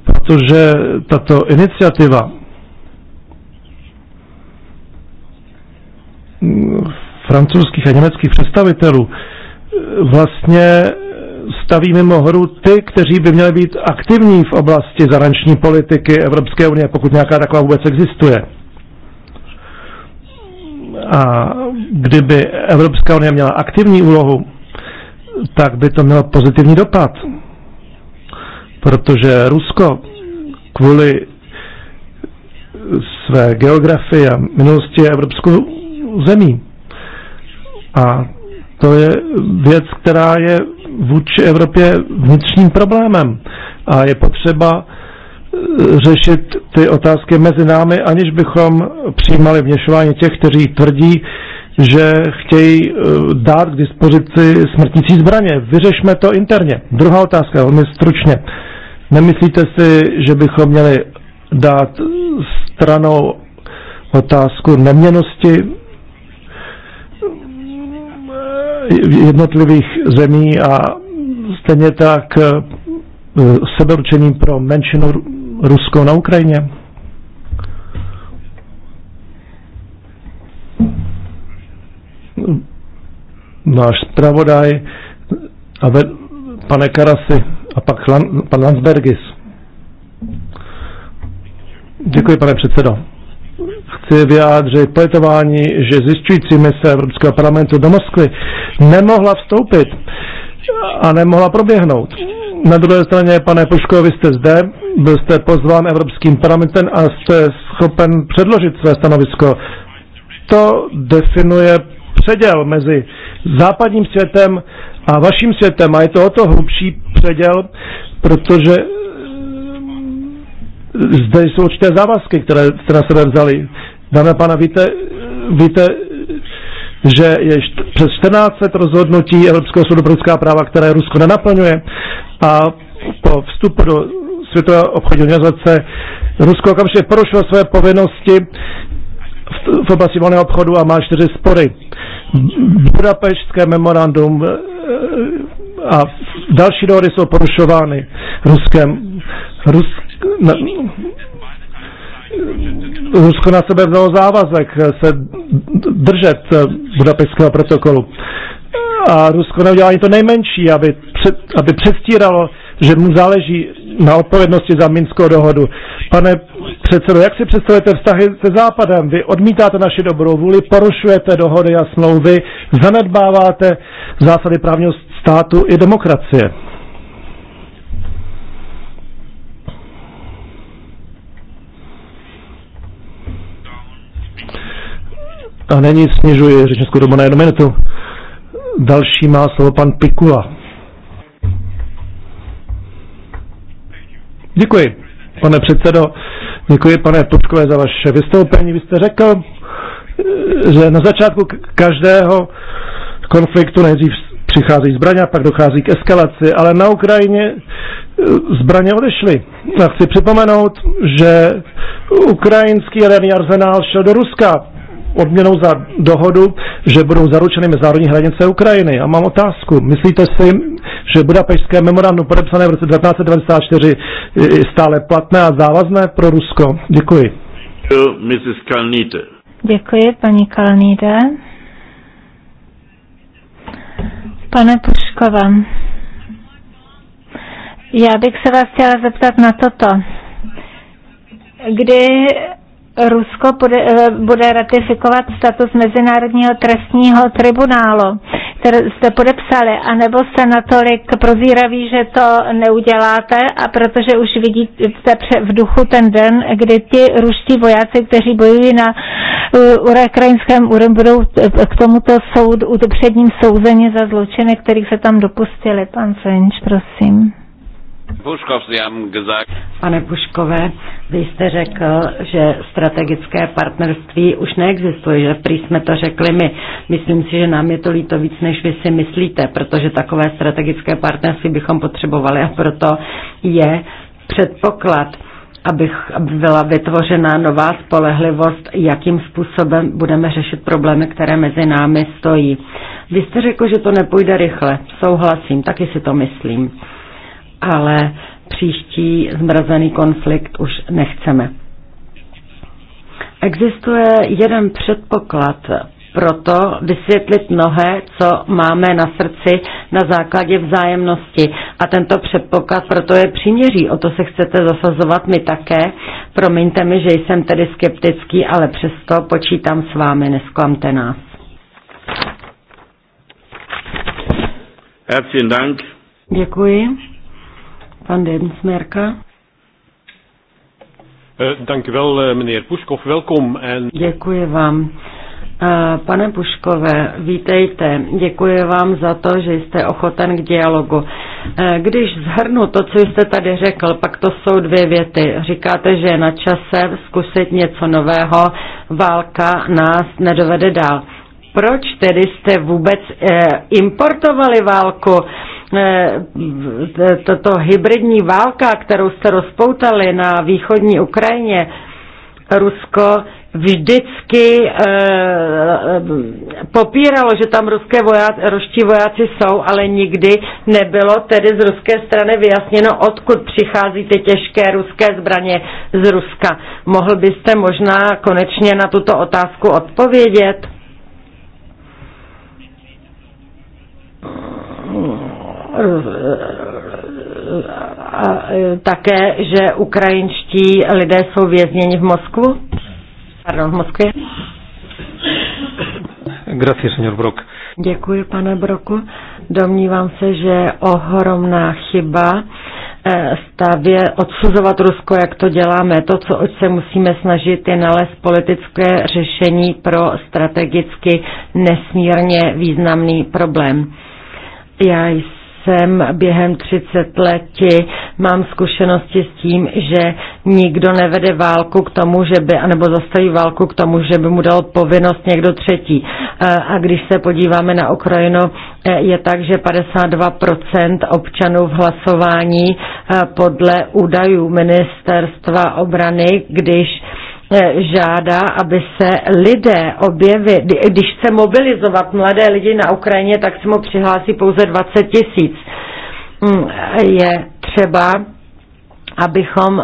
protože tato iniciativa francouzských a německých představitelů vlastně staví mimo hru ty, kteří by měli být aktivní v oblasti zahraniční politiky Evropské unie, pokud nějaká taková vůbec existuje. A kdyby Evropská unie měla aktivní úlohu, tak by to mělo pozitivní dopad. Protože Rusko kvůli své geografii a minulosti evropskou zemí. A to je věc, která je vůči Evropě vnitřním problémem. A je potřeba řešit ty otázky mezi námi, aniž bychom přijímali vněšování těch, kteří tvrdí, že chtějí eh, dát k dispozici smrtící zbraně. Vyřešme to interně. Druhá otázka, velmi stručně. Nemyslíte si, že bychom měli dát stranou otázku neměnosti jednotlivých zemí a stejně tak eh, sebeurčení pro menšinu Rusko na Ukrajině? Náš zpravodaj a ve, pane Karasi a pak Lan, pan Landsbergis. Děkuji, pane předsedo. Chci vyjádřit politování, že zjišťující mise Evropského parlamentu do Moskvy nemohla vstoupit a nemohla proběhnout na druhé straně, pane Puško, vy jste zde, byl jste pozván Evropským parlamentem a jste schopen předložit své stanovisko. To definuje předěl mezi západním světem a vaším světem a je to o to hlubší předěl, protože eh, zde jsou určité závazky, které jste na sebe vzali. Dáme pana, víte, víte, že je přes 14 rozhodnutí Evropského soudu pro lidská práva, které Rusko nenaplňuje a po vstupu do Světové obchodní organizace Rusko okamžitě porušilo své povinnosti v, v oblasti volného obchodu a má čtyři spory. Budapeštské memorandum e, a další dohody jsou porušovány Ruskem. Rusk, na, Rusko na sebe vzalo závazek se držet budapeského protokolu. A Rusko neudělá ani to nejmenší, aby, před, aby předstíralo, že mu záleží na odpovědnosti za Minskou dohodu. Pane předsedo, jak si představujete vztahy se Západem? Vy odmítáte naši dobrou vůli, porušujete dohody a smlouvy, zanedbáváte zásady právního státu i demokracie. A není snižuji řečnickou dobu na jednu minutu. Další má slovo pan Pikula. Děkuji, pane předsedo. Děkuji, pane Putkové, za vaše vystoupení. Vy jste řekl, že na začátku každého konfliktu nejdřív přichází zbraně a pak dochází k eskalaci, ale na Ukrajině eh, zbraně odešly. A chci připomenout, že ukrajinský jaderný arzenál šel do Ruska odměnou za dohodu, že budou zaručeny mezinárodní hranice Ukrajiny. A mám otázku. Myslíte si, že budapešské memorandum podepsané v roce 1994 je stále platné a závazné pro Rusko? Děkuji. Děkuji, paní Kalnide. Pane Puškova, já bych se vás chtěla zeptat na toto. Kdy Rusko bude, eh, bude ratifikovat status Mezinárodního trestního tribunálu, který jste podepsali, anebo jste natolik prozíraví, že to neuděláte a protože už vidíte v duchu ten den, kdy ti ruští vojáci, kteří bojují na eh, ukrajinském úrem, budou k tomuto soudu, předním ním souzeni za zločiny, kterých se tam dopustili. Pan French, prosím. Puškov, Pane Puškové, vy jste řekl, že strategické partnerství už neexistuje, že prý jsme to řekli my. Myslím si, že nám je to líto víc, než vy si myslíte, protože takové strategické partnerství bychom potřebovali a proto je předpoklad, abych, aby byla vytvořena nová spolehlivost, jakým způsobem budeme řešit problémy, které mezi námi stojí. Vy jste řekl, že to nepůjde rychle. Souhlasím, taky si to myslím ale příští zmrazený konflikt už nechceme. Existuje jeden předpoklad proto vysvětlit mnohé, co máme na srdci na základě vzájemnosti. A tento předpoklad proto je příměří. O to se chcete zasazovat my také. Promiňte mi, že jsem tedy skeptický, ale přesto počítám s vámi, nesklamte nás. Herzlichen Dank. Děkuji. Van Demsmerka. Eh, dank u wel, eh, meneer Puškov. Welkom. En... Děkuji vám. Eh, pane Puškové, vítejte. Děkuji vám za to, že jste ochoten k dialogu. Když zhrnu to, co jste tady řekl, pak to jsou dvě věty. Říkáte, že je na čase zkusit něco nového, válka nás nedovede dál. Proč tedy jste vůbec importovali válku? Eh, tato hybridní válka, kterou jste rozpoutali na východní Ukrajině, Rusko vždycky eh, eh, popíralo, že tam ruské vojáci, ruští vojáci jsou, ale nikdy nebylo tedy z ruské strany vyjasněno, odkud přichází ty těžké ruské zbraně z Ruska. Mohl byste možná konečně na tuto otázku odpovědět? E, také, že ukrajinští lidé jsou vězněni v Moskvu? Pardon, v Moskvě? Gracias, señor Brok. Děkuji, pane Broku. Domnívám se, že je ohromná chyba e, stavě odsuzovat Rusko, jak to děláme. To, co oč se musíme snažit, je nalézt politické řešení pro strategicky nesmírně významný problém. Já jsem jsem během 30 leti, mám zkušenosti s tím, že nikdo nevede válku k tomu, že by, anebo zastaví válku k tomu, že by mu dal povinnost někdo třetí. A když se podíváme na Ukrajinu, e, je tak, že 52% občanů v hlasování e, podle údajů ministerstva obrany, když E, žádá, aby se lidé objevili, když chce mobilizovat mladé lidi na Ukrajině, tak se mu přihlásí pouze 20 tisíc. Mm, je třeba abychom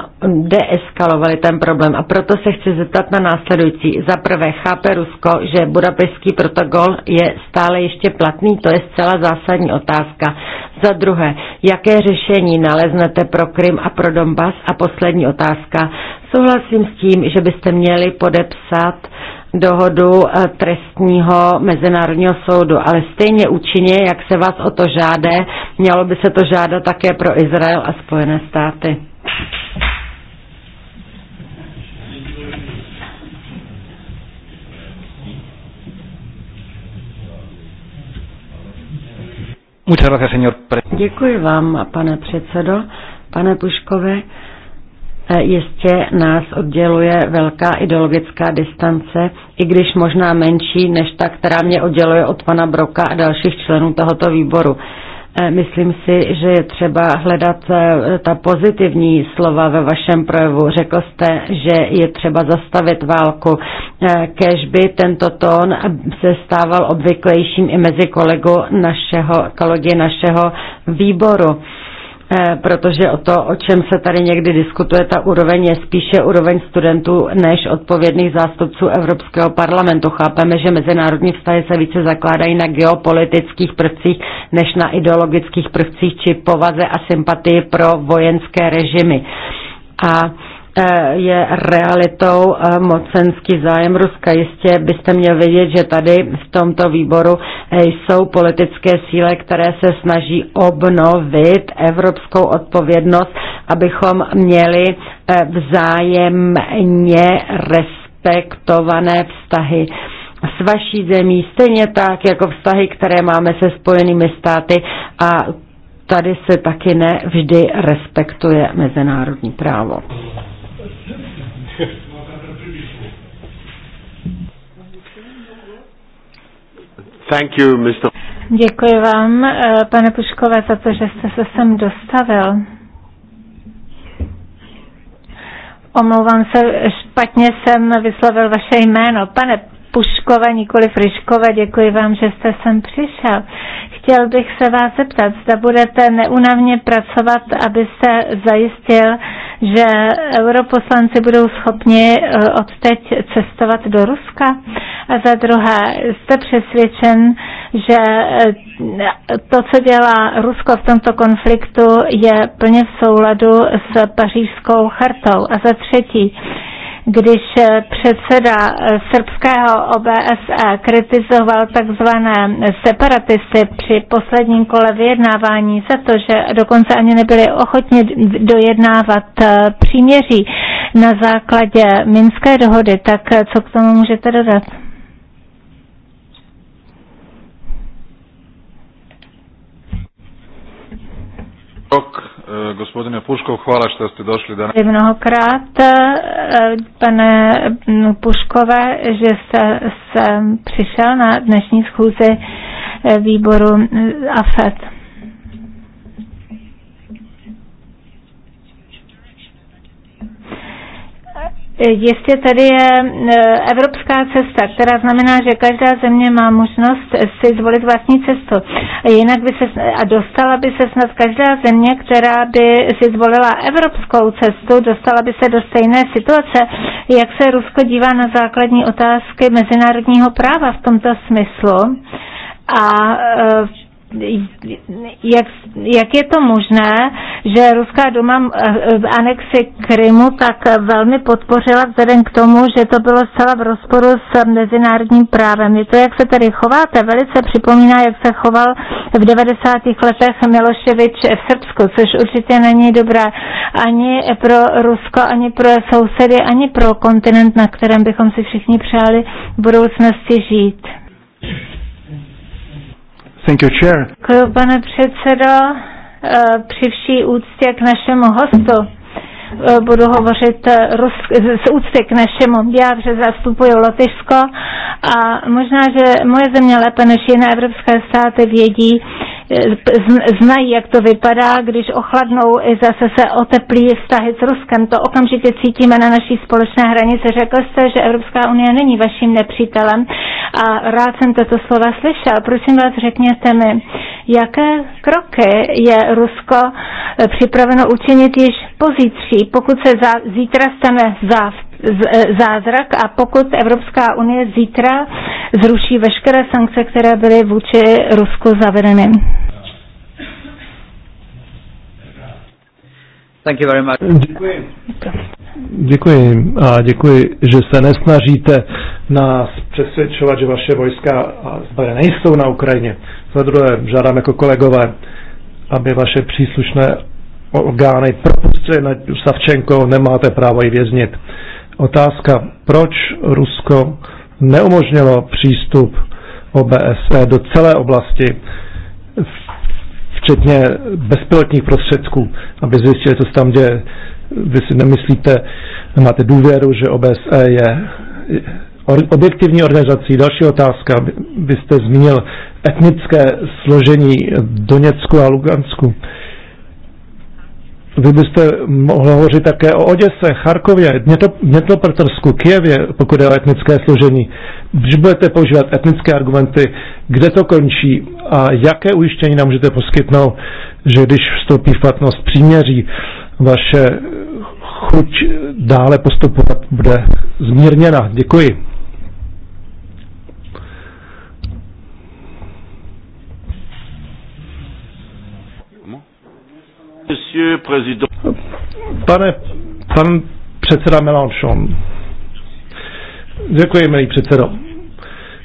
deeskalovali ten problém. A proto se chci zeptat na následující. Za prvé, chápe Rusko, že budapeský protokol je stále ještě platný? To je zcela zásadní otázka. Za druhé, jaké řešení naleznete pro Krym a pro Donbas? A poslední otázka. Souhlasím s tím, že byste měli podepsat dohodu eh, trestního mezinárodního soudu, ale stejně účinně, jak se vás o to žádá, mělo by se to žádat také pro Izrael a Spojené státy. Děkuji vám, pane předsedo. Pane Puškové, eh, jistě nás odděluje velká ideologická distance, i když možná menší než ta, která mě odděluje od pana Broka a dalších členů tohoto výboru. E, myslím si, že je třeba hledat e, ta pozitivní slova ve vašem projevu. Řekl jste, že je třeba zastavit válku. E, kež by tento tón se stával obvyklejším i mezi kolegu našeho, kolegy našeho výboru Eh, protože o to, o čem se tady někdy diskutuje, ta úroveň je spíše úroveň studentů než odpovědných zástupců Evropského parlamentu. Chápeme, že mezinárodní vztahy se více zakládají na geopolitických prvcích než na ideologických prvcích či povaze a sympatii pro vojenské režimy. A Eh, je realitou eh, mocenský zájem Ruska. Jistě byste měl vědět, že tady v tomto výboru eh, jsou politické síly, které se snaží obnovit evropskou odpovědnost, abychom měli vzájemně respektované vztahy s vaší zemí, stejně tak jako vztahy, které máme se spojenými státy a tady se taky ne vždy respektuje mezinárodní právo. Thank you, Mr. Děkuji vám, eh, pane Puškové, za to, že jste se sem dostavil. Omlouvám se, špatně jsem vyslovil vaše jméno. Pane Puškova, nikoli Friškova. Děkuji vám, že jste sem přišel. Chtěl bych se vás zeptat, zda budete neunavně pracovat, abyste zajistil, že europoslanci budou schopni eh, odteď cestovat do Ruska. A za druhé, jste přesvědčen, že eh, to, co dělá Rusko v tomto konfliktu, je plně v souladu s pařížskou chartou. A za třetí, když eh, předseda eh, srbského OBSE kritizoval takzvané separatisty při posledním kole vyjednávání za to, že dokonce ani nebyli ochotni dojednávat eh, příměří na základě Minské dohody, tak co k tomu můžete dodat? Ok. Eh, gospodine Puško, hvala što ste došli danas. Mnohokrát, eh, pane mm, Puškové, že se přišel na dnešní schůzi eh, výboru mm, AFED. Jistě tady je e, evropská cesta, která znamená, že každá země má možnost si zvolit vlastní cestu. Jinak by se, a dostala by se snad každá země, která by si zvolila evropskou cestu, dostala by se do stejné situace, jak se Rusko dívá na základní otázky mezinárodního práva v tomto smyslu. A e, jak, jak je to možné, že Ruská doma eh, v anexi Krymu tak velmi podpořila vzhledem k tomu, že to bylo zcela v rozporu s mezinárodním právem. Je to, jak se tady chováte, velice připomíná, jak se choval v 90. letech Miloševič v Srbsku, což určitě není dobré ani pro Rusko, ani pro sousedy, ani pro kontinent, na kterém bychom si všichni přáli v budoucnosti žít. Thank you, chair. Děkuji, pane předsedo. Eh, při vší úctě k našemu hostu Eh, budu hovořit eh, z úcty k našemu. Já že zastupuju Lotyšsko a možná, že moje země lépe než jiné evropské státy vědí, eh, znají, jak to vypadá, když ochladnou i zase se oteplí vztahy s Ruskem. To okamžitě cítíme na naší společné hranici. Řekl jste, že Evropská unie není vaším nepřítelem a rád jsem toto slova slyšel. Prosím vás, řekněte mi, jaké kroky je Rusko E, připraveno učinit již pozítří, pokud se za, zítra stane za, z, e, zázrak a pokud Evropská unie zítra zruší veškeré sankce, které byly vůči Rusku zavedeny. Thank you very much. Děkuji. Děkuji a děkuji, že se nesnažíte nás přesvědčovat, že vaše vojska a zbraně nejsou na Ukrajině. Za druhé, žádám jako kolegové, aby vaše příslušné orgány propustili na Savčenko, nemáte právo ji věznit. Otázka, proč Rusko neumožnilo přístup OBSE do celé oblasti, včetně bezpilotních prostředků, aby zjistili, co se tam děje. Vy si nemyslíte, nemáte důvěru, že OBSE je objektivní organizací. Další otázka. Vy jste zmínil etnické složení Doněcku a Lugansku. Vy byste mohl hovořit také o Oděse, Charkově, Dnětropetrsku, Kijevě, pokud je o etnické složení. Když budete používat etnické argumenty, kde to končí a jaké ujištění nám můžete poskytnout, že když vstoupí v platnost příměří, vaše chuť dále postupovat bude zmírněna. Děkuji. Pane, pan předseda Melanchon. Děkuji, milý předsedo.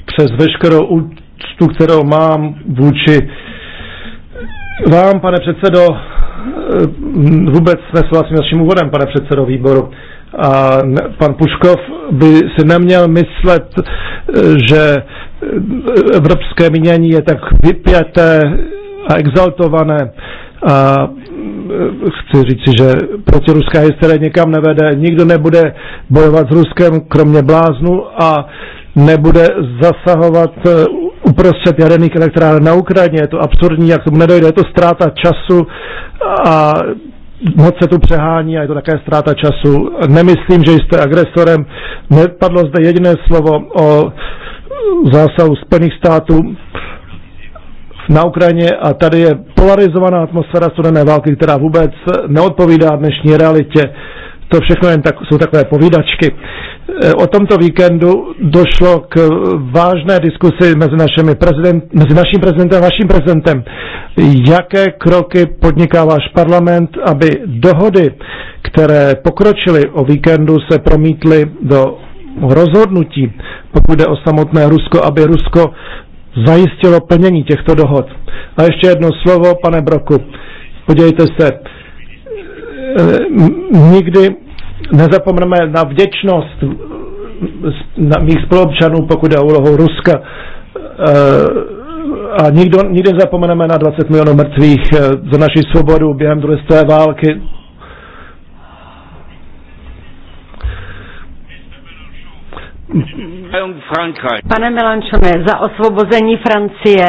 Přes veškerou úctu, kterou mám vůči vám, pane předsedo, vůbec nesouhlasím s naším úvodem, pane předsedo výboru. A pan Puškov by si neměl myslet, že evropské mínění je tak vypjaté a exaltované a e, chci říci, že protiruská hysterie nikam nevede. Nikdo nebude bojovat s Ruskem, kromě bláznu a nebude zasahovat e, uprostřed jaderných elektráren na Ukrajině. Je to absurdní, jak tomu nedojde. Je to ztráta času a moc se tu přehání a je to také ztráta času. Nemyslím, že jste agresorem. Nepadlo zde jediné slovo o zásahu Spojených států na Ukrajině a tady je polarizovaná atmosféra studené války, která vůbec neodpovídá dnešní realitě. To všechno jen tak, jsou takové povídačky. Eh, o tomto víkendu došlo k vážné diskusi mezi, našimi prezident, mezi naším prezidentem a vaším prezidentem. Jaké kroky podniká váš parlament, aby dohody, které pokročily o víkendu, se promítly do rozhodnutí, pokud jde o samotné Rusko, aby Rusko zajistilo plnění těchto dohod. A ještě jedno slovo, pane Broku. Podívejte se, eh, nikdy nezapomeneme na vděčnost na mých spoluobčanů, pokud je o úlohu Ruska. Eh, a nikdo, nikdy nezapomeneme na 20 milionů mrtvých eh, za naši svobodu během druhé světové války. Pane Melanchone, za osvobození Francie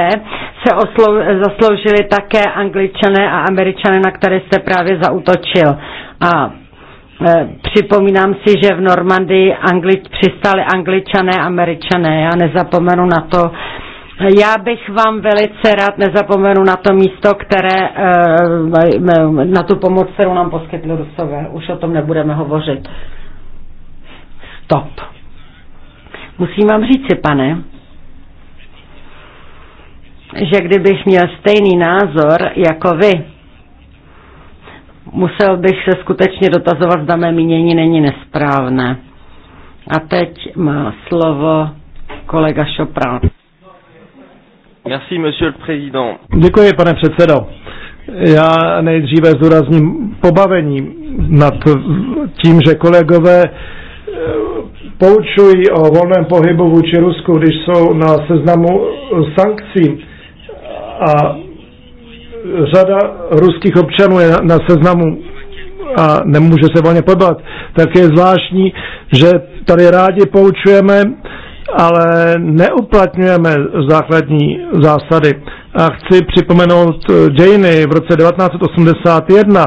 se oslo- zasloužili také angličané a američané, na které jste právě zautočil. A e, připomínám si, že v Normandii Angli, přistáli angličané a američané. Já nezapomenu na to, já bych vám velice rád nezapomenu na to místo, které, e, e, na tu pomoc, kterou nám poskytli Rusové. Už o tom nebudeme hovořit. Stop. Musím vám si, pane, že kdybych měl stejný názor jako vy, musel bych se skutečně dotazovat, zda mé mínění není nesprávné. A teď má slovo kolega Šoprán. Merci, monsieur le président. Děkuji, pane předsedo. Já nejdříve zdůrazním pobavení nad tím, že kolegové poučují o volném pohybu vůči Rusku, když jsou na seznamu eh, sankcí a řada ruských občanů je na seznamu a nemůže se volně pobat, tak je zvláštní, že tady rádi poučujeme, ale neuplatňujeme základní zásady. A chci připomenout eh, dějiny v roce 1981.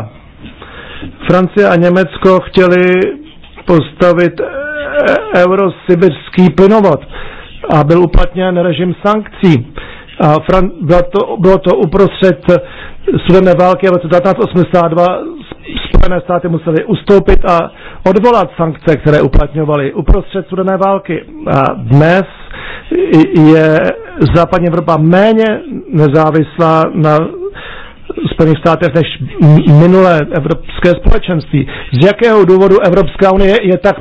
Francie a Německo chtěli postavit eurosibirský plynovod a byl uplatněn režim sankcí. A Fran- bylo, to, bylo to uprostřed studené války v roce 1982. Spojené státy museli ustoupit a odvolat sankce, které uplatňovaly uprostřed studené války. A dnes je západní Evropa méně nezávislá na Spojených státech než minulé evropské společenství. Z jakého důvodu Evropská unie je tak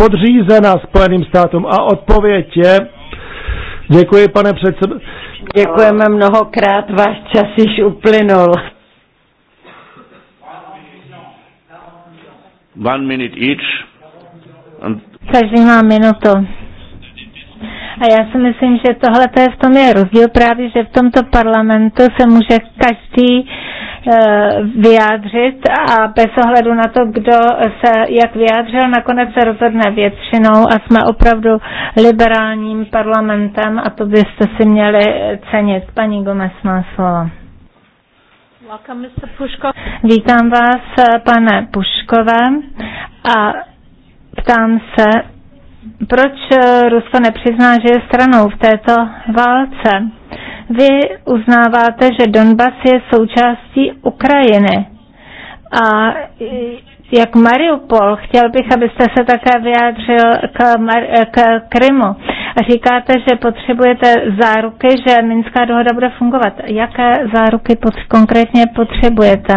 podřízena Spojeným státům. A odpověď je, děkuji pane předsedo. Děkujeme mnohokrát, váš čas již uplynul. One minute each. And... Každý má minutu. A já si myslím, že tohle je v tom je rozdíl právě, že v tomto parlamentu se může každý Eh, vyjádřit a bez ohledu na to, kdo se jak vyjádřil, nakonec se rozhodne většinou a jsme opravdu liberálním parlamentem a to byste si měli cenit. Paní Gomez má slovo. Vítám vás, pane Puškové, a ptám se, proč Rusko nepřizná, že je stranou v této válce? Vy uznáváte, že Donbas je součástí Ukrajiny. A jak Mariupol, chtěl bych, abyste se také vyjádřil k, Mar- k Krymu. A říkáte, že potřebujete záruky, že Minská dohoda bude fungovat. Jaké záruky pot- konkrétně potřebujete?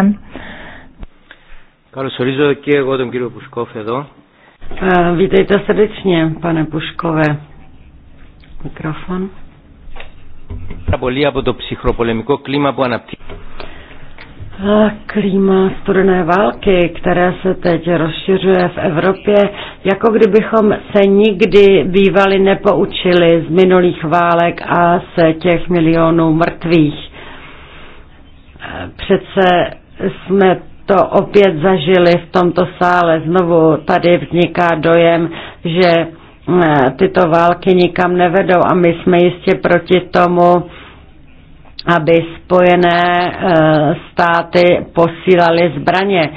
Eh, vítejte srdečně, pane Puškové. Mikrofon. Πολύ από το ψυχροπολεμικό κλίμα που αναπτύσσεται. Klíma studené války, které se teď rozšiřuje v Evropě, jako kdybychom se nikdy bývali nepoučili z minulých válek a z těch milionů mrtvých. Eh, přece jsme to opět zažili v tomto sále. Znovu tady vzniká dojem, že tyto války nikam nevedou a my jsme jistě proti tomu, aby spojené eh, státy posílaly zbraně.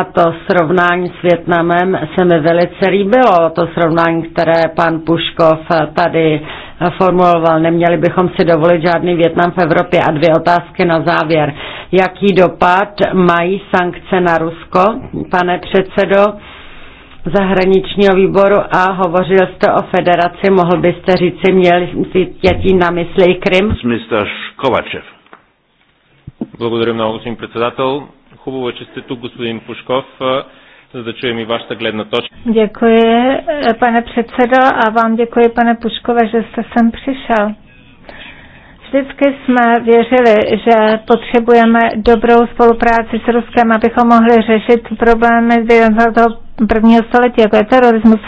A to srovnání s Větnamem se mi velice líbilo, to srovnání, které pan Puškov eh, tady eh, formuloval. Neměli bychom si dovolit žádný Větnam v Evropě. A dvě otázky na závěr. Jaký dopad mají sankce na Rusko, pane předsedo? zahraničního výboru a hovořil jste o federaci, mohl byste říct, měl si tím na mysli Krym? Mr. Kovačev. Благодаря много, господин председател. Хубаво е, че сте тук, господин Пушков, за да чуем и вашата гледна точка. Děkuji, pane předsedo, a vám děkuji, pane Puškove, že jste sem přišel. Vždycky jsme věřili, že potřebujeme dobrou spolupráci s Ruskem, abychom mohli řešit problémy z toho prvního století, jako je terorismus,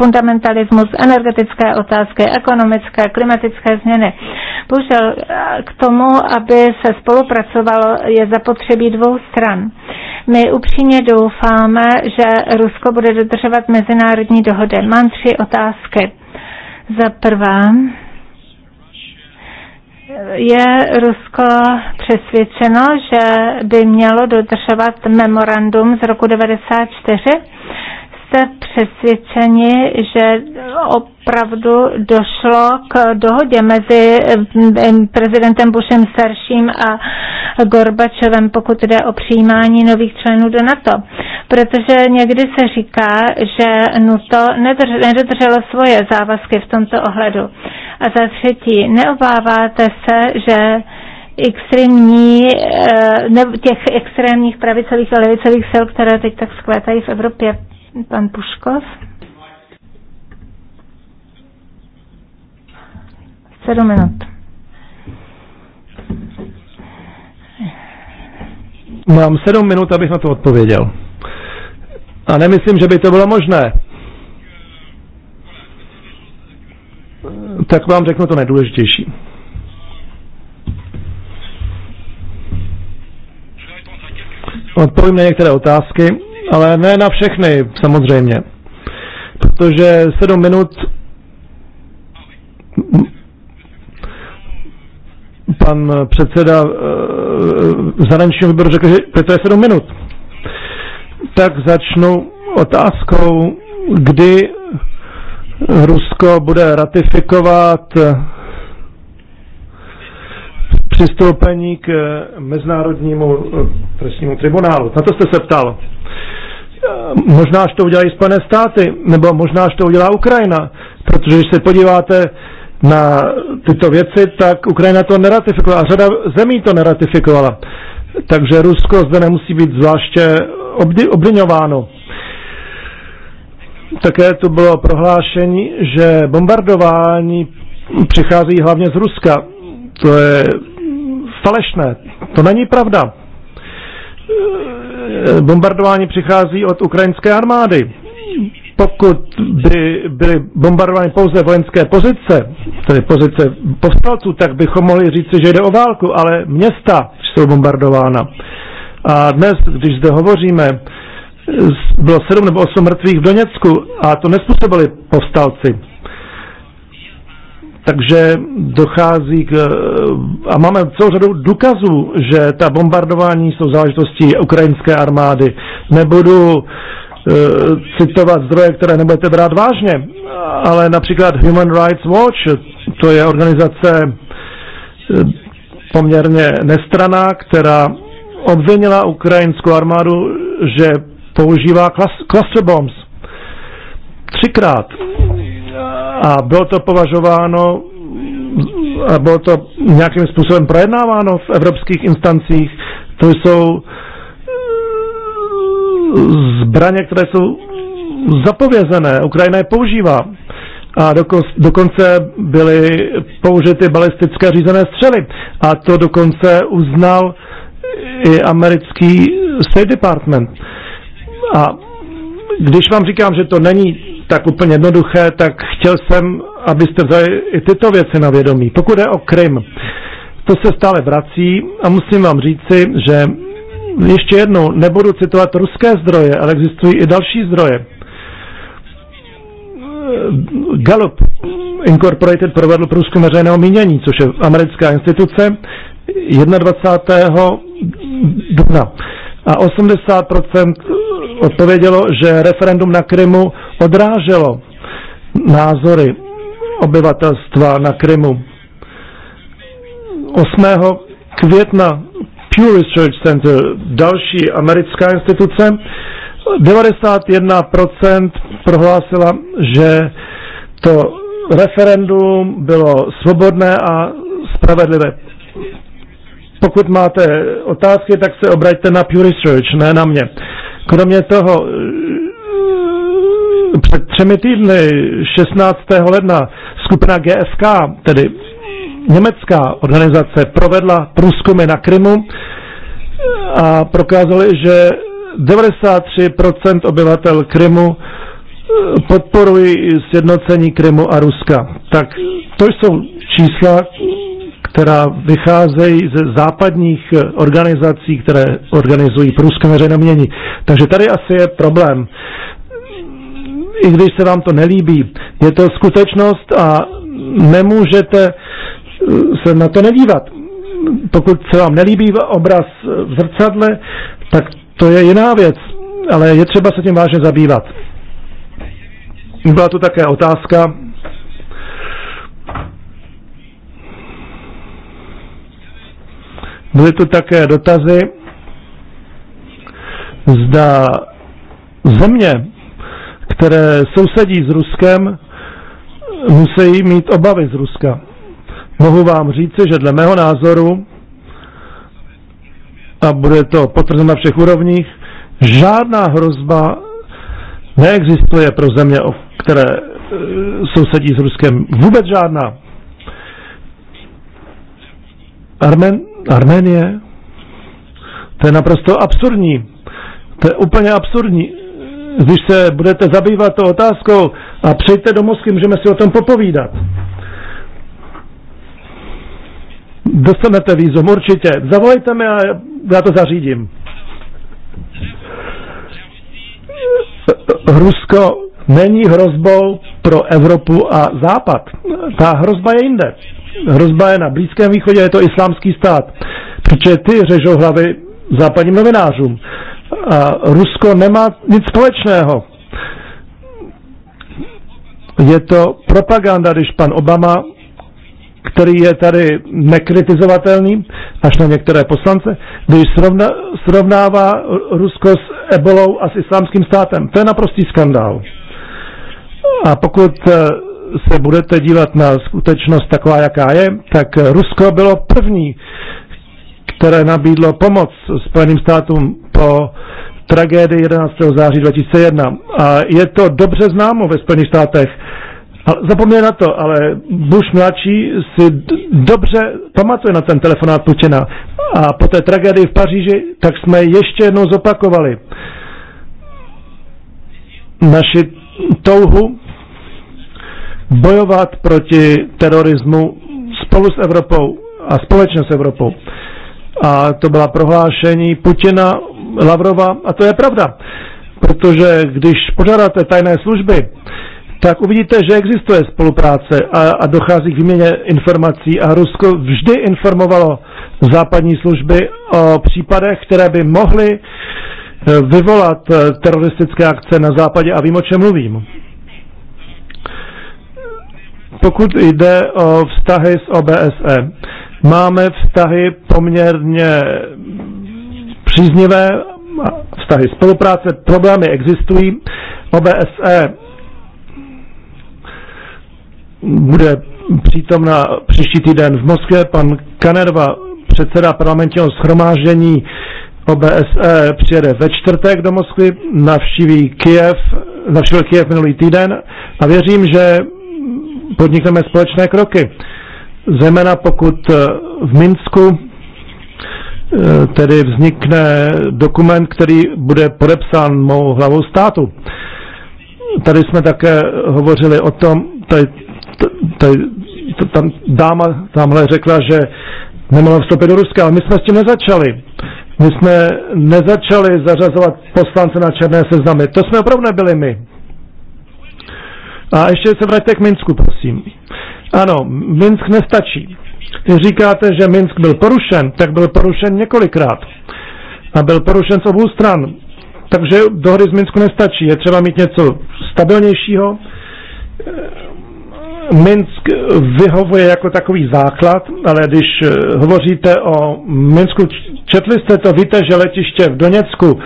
fundamentalismus, energetické otázky, ekonomické, klimatické změny. Bohužel eh, k tomu, aby se spolupracovalo, je zapotřebí dvou stran. My upřímně doufáme, že Rusko bude dodržovat mezinárodní dohody. Mám tři otázky. Za prvé, je Rusko přesvědčeno, že by mělo dodržovat memorandum z roku 1994 přesvědčeni, že opravdu došlo k dohodě mezi eh, prezidentem Bushem starším a Gorbačovem, pokud jde o přijímání nových členů do NATO. Protože někdy se říká, že NATO nedodrželo svoje závazky v tomto ohledu. A za třetí, neobáváte se, že extrémní, eh, těch extrémních pravicových a levicových sil, které teď tak skvětají v Evropě, Pan Puškov. Sedm minut. Mám sedm minut, abych na to odpověděl. A nemyslím, že by to bylo možné. Tak vám řeknu to nejdůležitější. Odpovím na některé otázky ale ne na všechny, samozřejmě. Protože sedm minut pan předseda uh, zahraničního výboru řekl, že to je sedm minut. Tak začnu otázkou, kdy Rusko bude ratifikovat eh, přistoupení k mezinárodnímu eh, trestnímu tribunálu. Na to jste se ptal. Eh, možná, že to udělají Spojené státy, nebo možná, že to udělá Ukrajina, protože když se podíváte na tyto věci, tak Ukrajina to neratifikovala a řada zemí to neratifikovala. Takže Rusko zde nemusí být zvláště obviňováno. Také tu bylo prohlášení, že bombardování přichází hlavně z Ruska. To je falešné. To není pravda. Eh, bombardování přichází od ukrajinské armády. Pokud by byly bombardovány pouze vojenské pozice, tedy pozice povstalců, tak bychom mohli říct, že jde o válku, ale města jsou bombardována. A dnes, když zde hovoříme, eh, bylo sedm nebo osm mrtvých v Doněcku a to nespůsobili povstalci. Takže dochází k... A máme celou řadu důkazů, že ta bombardování jsou záležitostí ukrajinské armády. Nebudu uh, citovat zdroje, které nebudete brát vážně, ale například Human Rights Watch, to je organizace e, poměrně nestraná, která obvinila ukrajinskou armádu, že používá cluster bombs. Třikrát a bylo to považováno a bylo to nějakým způsobem projednáváno v evropských instancích. To jsou eh, zbraně, které jsou zapovězené, Ukrajina je používá. A dokonce byly použity balistické řízené střely. A to dokonce uznal i americký State Department. A když vám říkám, že to není tak úplně jednoduché, tak chtěl jsem, abyste vzali i tyto věci na vědomí. Pokud je o Krym, to se stále vrací a musím vám říci, že ještě jednou nebudu citovat ruské zdroje, ale existují i další zdroje. Gallup Incorporated provedl průzkum veřejného mínění, což je americká instituce, 21. dubna. A 80% odpovědělo, že referendum na Krymu odráželo názory obyvatelstva na Krymu. 8. května Pew Research Center, další americká instituce, 91% prohlásila, že to referendum bylo svobodné a spravedlivé. Pokud máte otázky, tak se obraťte na Pew Research, ne na mě. Kromě toho před třemi týdny, 16. ledna, skupina GSK, tedy německá organizace, provedla průzkumy na Krymu a prokázali, že 93% obyvatel Krymu eh, podporují sjednocení Krymu a Ruska. Tak to jsou čísla, která vycházejí ze západních eh, organizací, které organizují průzkum veřejného mění. Takže tady asi je problém i když se vám to nelíbí. Je to skutečnost a nemůžete eh, se na to nedívat. Pokud se vám nelíbí obraz v zrcadle, tak to je jiná věc, ale je třeba se tím vážně zabývat. Byla tu také otázka, Byly tu také dotazy, zda země, které sousedí s Ruskem, musí mít obavy z Ruska. Mohu vám říci, že dle mého názoru, a bude to potvrzeno na všech úrovních, žádná hrozba neexistuje pro země, které e, sousedí s Ruskem. Vůbec žádná. Armen, Arménie? To je naprosto absurdní. To je úplně absurdní když se budete zabývat tou otázkou a přejte do Moskvy, můžeme si o tom popovídat. Dostanete vízum, určitě. Zavolejte mi a já to zařídím. Rusko není hrozbou pro Evropu a Západ. Ta hrozba je jinde. Hrozba je na Blízkém východě, je to islámský stát. Protože ty řežou hlavy západním novinářům. A Rusko nemá nic společného. Je to propaganda, když pan Obama, který je tady nekritizovatelný, až na některé poslance, když srovna, srovnává Rusko s ebolou a s islámským státem. To je naprostý skandál. A pokud eh, se budete dívat na skutečnost taková, jaká je, tak Rusko bylo první, které nabídlo pomoc Spojeným státům po tragédii 11. září 2001. A je to dobře známo ve Spojených státech. Zapomněl na to, ale Bush mladší si dobře pamatuje na ten telefonát Putina. A po té tragédii v Paříži, tak jsme ještě jednou zopakovali naši touhu bojovat proti terorismu spolu s Evropou a společně s Evropou a to byla prohlášení Putina, Lavrova a to je pravda. Protože když požádáte tajné služby, tak uvidíte, že existuje spolupráce a, a dochází k výměně informací a Rusko vždy informovalo západní služby o případech, které by mohly eh, vyvolat eh, teroristické akce na západě a vím, o čem mluvím. Pokud jde o vztahy s OBSE, Máme vztahy poměrně příznivé, vztahy spolupráce, problémy existují. OBSE bude přítomna příští týden v Moskvě. Pan Kanerva, předseda parlamentního schromáždění OBSE, přijede ve čtvrtek do Moskvy, navštíví Kiev, navštívil Kiev minulý týden a věřím, že podnikneme společné kroky zejména pokud eh, v Minsku eh, tedy vznikne dokument, který bude podepsán mou hlavou státu. Tady jsme také hovořili o tom, tady, tady, tam dáma tamhle řekla, že nemohla vstoupit do Ruska, ale my jsme s tím nezačali. My jsme nezačali zařazovat poslance na černé seznamy. To jsme opravdu nebyli my. A ještě se vraťte k Minsku, prosím. Ano, Minsk nestačí. Když říkáte, že Minsk byl porušen, tak byl porušen několikrát. A byl porušen z obou stran. Takže dohody z Minsku nestačí. Je třeba mít něco stabilnějšího. Minsk vyhovuje jako takový základ, ale když eh, hovoříte o Minsku, četli jste to, víte, že letiště v Doněcku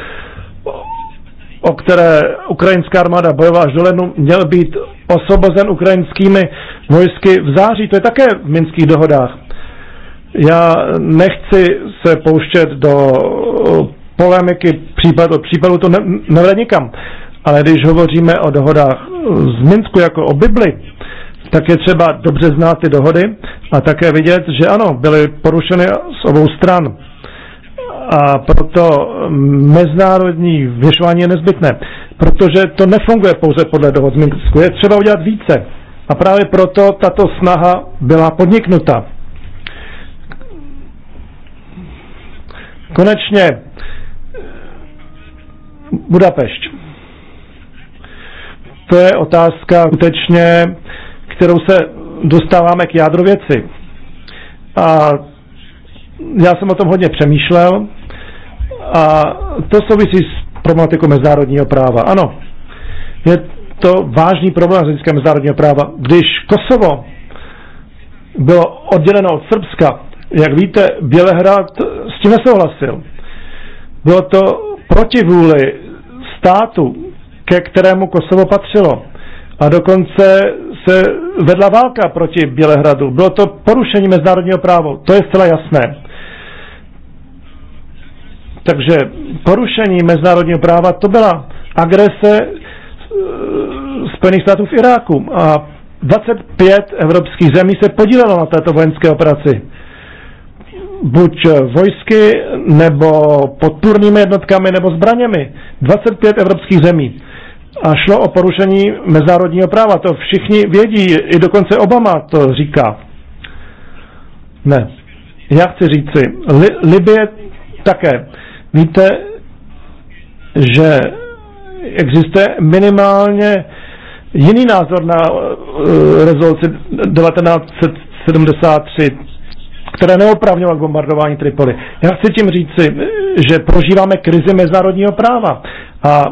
o které ukrajinská armáda bojovala až do lednu, měl být osvobozen ukrajinskými vojsky v září. To je také v minských dohodách. Já nechci se pouštět do uh, polemiky případ od případu, to nevede nikam. Ale když hovoříme o dohodách z Minsku jako o Bibli, tak je třeba dobře znát ty dohody a také vidět, že ano, byly porušeny z obou stran a proto mezinárodní vyšování je nezbytné, protože to nefunguje pouze podle dohod z Minsku, je třeba udělat více. A právě proto tato snaha byla podniknuta. Konečně Budapešť. To je otázka skutečně, kterou se dostáváme k jádru věci. A já jsem o tom hodně přemýšlel a to souvisí s problematikou mezinárodního práva. Ano, je to vážný problém z hlediska mezinárodního práva. Když Kosovo bylo odděleno od Srbska, jak víte, Bělehrad s tím nesouhlasil. Bylo to proti vůli státu, ke kterému Kosovo patřilo. A dokonce se vedla válka proti Bělehradu. Bylo to porušení mezinárodního práva. To je zcela jasné. Takže porušení mezinárodního práva to byla agrese eh, Spojených států v Iráku a 25 evropských zemí se podílelo na této vojenské operaci. Buď eh, vojsky, nebo podpůrnými jednotkami, nebo zbraněmi. 25 evropských zemí. A šlo o porušení mezinárodního práva. To všichni vědí, i dokonce Obama to říká. Ne. Já chci říci, Li- Libie také Víte, že existuje minimálně jiný názor na eh, rezoluci 1973, které neopravňovat bombardování Tripoli. Já chci tím říci, že prožíváme krizi mezinárodního práva a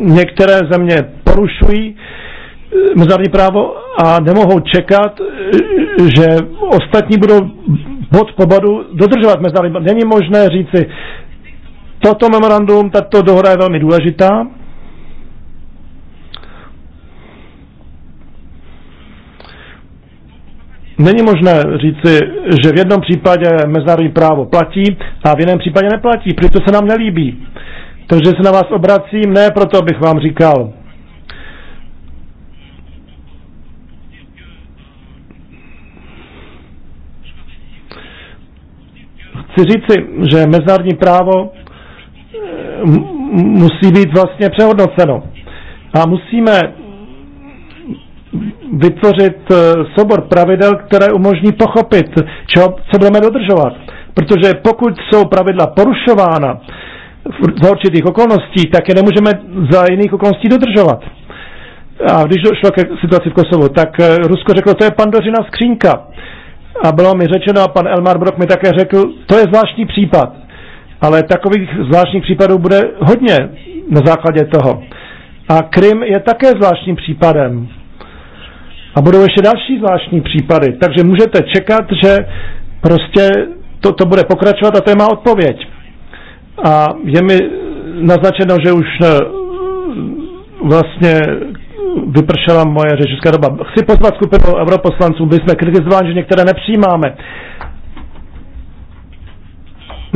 některé země porušují eh, mezinárodní právo a nemohou čekat, eh, že ostatní budou bod po bodu dodržovat mezinárodní právo. Není možné říci, Toto memorandum, tato dohoda je velmi důležitá. Není možné říci, že v jednom případě mezinárodní právo platí a v jiném případě neplatí, protože se nám nelíbí. Takže se na vás obracím, ne proto, abych vám říkal. Chci říci, že mezinárodní právo musí být vlastně přehodnoceno. A musíme vytvořit eh, sobor pravidel, které umožní pochopit, čo, co budeme dodržovat. Protože pokud jsou pravidla porušována za určitých okolností, tak je nemůžeme za jiných okolností dodržovat. A když došlo ke situaci v Kosovu, tak eh, Rusko řeklo, to je pandořina skřínka. A bylo mi řečeno, a pan Elmar Brok mi také řekl, to je zvláštní případ ale takových zvláštních případů bude hodně na základě toho. A Krym je také zvláštním případem. A budou ještě další zvláštní případy. Takže můžete čekat, že prostě to, to bude pokračovat a to je má odpověď. A je mi naznačeno, že už eh, vlastně vypršela moje řečická doba. Chci pozvat skupinu europoslanců, byli jsme kritizováni, že některé nepřijímáme.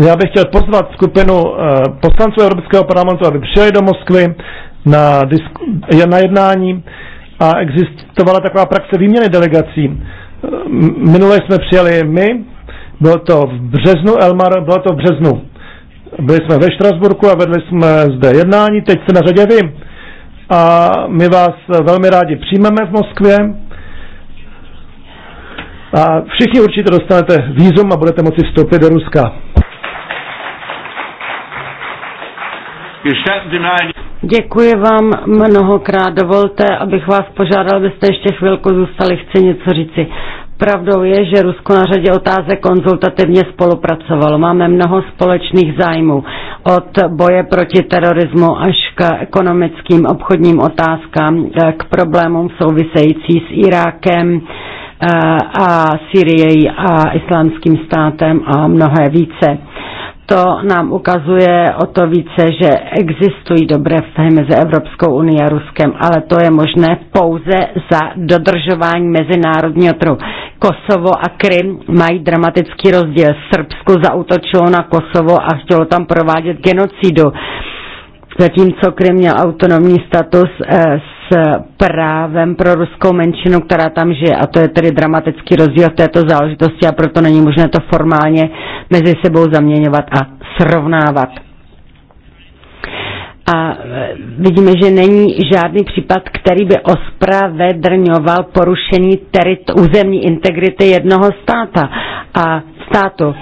No, já bych chtěl pozvat skupinu eh, poslanců Evropského parlamentu, aby přijeli do Moskvy na, disk- na jednání a existovala taková praxe výměny delegací. Eh, minule jsme přijeli my, bylo to v březnu, Elmar, bylo to v březnu. Byli jsme ve Štrasburku a vedli jsme zde jednání, teď se na řadě vy. A my vás velmi rádi přijmeme v Moskvě. A všichni určitě dostanete vízum a budete moci vstoupit do Ruska. Děkuji vám mnohokrát. Dovolte, abych vás požádal, abyste ještě chvilku zůstali. Chci něco říci. Pravdou je, že Rusko na řadě otázek konzultativně spolupracovalo. Máme mnoho společných zájmů od boje proti terorismu až k ekonomickým obchodním otázkám, eh, k problémům související s Irákem eh, a Syrií a islámským státem a mnohé více to nám ukazuje o to více, že existují dobré vztahy mezi Evropskou unii a Ruskem, ale to je možné pouze za dodržování mezinárodního trhu. Kosovo a Krym mají dramatický rozdíl. Srbsko zautočilo na Kosovo a chtělo tam provádět genocidu. Zatímco Krym měl autonomní status, eh, právem pro ruskou menšinu, která tam žije. A to je tedy dramatický rozdíl v této záležitosti a proto není možné to formálně mezi sebou zaměňovat a srovnávat. A eh, vidíme, že není žádný případ, který by ospravedrňoval porušení terit, územní integrity jednoho státa a státu.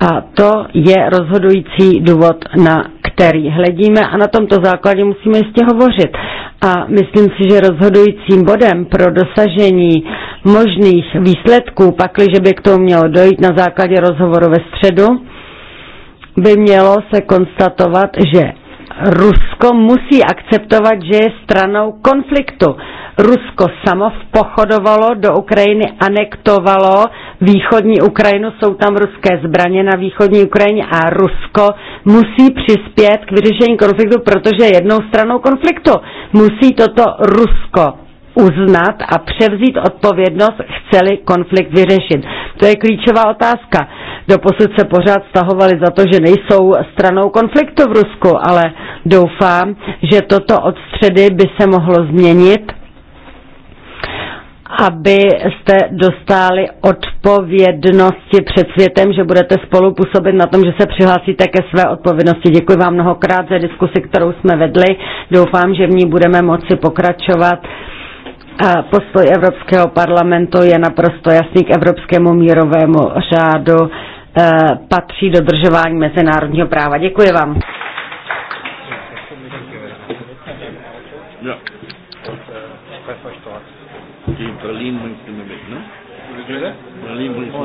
A to je rozhodující důvod, na který hledíme a na tomto základě musíme jistě hovořit. A myslím si, že rozhodujícím bodem pro dosažení možných výsledků, pakliže by k tomu mělo dojít na základě rozhovoru ve středu, by mělo se konstatovat, že Rusko musí akceptovat, že je stranou konfliktu. Rusko samo pochodovalo do Ukrajiny, anektovalo východní Ukrajinu, jsou tam ruské zbraně na východní Ukrajině a Rusko musí přispět k vyřešení konfliktu, protože je jednou stranou konfliktu. Musí toto Rusko uznat a převzít odpovědnost, chceli konflikt vyřešit. To je klíčová otázka. Doposud se pořád stahovali za to, že nejsou stranou konfliktu v Rusku, ale doufám, že toto od středy by se mohlo změnit abyste dostali odpovědnosti před světem, že budete spolu působit na tom, že se přihlásíte ke své odpovědnosti. Děkuji vám mnohokrát za diskusi, kterou jsme vedli. Doufám, že v ní budeme moci pokračovat. Postoj Evropského parlamentu je naprosto jasný k Evropskému mírovému řádu. E, patří dodržování mezinárodního práva. Děkuji vám. Yeah. Berlin bringst du mir mit, ne? Berlin bringst